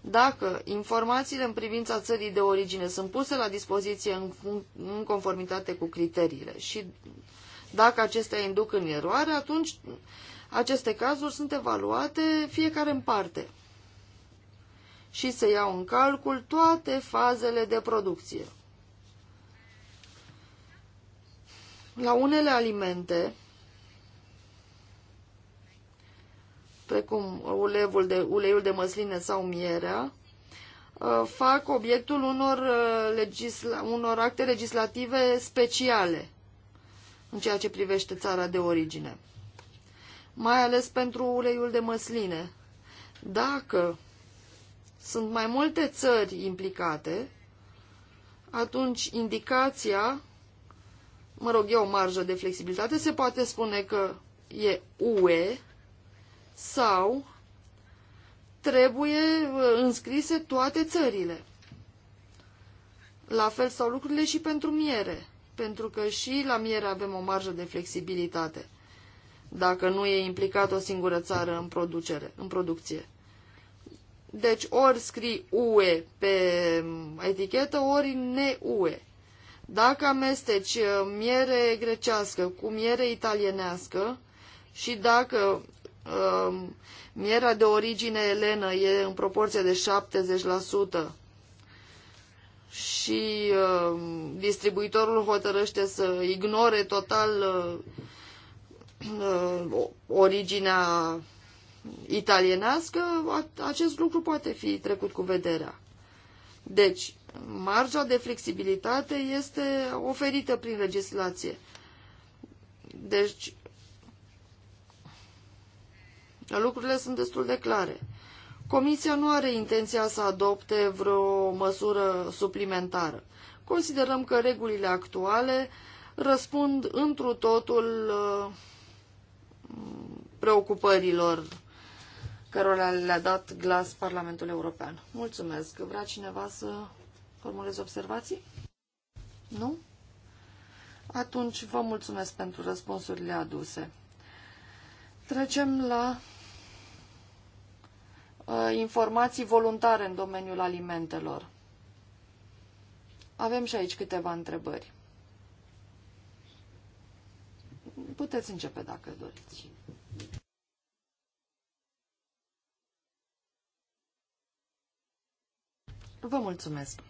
Dacă informațiile în privința țării de origine sunt puse la dispoziție în, în conformitate cu criteriile și dacă acestea induc în eroare, atunci aceste cazuri sunt evaluate fiecare în parte și se iau în calcul toate fazele de producție, La unele alimente, precum uleiul de, uleiul de măsline sau mierea, uh, fac obiectul unor, uh, legisla, unor acte legislative speciale în ceea ce privește țara de origine. Mai ales pentru uleiul de măsline. Dacă sunt mai multe țări implicate, atunci indicația mă rog, e o marjă de flexibilitate, se poate spune că e UE sau trebuie uh, înscrise toate țările. La fel sau lucrurile și pentru miere, pentru că și la miere avem o marjă de flexibilitate, dacă nu e implicată o singură țară în, producere, în producție. Deci ori scrii UE pe um, etichetă, ori ne UE. Dacă amesteci uh, miere grecească cu miere italienească și dacă uh, mierea de origine elenă e în proporție de 70%, și uh, distribuitorul hotărăște să ignore total uh, uh, originea italienească, acest lucru poate fi trecut cu vederea. Deci, marja de flexibilitate este oferită prin legislație. Deci, lucrurile sunt destul de clare. Comisia nu are intenția să adopte vreo măsură suplimentară. Considerăm că regulile actuale răspund întru totul uh, preocupărilor cărora le-a dat glas Parlamentul European. Mulțumesc. Vrea cineva să formulez observații? Nu? Atunci vă mulțumesc pentru răspunsurile aduse. Trecem la uh, informații voluntare în domeniul alimentelor. Avem și aici câteva întrebări. Puteți începe dacă doriți. Vă mulțumesc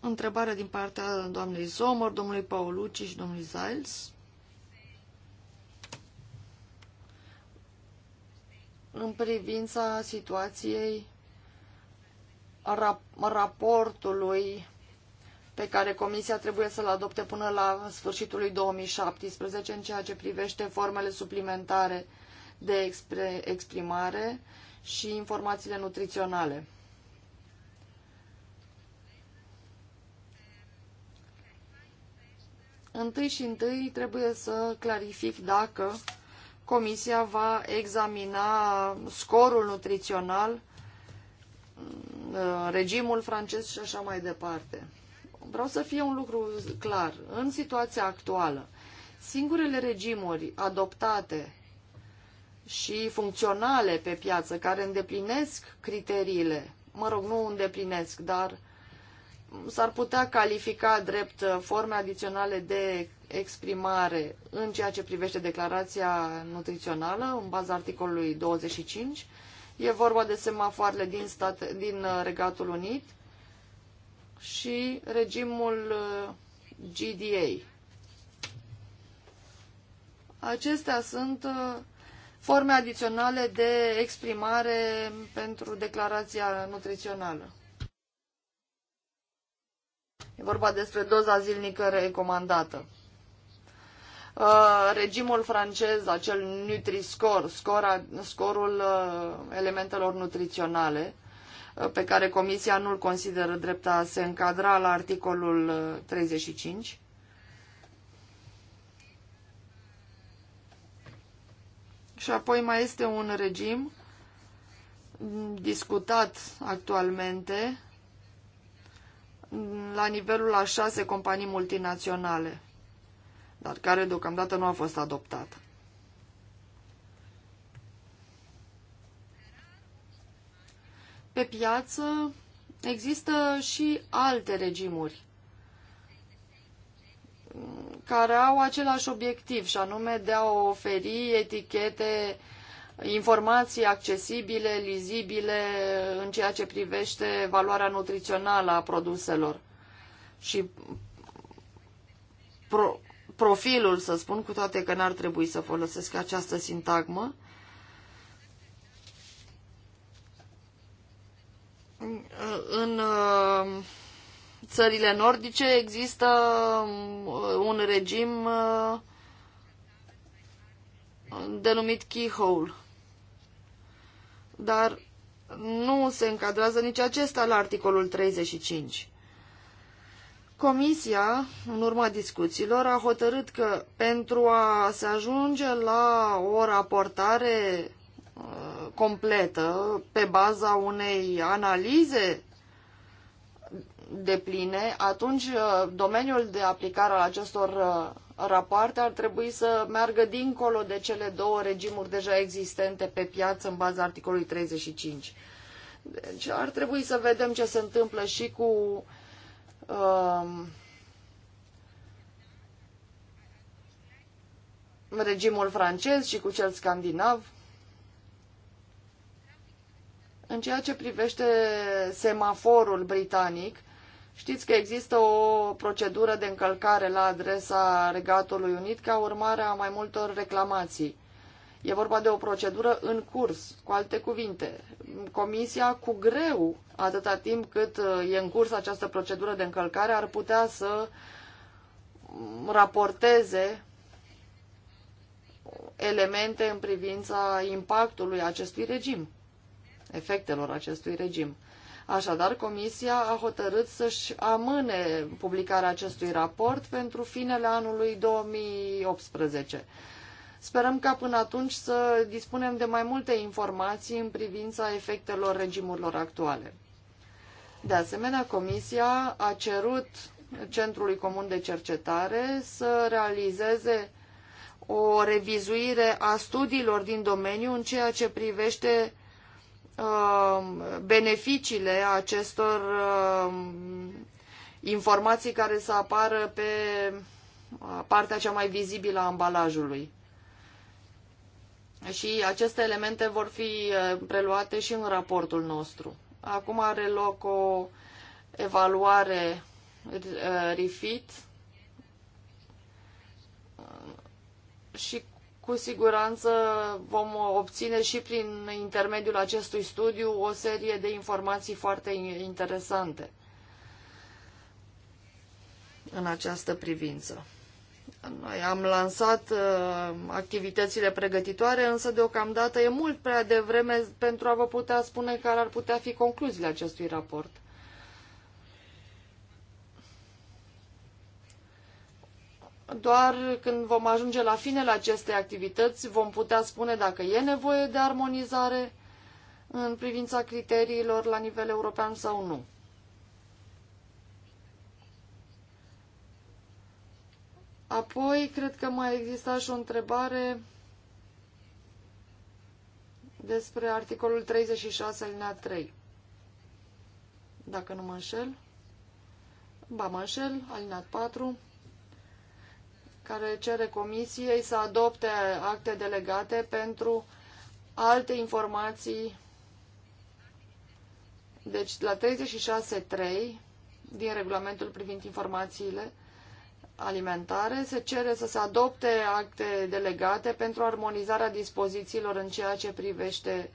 întrebare din partea doamnei Zomor, domnului Paulucci și domnului Zales. În privința situației raportului pe care Comisia trebuie să-l adopte până la sfârșitul lui 2017 în ceea ce privește formele suplimentare de exprimare și informațiile nutriționale. Întâi și întâi trebuie să clarific dacă comisia va examina scorul nutrițional, mm, regimul francez și așa mai departe. Vreau să fie un lucru clar. În situația actuală, singurele regimuri adoptate și funcționale pe piață care îndeplinesc criteriile, mă rog, nu îndeplinesc, dar s-ar putea califica drept uh, forme adiționale de exprimare în ceea ce privește declarația nutrițională, în baza articolului 25. E vorba de semafoarele din, state, din uh, Regatul Unit și regimul uh, GDA. Acestea sunt forme adiționale de exprimare pentru declarația nutrițională. E vorba despre doza zilnică recomandată. Uh, regimul francez, acel Nutri-Score, scora, scorul uh, elementelor nutriționale, uh, pe care Comisia nu-l consideră drept a se încadra la articolul 35. Uh, și apoi mai este un regim discutat actualmente la nivelul a șase companii multinaționale, dar care deocamdată nu a fost adoptată. Pe piață există și alte regimuri care au același obiectiv și anume de a oferi etichete uh, informații accesibile, lizibile în ceea ce privește valoarea nutrițională a produselor și pro, profilul, să spun, cu toate că n-ar trebui să folosesc această sintagmă. În uh, țările nordice există uh, un regim uh, denumit keyhole dar nu se încadrează nici acesta la articolul 35. Comisia, în urma discuțiilor, a hotărât că pentru a se ajunge la o raportare uh, completă pe baza unei analize de pline, atunci uh, domeniul de aplicare al acestor uh, rapoarte ar trebui să meargă dincolo de cele două regimuri deja existente pe piață în baza articolului 35. Deci ar trebui să vedem ce se întâmplă și cu um, regimul francez și cu cel scandinav. În ceea ce privește semaforul britanic, Știți că există o procedură de încălcare la adresa Regatului Unit ca urmare a mai multor reclamații. E vorba de o procedură în curs. Cu alte cuvinte, Comisia cu greu, atâta timp cât uh, e în curs această procedură de încălcare, ar putea să raporteze elemente în privința impactului acestui regim, efectelor acestui regim. Așadar, Comisia a hotărât să-și amâne publicarea acestui raport pentru finele anului 2018. Sperăm ca până atunci să dispunem de mai multe informații în privința efectelor regimurilor actuale. De asemenea, Comisia a cerut Centrului Comun de Cercetare să realizeze o revizuire a studiilor din domeniu în ceea ce privește Um, beneficiile acestor um, informații care să apară pe uh, partea cea mai vizibilă a ambalajului. Și aceste elemente vor fi uh, preluate și în raportul nostru. Acum are loc o evaluare uh, refit și cu siguranță vom obține și prin intermediul acestui studiu o serie de informații foarte interesante în această privință. Noi am lansat uh, activitățile pregătitoare, însă deocamdată e mult prea devreme pentru a vă putea spune care ar putea fi concluziile acestui raport. Doar când vom ajunge la finele acestei activități vom putea spune dacă e nevoie de armonizare în privința criteriilor la nivel european sau nu. Apoi, cred că mai exista și o întrebare despre articolul 36, alinea 3. Dacă nu mă înșel. Ba, mă înșel, alinea 4 care cere Comisiei să adopte acte delegate pentru alte informații. Deci, la 36.3 din regulamentul privind informațiile alimentare, se cere să se adopte acte delegate pentru armonizarea dispozițiilor în ceea ce privește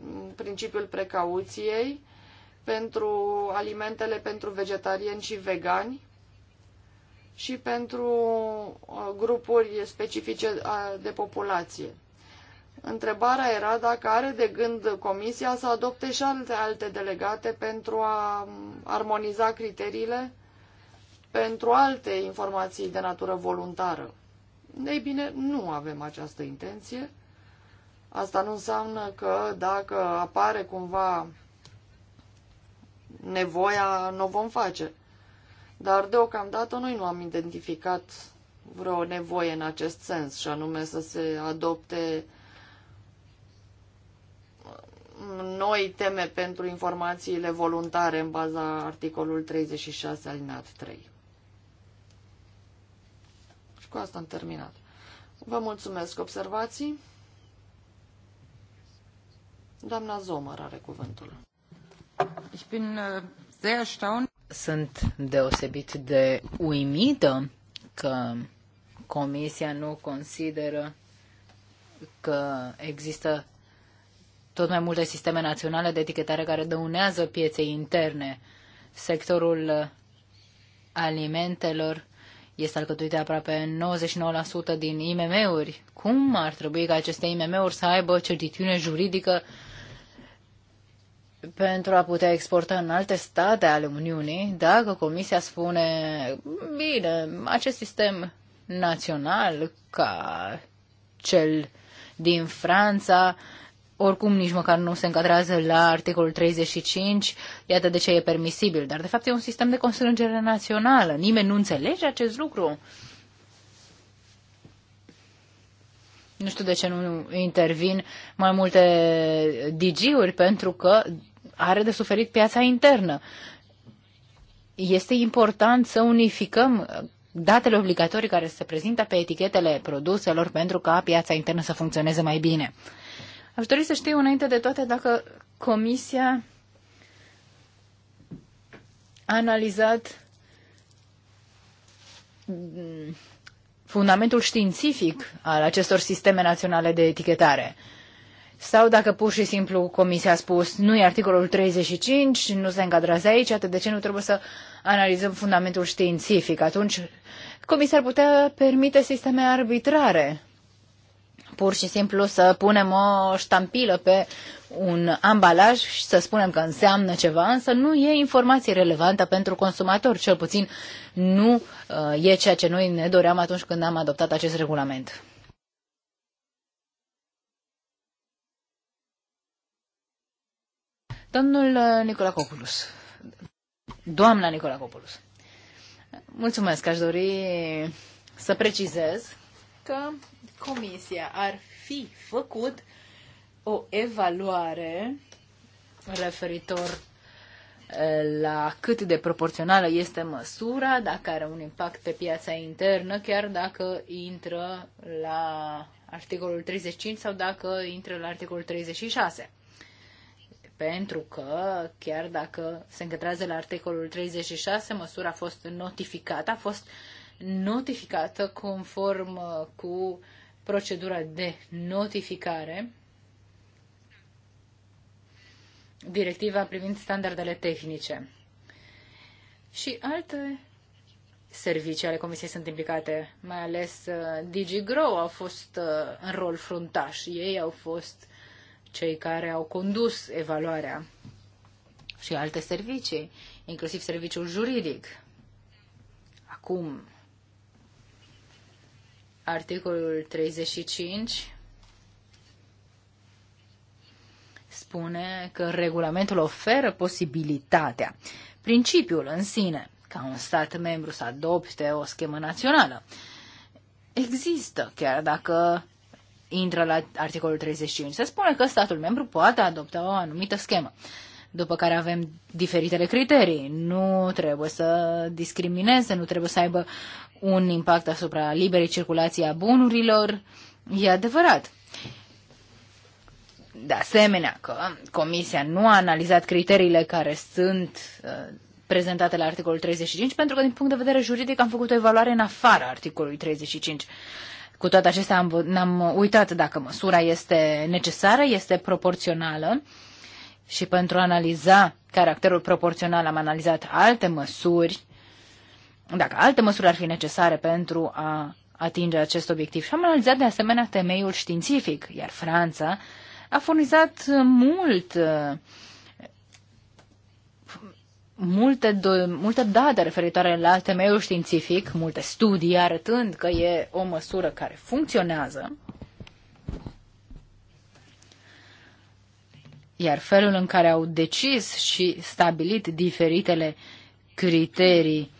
mm, principiul precauției pentru alimentele pentru vegetariani și vegani, și pentru uh, grupuri specifice uh, de populație. Întrebarea era dacă are de gând Comisia să adopte și alte, alte delegate pentru a um, armoniza criteriile pentru alte informații de natură voluntară. Ei bine, nu avem această intenție. Asta nu înseamnă că dacă apare cumva nevoia, nu o vom face dar deocamdată noi nu am identificat vreo nevoie în acest sens, și anume să se adopte noi teme pentru informațiile voluntare în baza articolul 36 alineat 3. Și cu asta am terminat. Vă mulțumesc. Observații? Doamna Zomăr are cuvântul. Ich bin uh, sehr erstaunt sunt deosebit de uimită că Comisia nu consideră că există tot mai multe sisteme naționale de etichetare care dăunează pieței interne. Sectorul alimentelor este alcătuit de aproape 99% din IMM-uri. Cum ar trebui ca aceste IMM-uri să aibă certitudine juridică pentru a putea exporta în alte state ale Uniunii, dacă Comisia spune, bine, acest sistem național ca cel din Franța, oricum nici măcar nu se încadrează la articolul 35, iată de ce e permisibil. Dar de fapt e un sistem de constrângere națională. Nimeni nu înțelege acest lucru. Nu știu de ce nu intervin mai multe DG-uri, pentru că are de suferit piața internă. Este important să unificăm datele obligatorii care se prezintă pe etichetele produselor pentru ca piața internă să funcționeze mai bine. Aș dori să știu înainte de toate dacă Comisia a analizat fundamentul științific al acestor sisteme naționale de etichetare. Sau dacă pur și simplu comisia a spus nu e articolul 35, nu se încadrează aici, atât de ce nu trebuie să analizăm fundamentul științific. Atunci comisia ar putea permite sisteme arbitrare. Pur și simplu să punem o ștampilă pe un ambalaj și să spunem că înseamnă ceva, însă nu e informație relevantă pentru consumator, cel puțin nu uh, e ceea ce noi ne doream atunci când am adoptat acest regulament. Domnul uh, Nicola Copulus. Doamna Nicola Copulus. Mulțumesc, aș dori să precizez că comisia ar fi făcut o evaluare referitor uh, la cât de proporțională este măsura, dacă are un impact pe piața internă, chiar dacă intră la articolul 35 sau dacă intră la articolul 36 pentru că chiar dacă se încătrează la articolul 36, măsura a fost notificată, a fost notificată conform uh, cu procedura de notificare directiva privind standardele tehnice. Și alte servicii ale Comisiei sunt implicate, mai ales uh, DigiGrow au fost uh, în rol fruntaș. Ei au fost cei care au condus evaluarea și alte servicii, inclusiv serviciul juridic. Acum, articolul 35 spune că regulamentul oferă posibilitatea, principiul în sine, ca un stat membru să adopte o schemă națională. Există, chiar dacă intră la articolul 35. Se spune că statul membru poate adopta o anumită schemă, după care avem diferitele criterii. Nu trebuie să discrimineze, nu trebuie să aibă un impact asupra liberei circulații a bunurilor. E adevărat. De asemenea că Comisia nu a analizat criteriile care sunt uh, prezentate la articolul 35, pentru că din punct de vedere juridic am făcut o evaluare în afara articolului 35. Cu toate acestea am, ne-am uitat dacă măsura este necesară, este proporțională și pentru a analiza caracterul proporțional am analizat alte măsuri, dacă alte măsuri ar fi necesare pentru a atinge acest obiectiv. Și am analizat de asemenea temeiul științific, iar Franța a furnizat mult uh, multe, do- multe date referitoare la temeiul științific, multe studii arătând că e o măsură care funcționează, iar felul în care au decis și stabilit diferitele criterii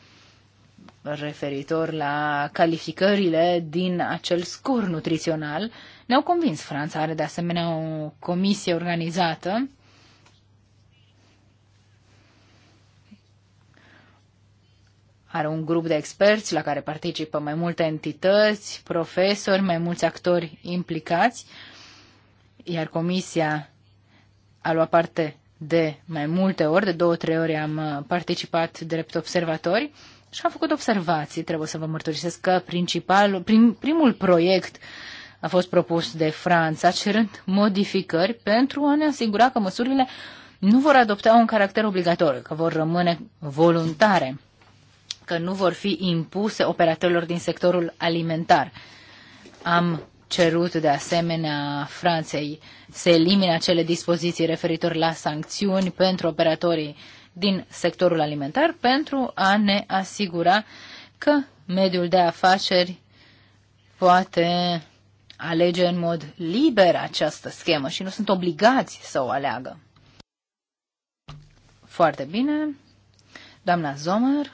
referitor la calificările din acel scor nutrițional, ne-au convins. Franța are de asemenea o comisie organizată Are un grup de experți la care participă mai multe entități, profesori, mai mulți actori implicați, iar comisia a luat parte de mai multe ori, de două, trei ori am uh, participat drept observatori și am făcut observații. Trebuie să vă mărturisesc că principal, prim, primul proiect a fost propus de Franța, cerând modificări pentru a ne asigura că măsurile nu vor adopta un caracter obligatoriu, că vor rămâne voluntare că nu vor fi impuse operatorilor din sectorul alimentar. Am cerut de asemenea Franței să elimine acele dispoziții referitor la sancțiuni pentru operatorii din sectorul alimentar pentru a ne asigura că mediul de afaceri poate alege în mod liber această schemă și nu sunt obligați să o aleagă. Foarte bine. Doamna Zomer.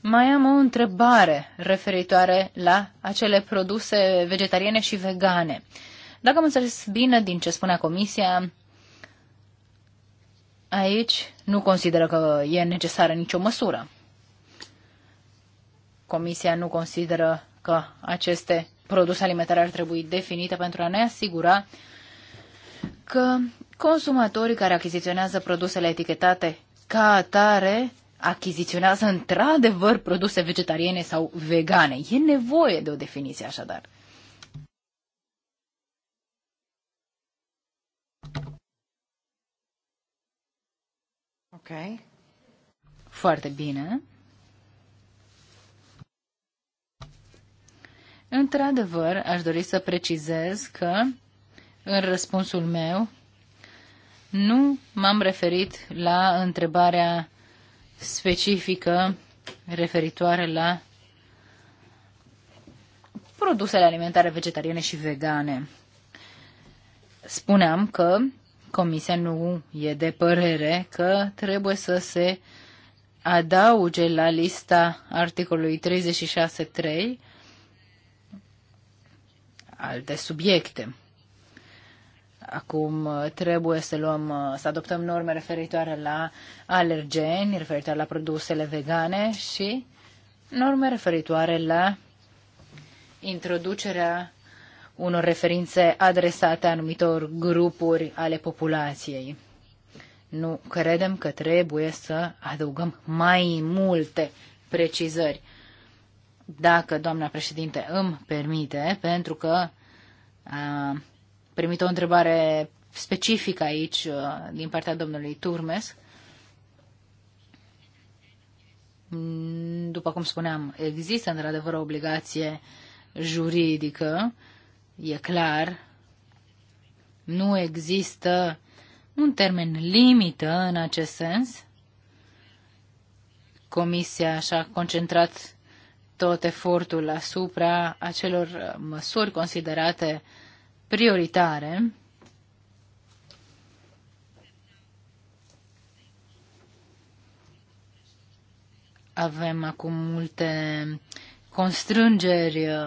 Mai am o întrebare referitoare la acele produse vegetariane și vegane. Dacă am înțeles bine din ce spunea Comisia, aici nu consideră că e necesară nicio măsură. Comisia nu consideră că aceste produse alimentare ar trebui definite pentru a ne asigura că consumatorii care achiziționează produsele etichetate ca atare achiziționează într-adevăr produse vegetariene sau vegane. E nevoie de o definiție așadar. Ok. Foarte bine. Într-adevăr, aș dori să precizez că în răspunsul meu nu m-am referit la întrebarea specifică referitoare la produsele alimentare vegetariane și vegane. Spuneam că Comisia nu e de părere că trebuie să se adauge la lista articolului 36.3 alte subiecte. Acum uh, trebuie să luăm, uh, să adoptăm norme referitoare la alergeni, referitoare la produsele vegane și norme referitoare la introducerea unor referințe adresate anumitor grupuri ale populației. Nu credem că trebuie să adăugăm mai multe precizări. Dacă doamna președinte îmi permite, pentru că uh, primit o întrebare specifică aici uh, din partea domnului Turmes. Mm, după cum spuneam, există într-adevăr o obligație juridică, e clar. Nu există un termen limită în acest sens. Comisia și-a concentrat tot efortul asupra acelor uh, măsuri considerate uh, prioritare avem acum multe constrângeri uh,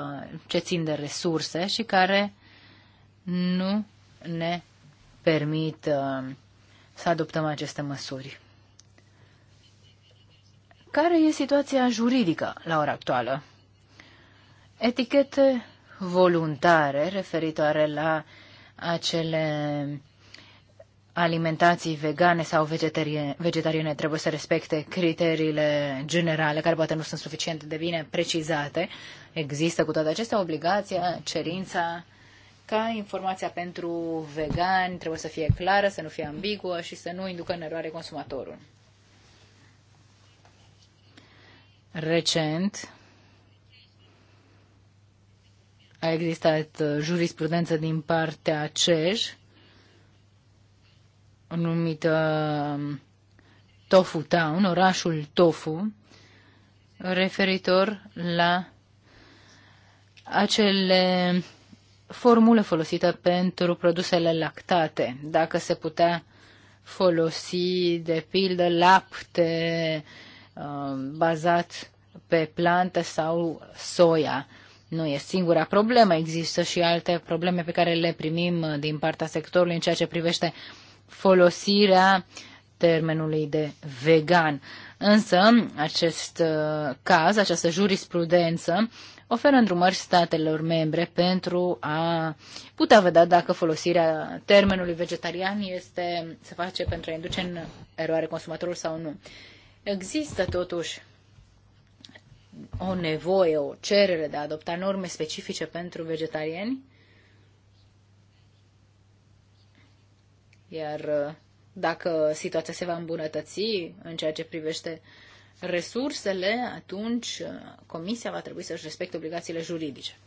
ce țin de resurse și care nu ne permit uh, să adoptăm aceste măsuri. Care e situația juridică la ora actuală? Etichete voluntare referitoare la acele alimentații vegane sau vegetariene trebuie să respecte criteriile generale, care poate nu sunt suficient de bine precizate. Există cu toate acestea obligația, cerința ca informația pentru vegani trebuie să fie clară, să nu fie ambiguă și să nu inducă în eroare consumatorul. Recent, a existat uh, jurisprudență din partea CEJ numită um, Tofu Town, orașul Tofu, referitor la acele formule folosită pentru produsele lactate. Dacă se putea folosi, de pildă, lapte um, bazat pe plantă sau soia nu e singura problemă, există și alte probleme pe care le primim uh, din partea sectorului în ceea ce privește folosirea termenului de vegan. Însă, acest uh, caz, această jurisprudență, oferă îndrumări statelor membre pentru a putea vedea dacă folosirea termenului vegetarian este, se face pentru a induce în eroare consumatorul sau nu. Există totuși o nevoie, o cerere de a adopta norme specifice pentru vegetariani. Iar uh, dacă situația se va îmbunătăți în ceea ce privește resursele, atunci uh, Comisia va trebui să-și respecte obligațiile juridice.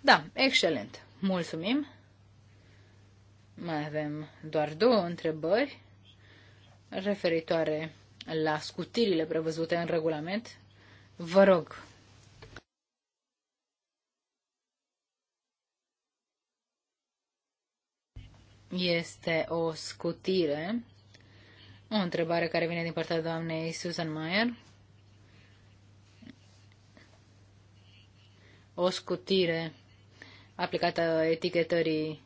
Da, excelent. Mulțumim. Mai avem doar două întrebări referitoare la scutirile prevăzute în regulament. Vă rog. Este o scutire, o întrebare care vine din partea doamnei Susan Mayer. O scutire aplicată etichetării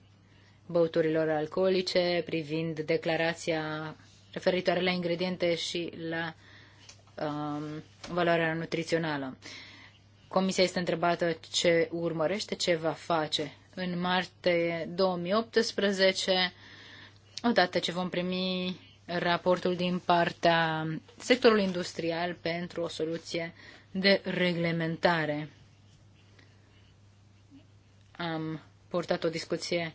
băuturilor alcoolice privind declarația referitoare la ingrediente și la um, valoarea nutrițională. Comisia este întrebată ce urmărește, ce va face. În martie 2018, odată ce vom primi raportul din partea sectorului industrial pentru o soluție de reglementare. Am portat o discuție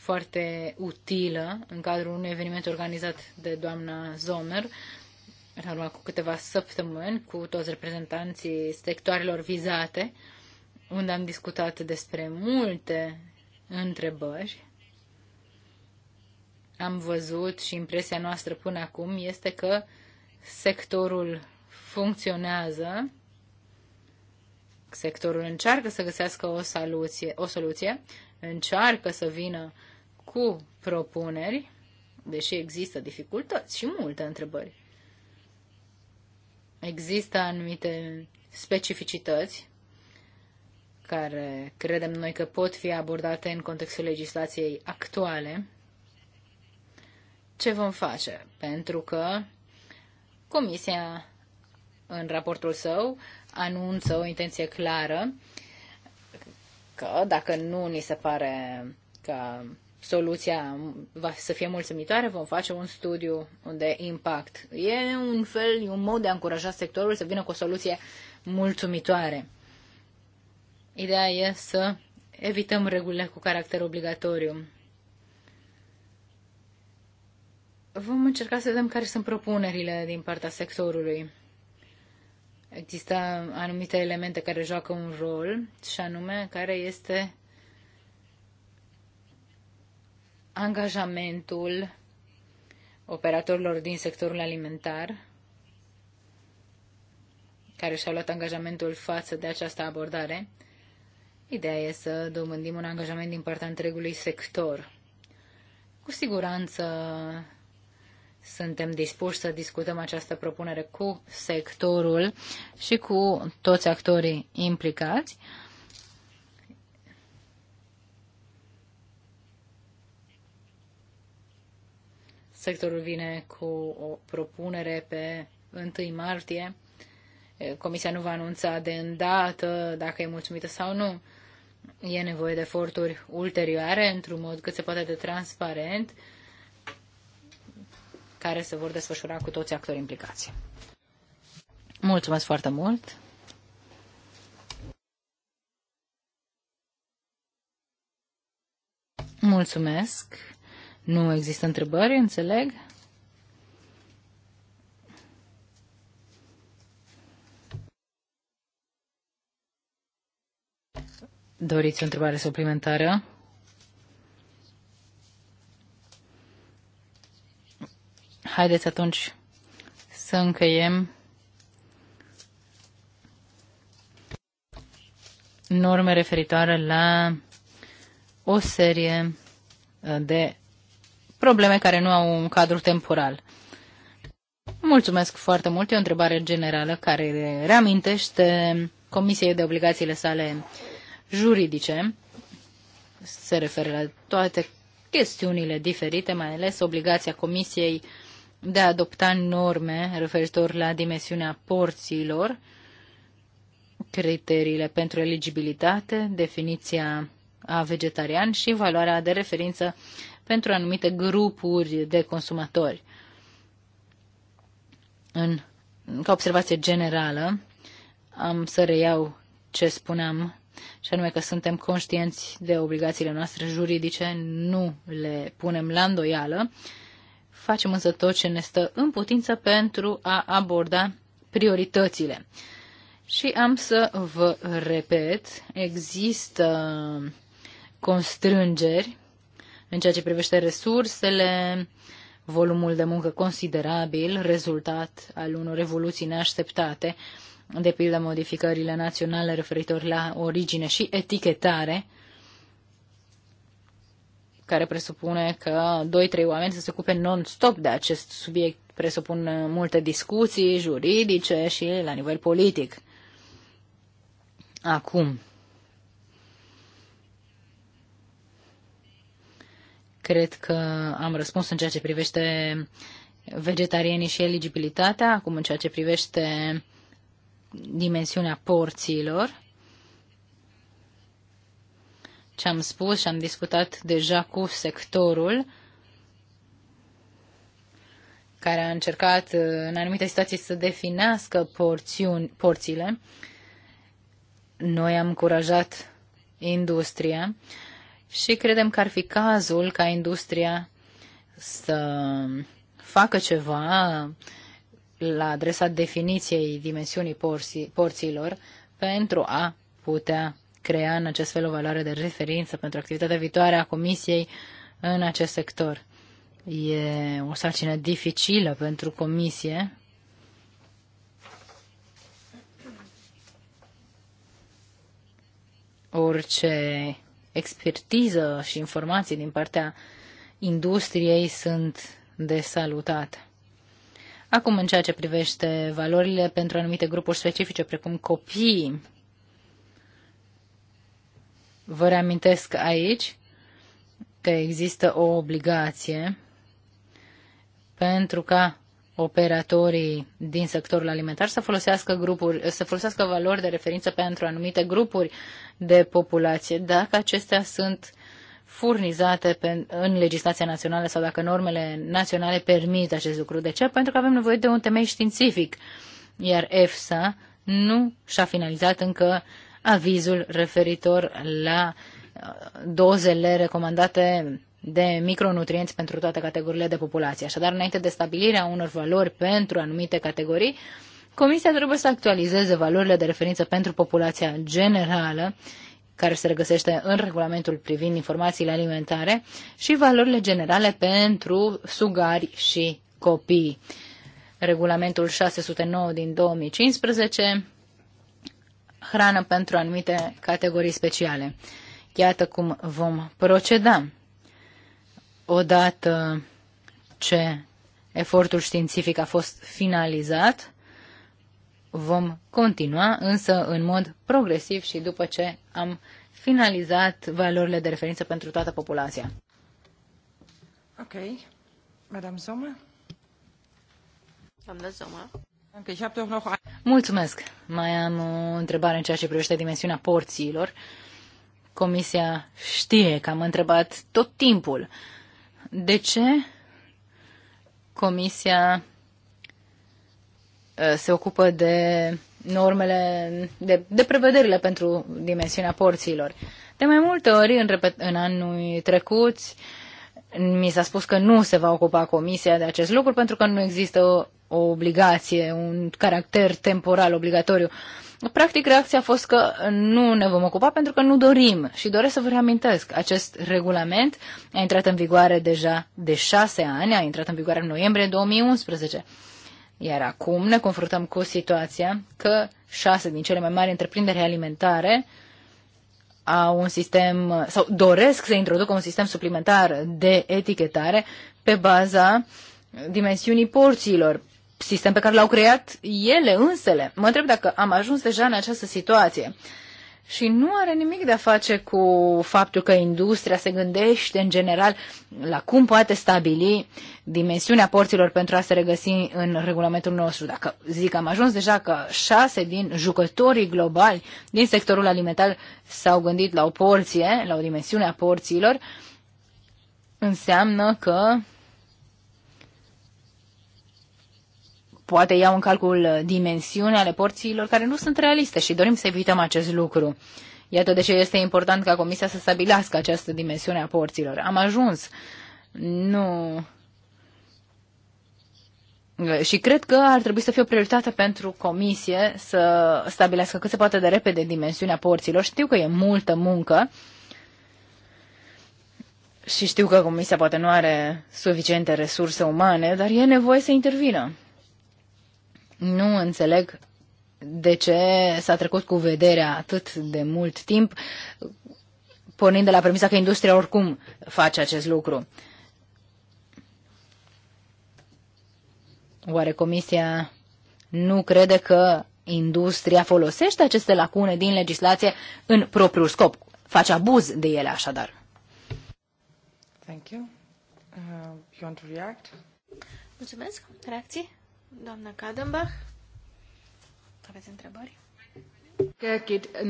foarte utilă în cadrul unui eveniment organizat de doamna Zomer, în urmă cu câteva săptămâni, cu toți reprezentanții sectoarelor vizate, unde am discutat despre multe întrebări. Am văzut și impresia noastră până acum este că sectorul funcționează, sectorul încearcă să găsească o soluție, o soluție încearcă să vină cu propuneri, deși există dificultăți și multe întrebări. Există anumite specificități care credem noi că pot fi abordate în contextul legislației actuale. Ce vom face? Pentru că Comisia, în raportul său, anunță o intenție clară că dacă nu ni se pare că soluția va să fie mulțumitoare, vom face un studiu de impact. E un fel, e un mod de a încuraja sectorul să vină cu o soluție mulțumitoare. Ideea e să evităm regulile cu caracter obligatoriu. Vom încerca să vedem care sunt propunerile din partea sectorului există anumite elemente care joacă un rol și anume care este angajamentul operatorilor din sectorul alimentar care și-au luat angajamentul față de această abordare. Ideea e să dobândim un angajament din partea întregului sector. Cu siguranță suntem dispuși să discutăm această propunere cu sectorul și cu toți actorii implicați. Sectorul vine cu o propunere pe 1 martie. Comisia nu va anunța de îndată dacă e mulțumită sau nu. E nevoie de eforturi ulterioare într-un mod cât se poate de transparent care se vor desfășura cu toți actorii implicați. Mulțumesc foarte mult! Mulțumesc! Nu există întrebări, înțeleg? Doriți o întrebare suplimentară? Haideți atunci să încheiem norme referitoare la o serie uh, de probleme care nu au un cadru temporal. Mulțumesc foarte mult. E o întrebare generală care reamintește Comisiei de obligațiile sale juridice. Se referă la toate chestiunile diferite, mai ales obligația Comisiei de a adopta norme referitor la dimensiunea porților, criteriile pentru eligibilitate, definiția a vegetarian și valoarea de referință pentru anumite grupuri de consumatori. În, ca observație generală, am să reiau ce spuneam, și anume că suntem conștienți de obligațiile noastre juridice, nu le punem la îndoială, uh, Facem însă tot ce ne stă în putință pentru a aborda prioritățile. Și am să vă repet, există constrângeri în ceea ce privește resursele, volumul de muncă considerabil, rezultat al unor evoluții neașteptate, de pildă modificările naționale referitor la origine și etichetare, care presupune că 2-3 oameni să se ocupe non-stop de acest subiect. Presupun multe discuții juridice și la nivel politic. Acum, cred că am răspuns în ceea ce privește vegetarianii și eligibilitatea, acum în ceea ce privește dimensiunea porțiilor ce am spus și am discutat deja cu sectorul care a încercat uh, în anumite situații să definească porțiuni, porțile. Noi am încurajat industria și credem că ar fi cazul ca industria să facă ceva la adresa definiției dimensiunii porții, porților pentru a putea crea în acest fel o valoare de referință pentru activitatea viitoare a Comisiei în acest sector. E o sarcină dificilă pentru Comisie. Orice expertiză și informații din partea industriei sunt de salutat. Acum, în ceea ce privește valorile pentru anumite grupuri specifice, precum copiii, Vă reamintesc aici că există o obligație pentru ca operatorii din sectorul alimentar să folosească, grupuri, să folosească valori de referință pentru anumite grupuri de populație, dacă acestea sunt furnizate pe, în legislația națională sau dacă normele naționale permit acest lucru. De ce? Pentru că avem nevoie de un temei științific, iar EFSA nu și-a finalizat încă uh, avizul referitor la uh, dozele recomandate de micronutrienți pentru toate categoriile de populație. Așadar, înainte de stabilirea unor valori pentru anumite categorii, Comisia trebuie să actualizeze valorile de referință pentru populația generală, care se regăsește în regulamentul privind informațiile alimentare, și valorile generale pentru sugari și copii. Regulamentul 609 din 2015 hrană pentru anumite categorii speciale. Iată cum vom proceda. Odată ce efortul științific a fost finalizat, vom continua, însă în mod progresiv și după ce am finalizat valorile de referință pentru toată populația. Ok. Madame Zoma? Doamna Zoma. Mulțumesc. Mai am o întrebare în ceea ce privește dimensiunea porțiilor. Comisia știe că am întrebat tot timpul de ce Comisia ă, se ocupă de normele, de, de prevederile pentru dimensiunea porților. De mai multe ori, în, repet, în anul trecuți, mi s-a spus că nu se va ocupa Comisia de acest lucru pentru că nu există o obligație, un caracter temporal obligatoriu. Practic, reacția a fost că nu ne vom ocupa pentru că nu dorim. Și doresc să vă reamintesc, acest regulament a intrat în vigoare deja de șase ani, a intrat în vigoare în noiembrie 2011. Iar acum ne confruntăm cu situația că șase din cele mai mari întreprinderi alimentare au un sistem sau doresc să introducă un sistem suplimentar de etichetare pe baza dimensiunii porțiilor sistem pe care l-au creat ele însele. Mă întreb dacă am ajuns deja în această situație. Și nu are nimic de a face cu faptul că industria se gândește în general la cum poate stabili dimensiunea porților pentru a se regăsi în regulamentul nostru. Dacă zic, am ajuns deja că șase din jucătorii globali din sectorul alimentar s-au gândit la o porție, la o dimensiune a porților, înseamnă că poate iau în calcul uh, dimensiunea ale porțiilor care nu sunt realiste și dorim să evităm acest lucru. Iată de ce este important ca Comisia să stabilească această dimensiune a porților. Am ajuns. Nu. Uh, și cred că ar trebui să fie o prioritate pentru Comisie să stabilească cât se poate de repede dimensiunea porților. Știu că e multă muncă și știu că Comisia poate nu are suficiente resurse umane, dar e nevoie să intervină. Nu înțeleg de ce s-a trecut cu vederea atât de mult timp, pornind de la premisa că industria oricum face acest lucru. Oare Comisia nu crede că industria folosește aceste lacune din legislație în propriul scop? Face abuz de ele așadar. Thank you. Uh, you want to react? Mulțumesc. Reacții? Doamna Kadenbach, aveți întrebări?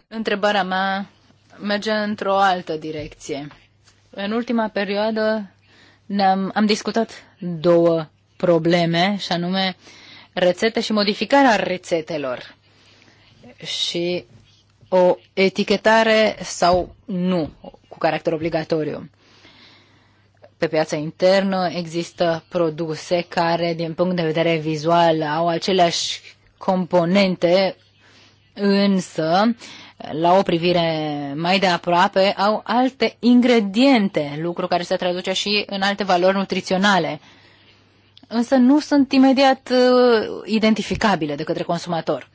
Întrebarea mea merge într-o altă direcție. În ultima perioadă ne-am, am discutat două probleme, și anume rețete și modificarea rețetelor și o etichetare sau nu cu caracter obligatoriu pe piața internă există produse care, din punct de vedere vizual, au aceleași componente, însă, la o privire mai de aproape, au alte ingrediente, lucru care se traduce și în alte valori nutriționale, însă nu sunt imediat uh, identificabile de către consumator.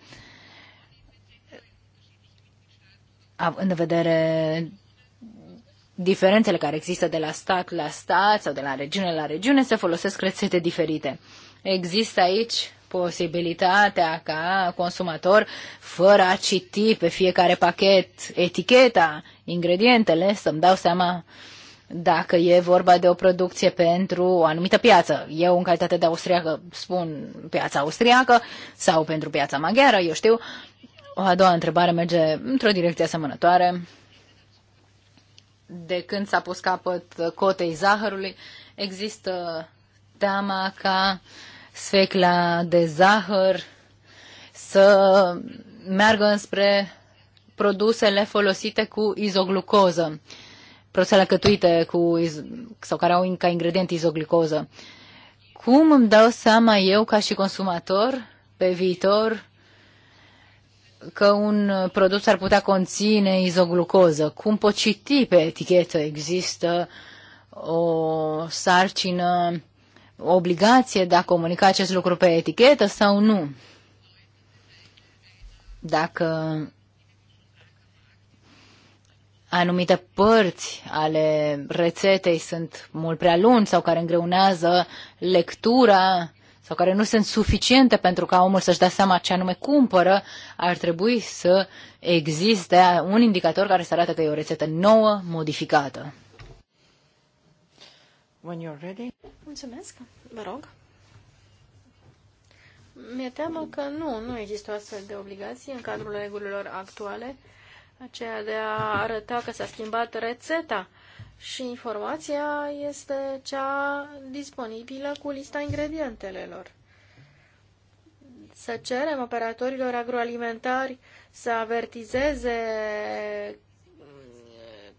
Având în vedere diferențele care există de la stat la stat sau de la regiune la regiune, se folosesc rețete diferite. Există aici posibilitatea ca consumator, fără a citi pe fiecare pachet eticheta, ingredientele, să-mi dau seama dacă e vorba de o producție pentru o anumită piață. Eu, în calitate de austriacă, spun piața austriacă sau pentru piața maghiară, eu știu. O a doua întrebare merge într-o direcție asemănătoare de când s-a pus capăt cotei zahărului, există teama ca sfecla de zahăr să meargă înspre produsele folosite cu izoglucoză, produsele cătuite cu, sau care au ca ingredient izoglucoză. Cum îmi dau seama eu, ca și consumator, pe viitor, că un produs ar putea conține izoglucoză. Cum pot citi pe etichetă? Există o sarcină, o obligație de a comunica acest lucru pe etichetă sau nu? Dacă anumite părți ale rețetei sunt mult prea lungi sau care îngreunează lectura sau care nu sunt suficiente pentru ca omul să-și dea seama ce anume cumpără, ar trebui să existe un indicator care să arată că e o rețetă nouă, modificată. When you're ready. Mulțumesc, vă rog. Mi-e teamă că nu, nu există o astfel de obligație în cadrul regulilor actuale, aceea de a arăta că s-a schimbat rețeta și informația este cea disponibilă cu lista ingredientelor. Să cerem operatorilor agroalimentari să avertizeze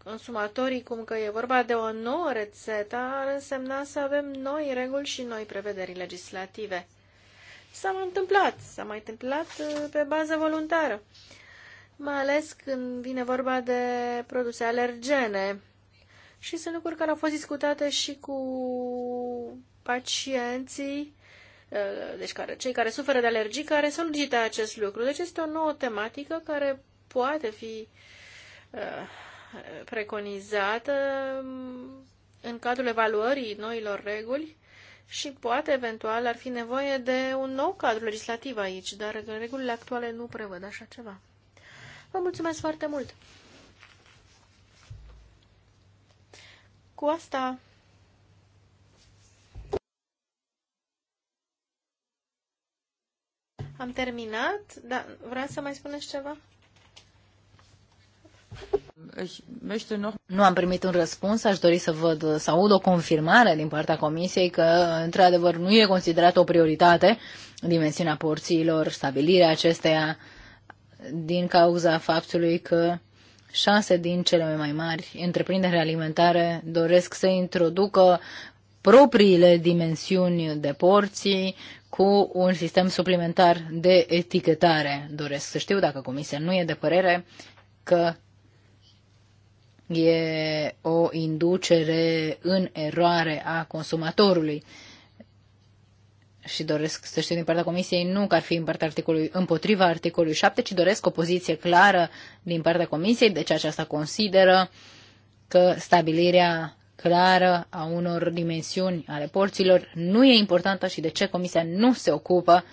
consumatorii cum că e vorba de o nouă rețetă ar însemna să avem noi reguli și noi prevederi legislative. S-a mai întâmplat, s-a mai întâmplat uh, pe bază voluntară, mai ales când vine vorba de produse alergene și sunt lucruri care au fost discutate și cu pacienții, uh, deci care, cei care suferă de alergii, care solicită acest lucru. Deci este o nouă tematică care poate fi uh, preconizată mm, în cadrul evaluării noilor reguli și poate eventual ar fi nevoie de un nou cadru legislativ aici, dar regulile actuale nu prevăd așa ceva. Vă mulțumesc foarte mult! Cu asta am terminat, dar vreau să mai spuneți ceva? Nu am primit un răspuns, aș dori să văd, să aud o confirmare din partea Comisiei că, într-adevăr, nu e considerată o prioritate dimensiunea porțiilor, stabilirea acesteia, din cauza faptului că șase din cele mai mari întreprinderi alimentare doresc să introducă propriile dimensiuni de porții cu un sistem suplimentar de etichetare. Doresc să știu dacă Comisia nu e de părere că e o inducere în eroare a consumatorului și doresc să știu din partea Comisiei nu că ar fi în partea articolului, împotriva articolului 7, ci doresc o poziție clară din partea Comisiei, deci aceasta consideră că stabilirea clară a unor dimensiuni ale porților nu e importantă și de ce Comisia nu se ocupă,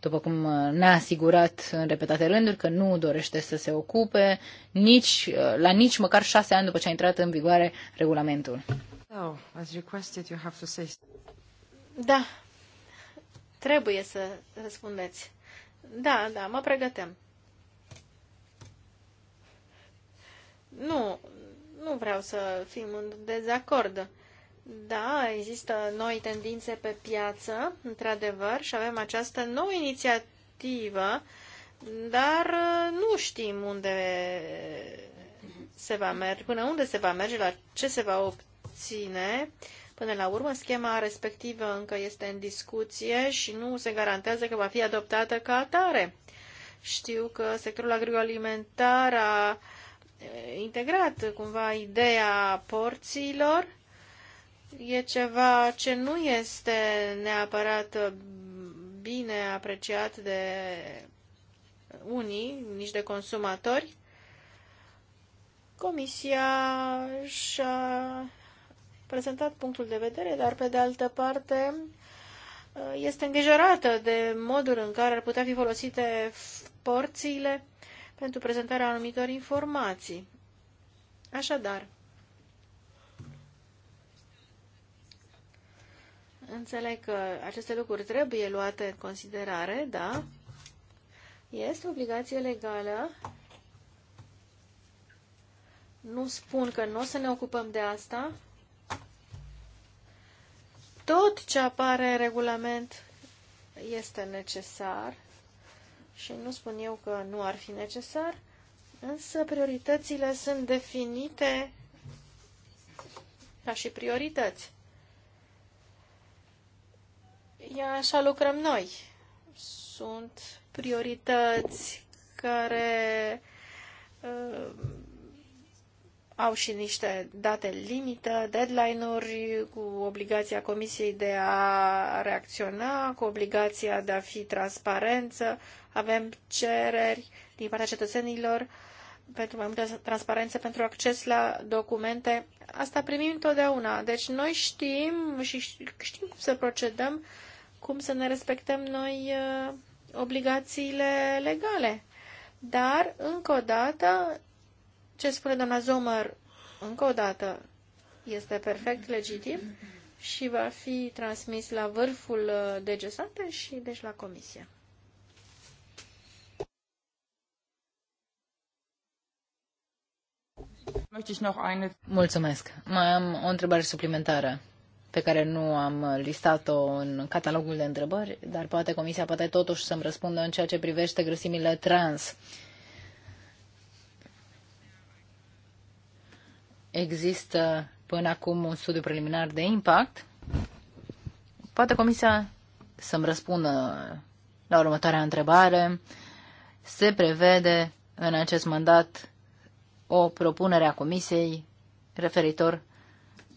după cum ne-a asigurat în repetate rânduri că nu dorește să se ocupe nici, la nici măcar șase ani după ce a intrat în vigoare regulamentul. Oh, da, Trebuie să răspundeți. Da, da, mă pregătem. Nu, nu vreau să fim în dezacord. Da, există noi tendințe pe piață, într-adevăr, și avem această nouă inițiativă, dar uh, nu știm unde se va merge, până unde se va merge, la ce se va obține. Uh, Până la urmă, schema respectivă încă este în discuție și nu se garantează că va fi adoptată ca atare. Știu că sectorul agroalimentar a integrat cumva ideea porților. E ceva ce nu este neapărat bine apreciat de unii, nici de consumatori. Comisia și-a prezentat punctul de vedere, dar pe de altă parte uh, este îngrijorată de modul în care ar putea fi folosite porțiile pentru prezentarea anumitor informații. Așadar, înțeleg că aceste lucruri trebuie luate în considerare, da? Este obligație legală. Nu spun că nu o să ne ocupăm de asta, tot ce apare în regulament este necesar și nu spun eu că nu ar fi necesar, însă prioritățile sunt definite ca și priorități. Ia așa lucrăm noi. Sunt priorități care uh, au și niște date limită, deadline-uri cu obligația Comisiei de a reacționa, cu obligația de a fi transparență. Avem cereri din partea cetățenilor pentru mai multă transparență, pentru acces la documente. Asta primim întotdeauna. Deci noi știm și știm cum să procedăm, cum să ne respectăm noi uh, obligațiile legale. Dar, încă o dată, ce spune doamna Zomer, încă o dată, este perfect legitim și va fi transmis la vârful uh, degesate și deci la comisie. Mulțumesc. Mai am o întrebare suplimentară pe care nu am listat-o în catalogul de întrebări, dar poate Comisia poate totuși să-mi răspundă în ceea ce privește grăsimile trans. Uh, există până acum un studiu preliminar de impact. Poate Comisia să-mi răspundă la următoarea întrebare. Se prevede în acest mandat o propunere a Comisiei referitor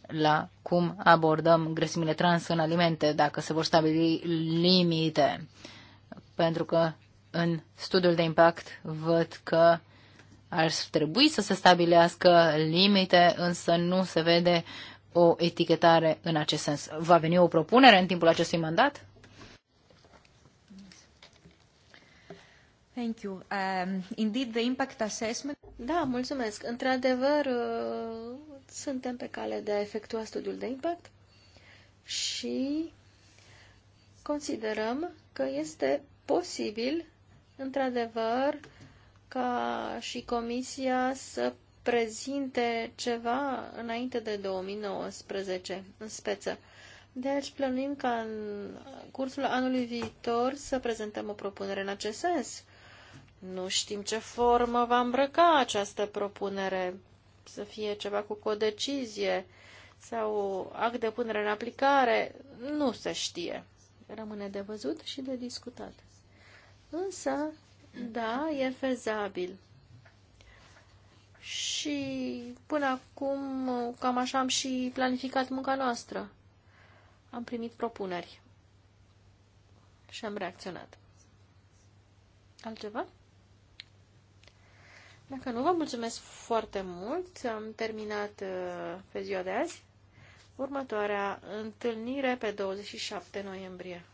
la cum abordăm grăsimile trans în alimente, dacă se vor stabili limite. Pentru că în studiul de impact văd că ar trebui să se stabilească limite, însă nu se vede o etichetare în acest sens. Va veni o propunere în timpul acestui mandat? Thank you. Um, indeed, the impact assessment... Da, mulțumesc. Într-adevăr, uh, suntem pe cale de a efectua studiul de impact și considerăm că este posibil, într-adevăr, ca și Comisia să prezinte ceva înainte de 2019 în speță. Deci plănuim ca în cursul anului viitor să prezentăm o propunere în acest sens. Nu știm ce formă va îmbrăca această propunere, să fie ceva cu codecizie sau act de punere în aplicare, nu se știe. Rămâne de văzut și de discutat. Însă, da, e fezabil. Și până acum cam așa am și planificat munca noastră. Am primit propuneri și am reacționat. Altceva? Dacă nu, vă mulțumesc foarte mult. Am terminat uh, pe ziua de azi. Următoarea întâlnire pe 27 noiembrie.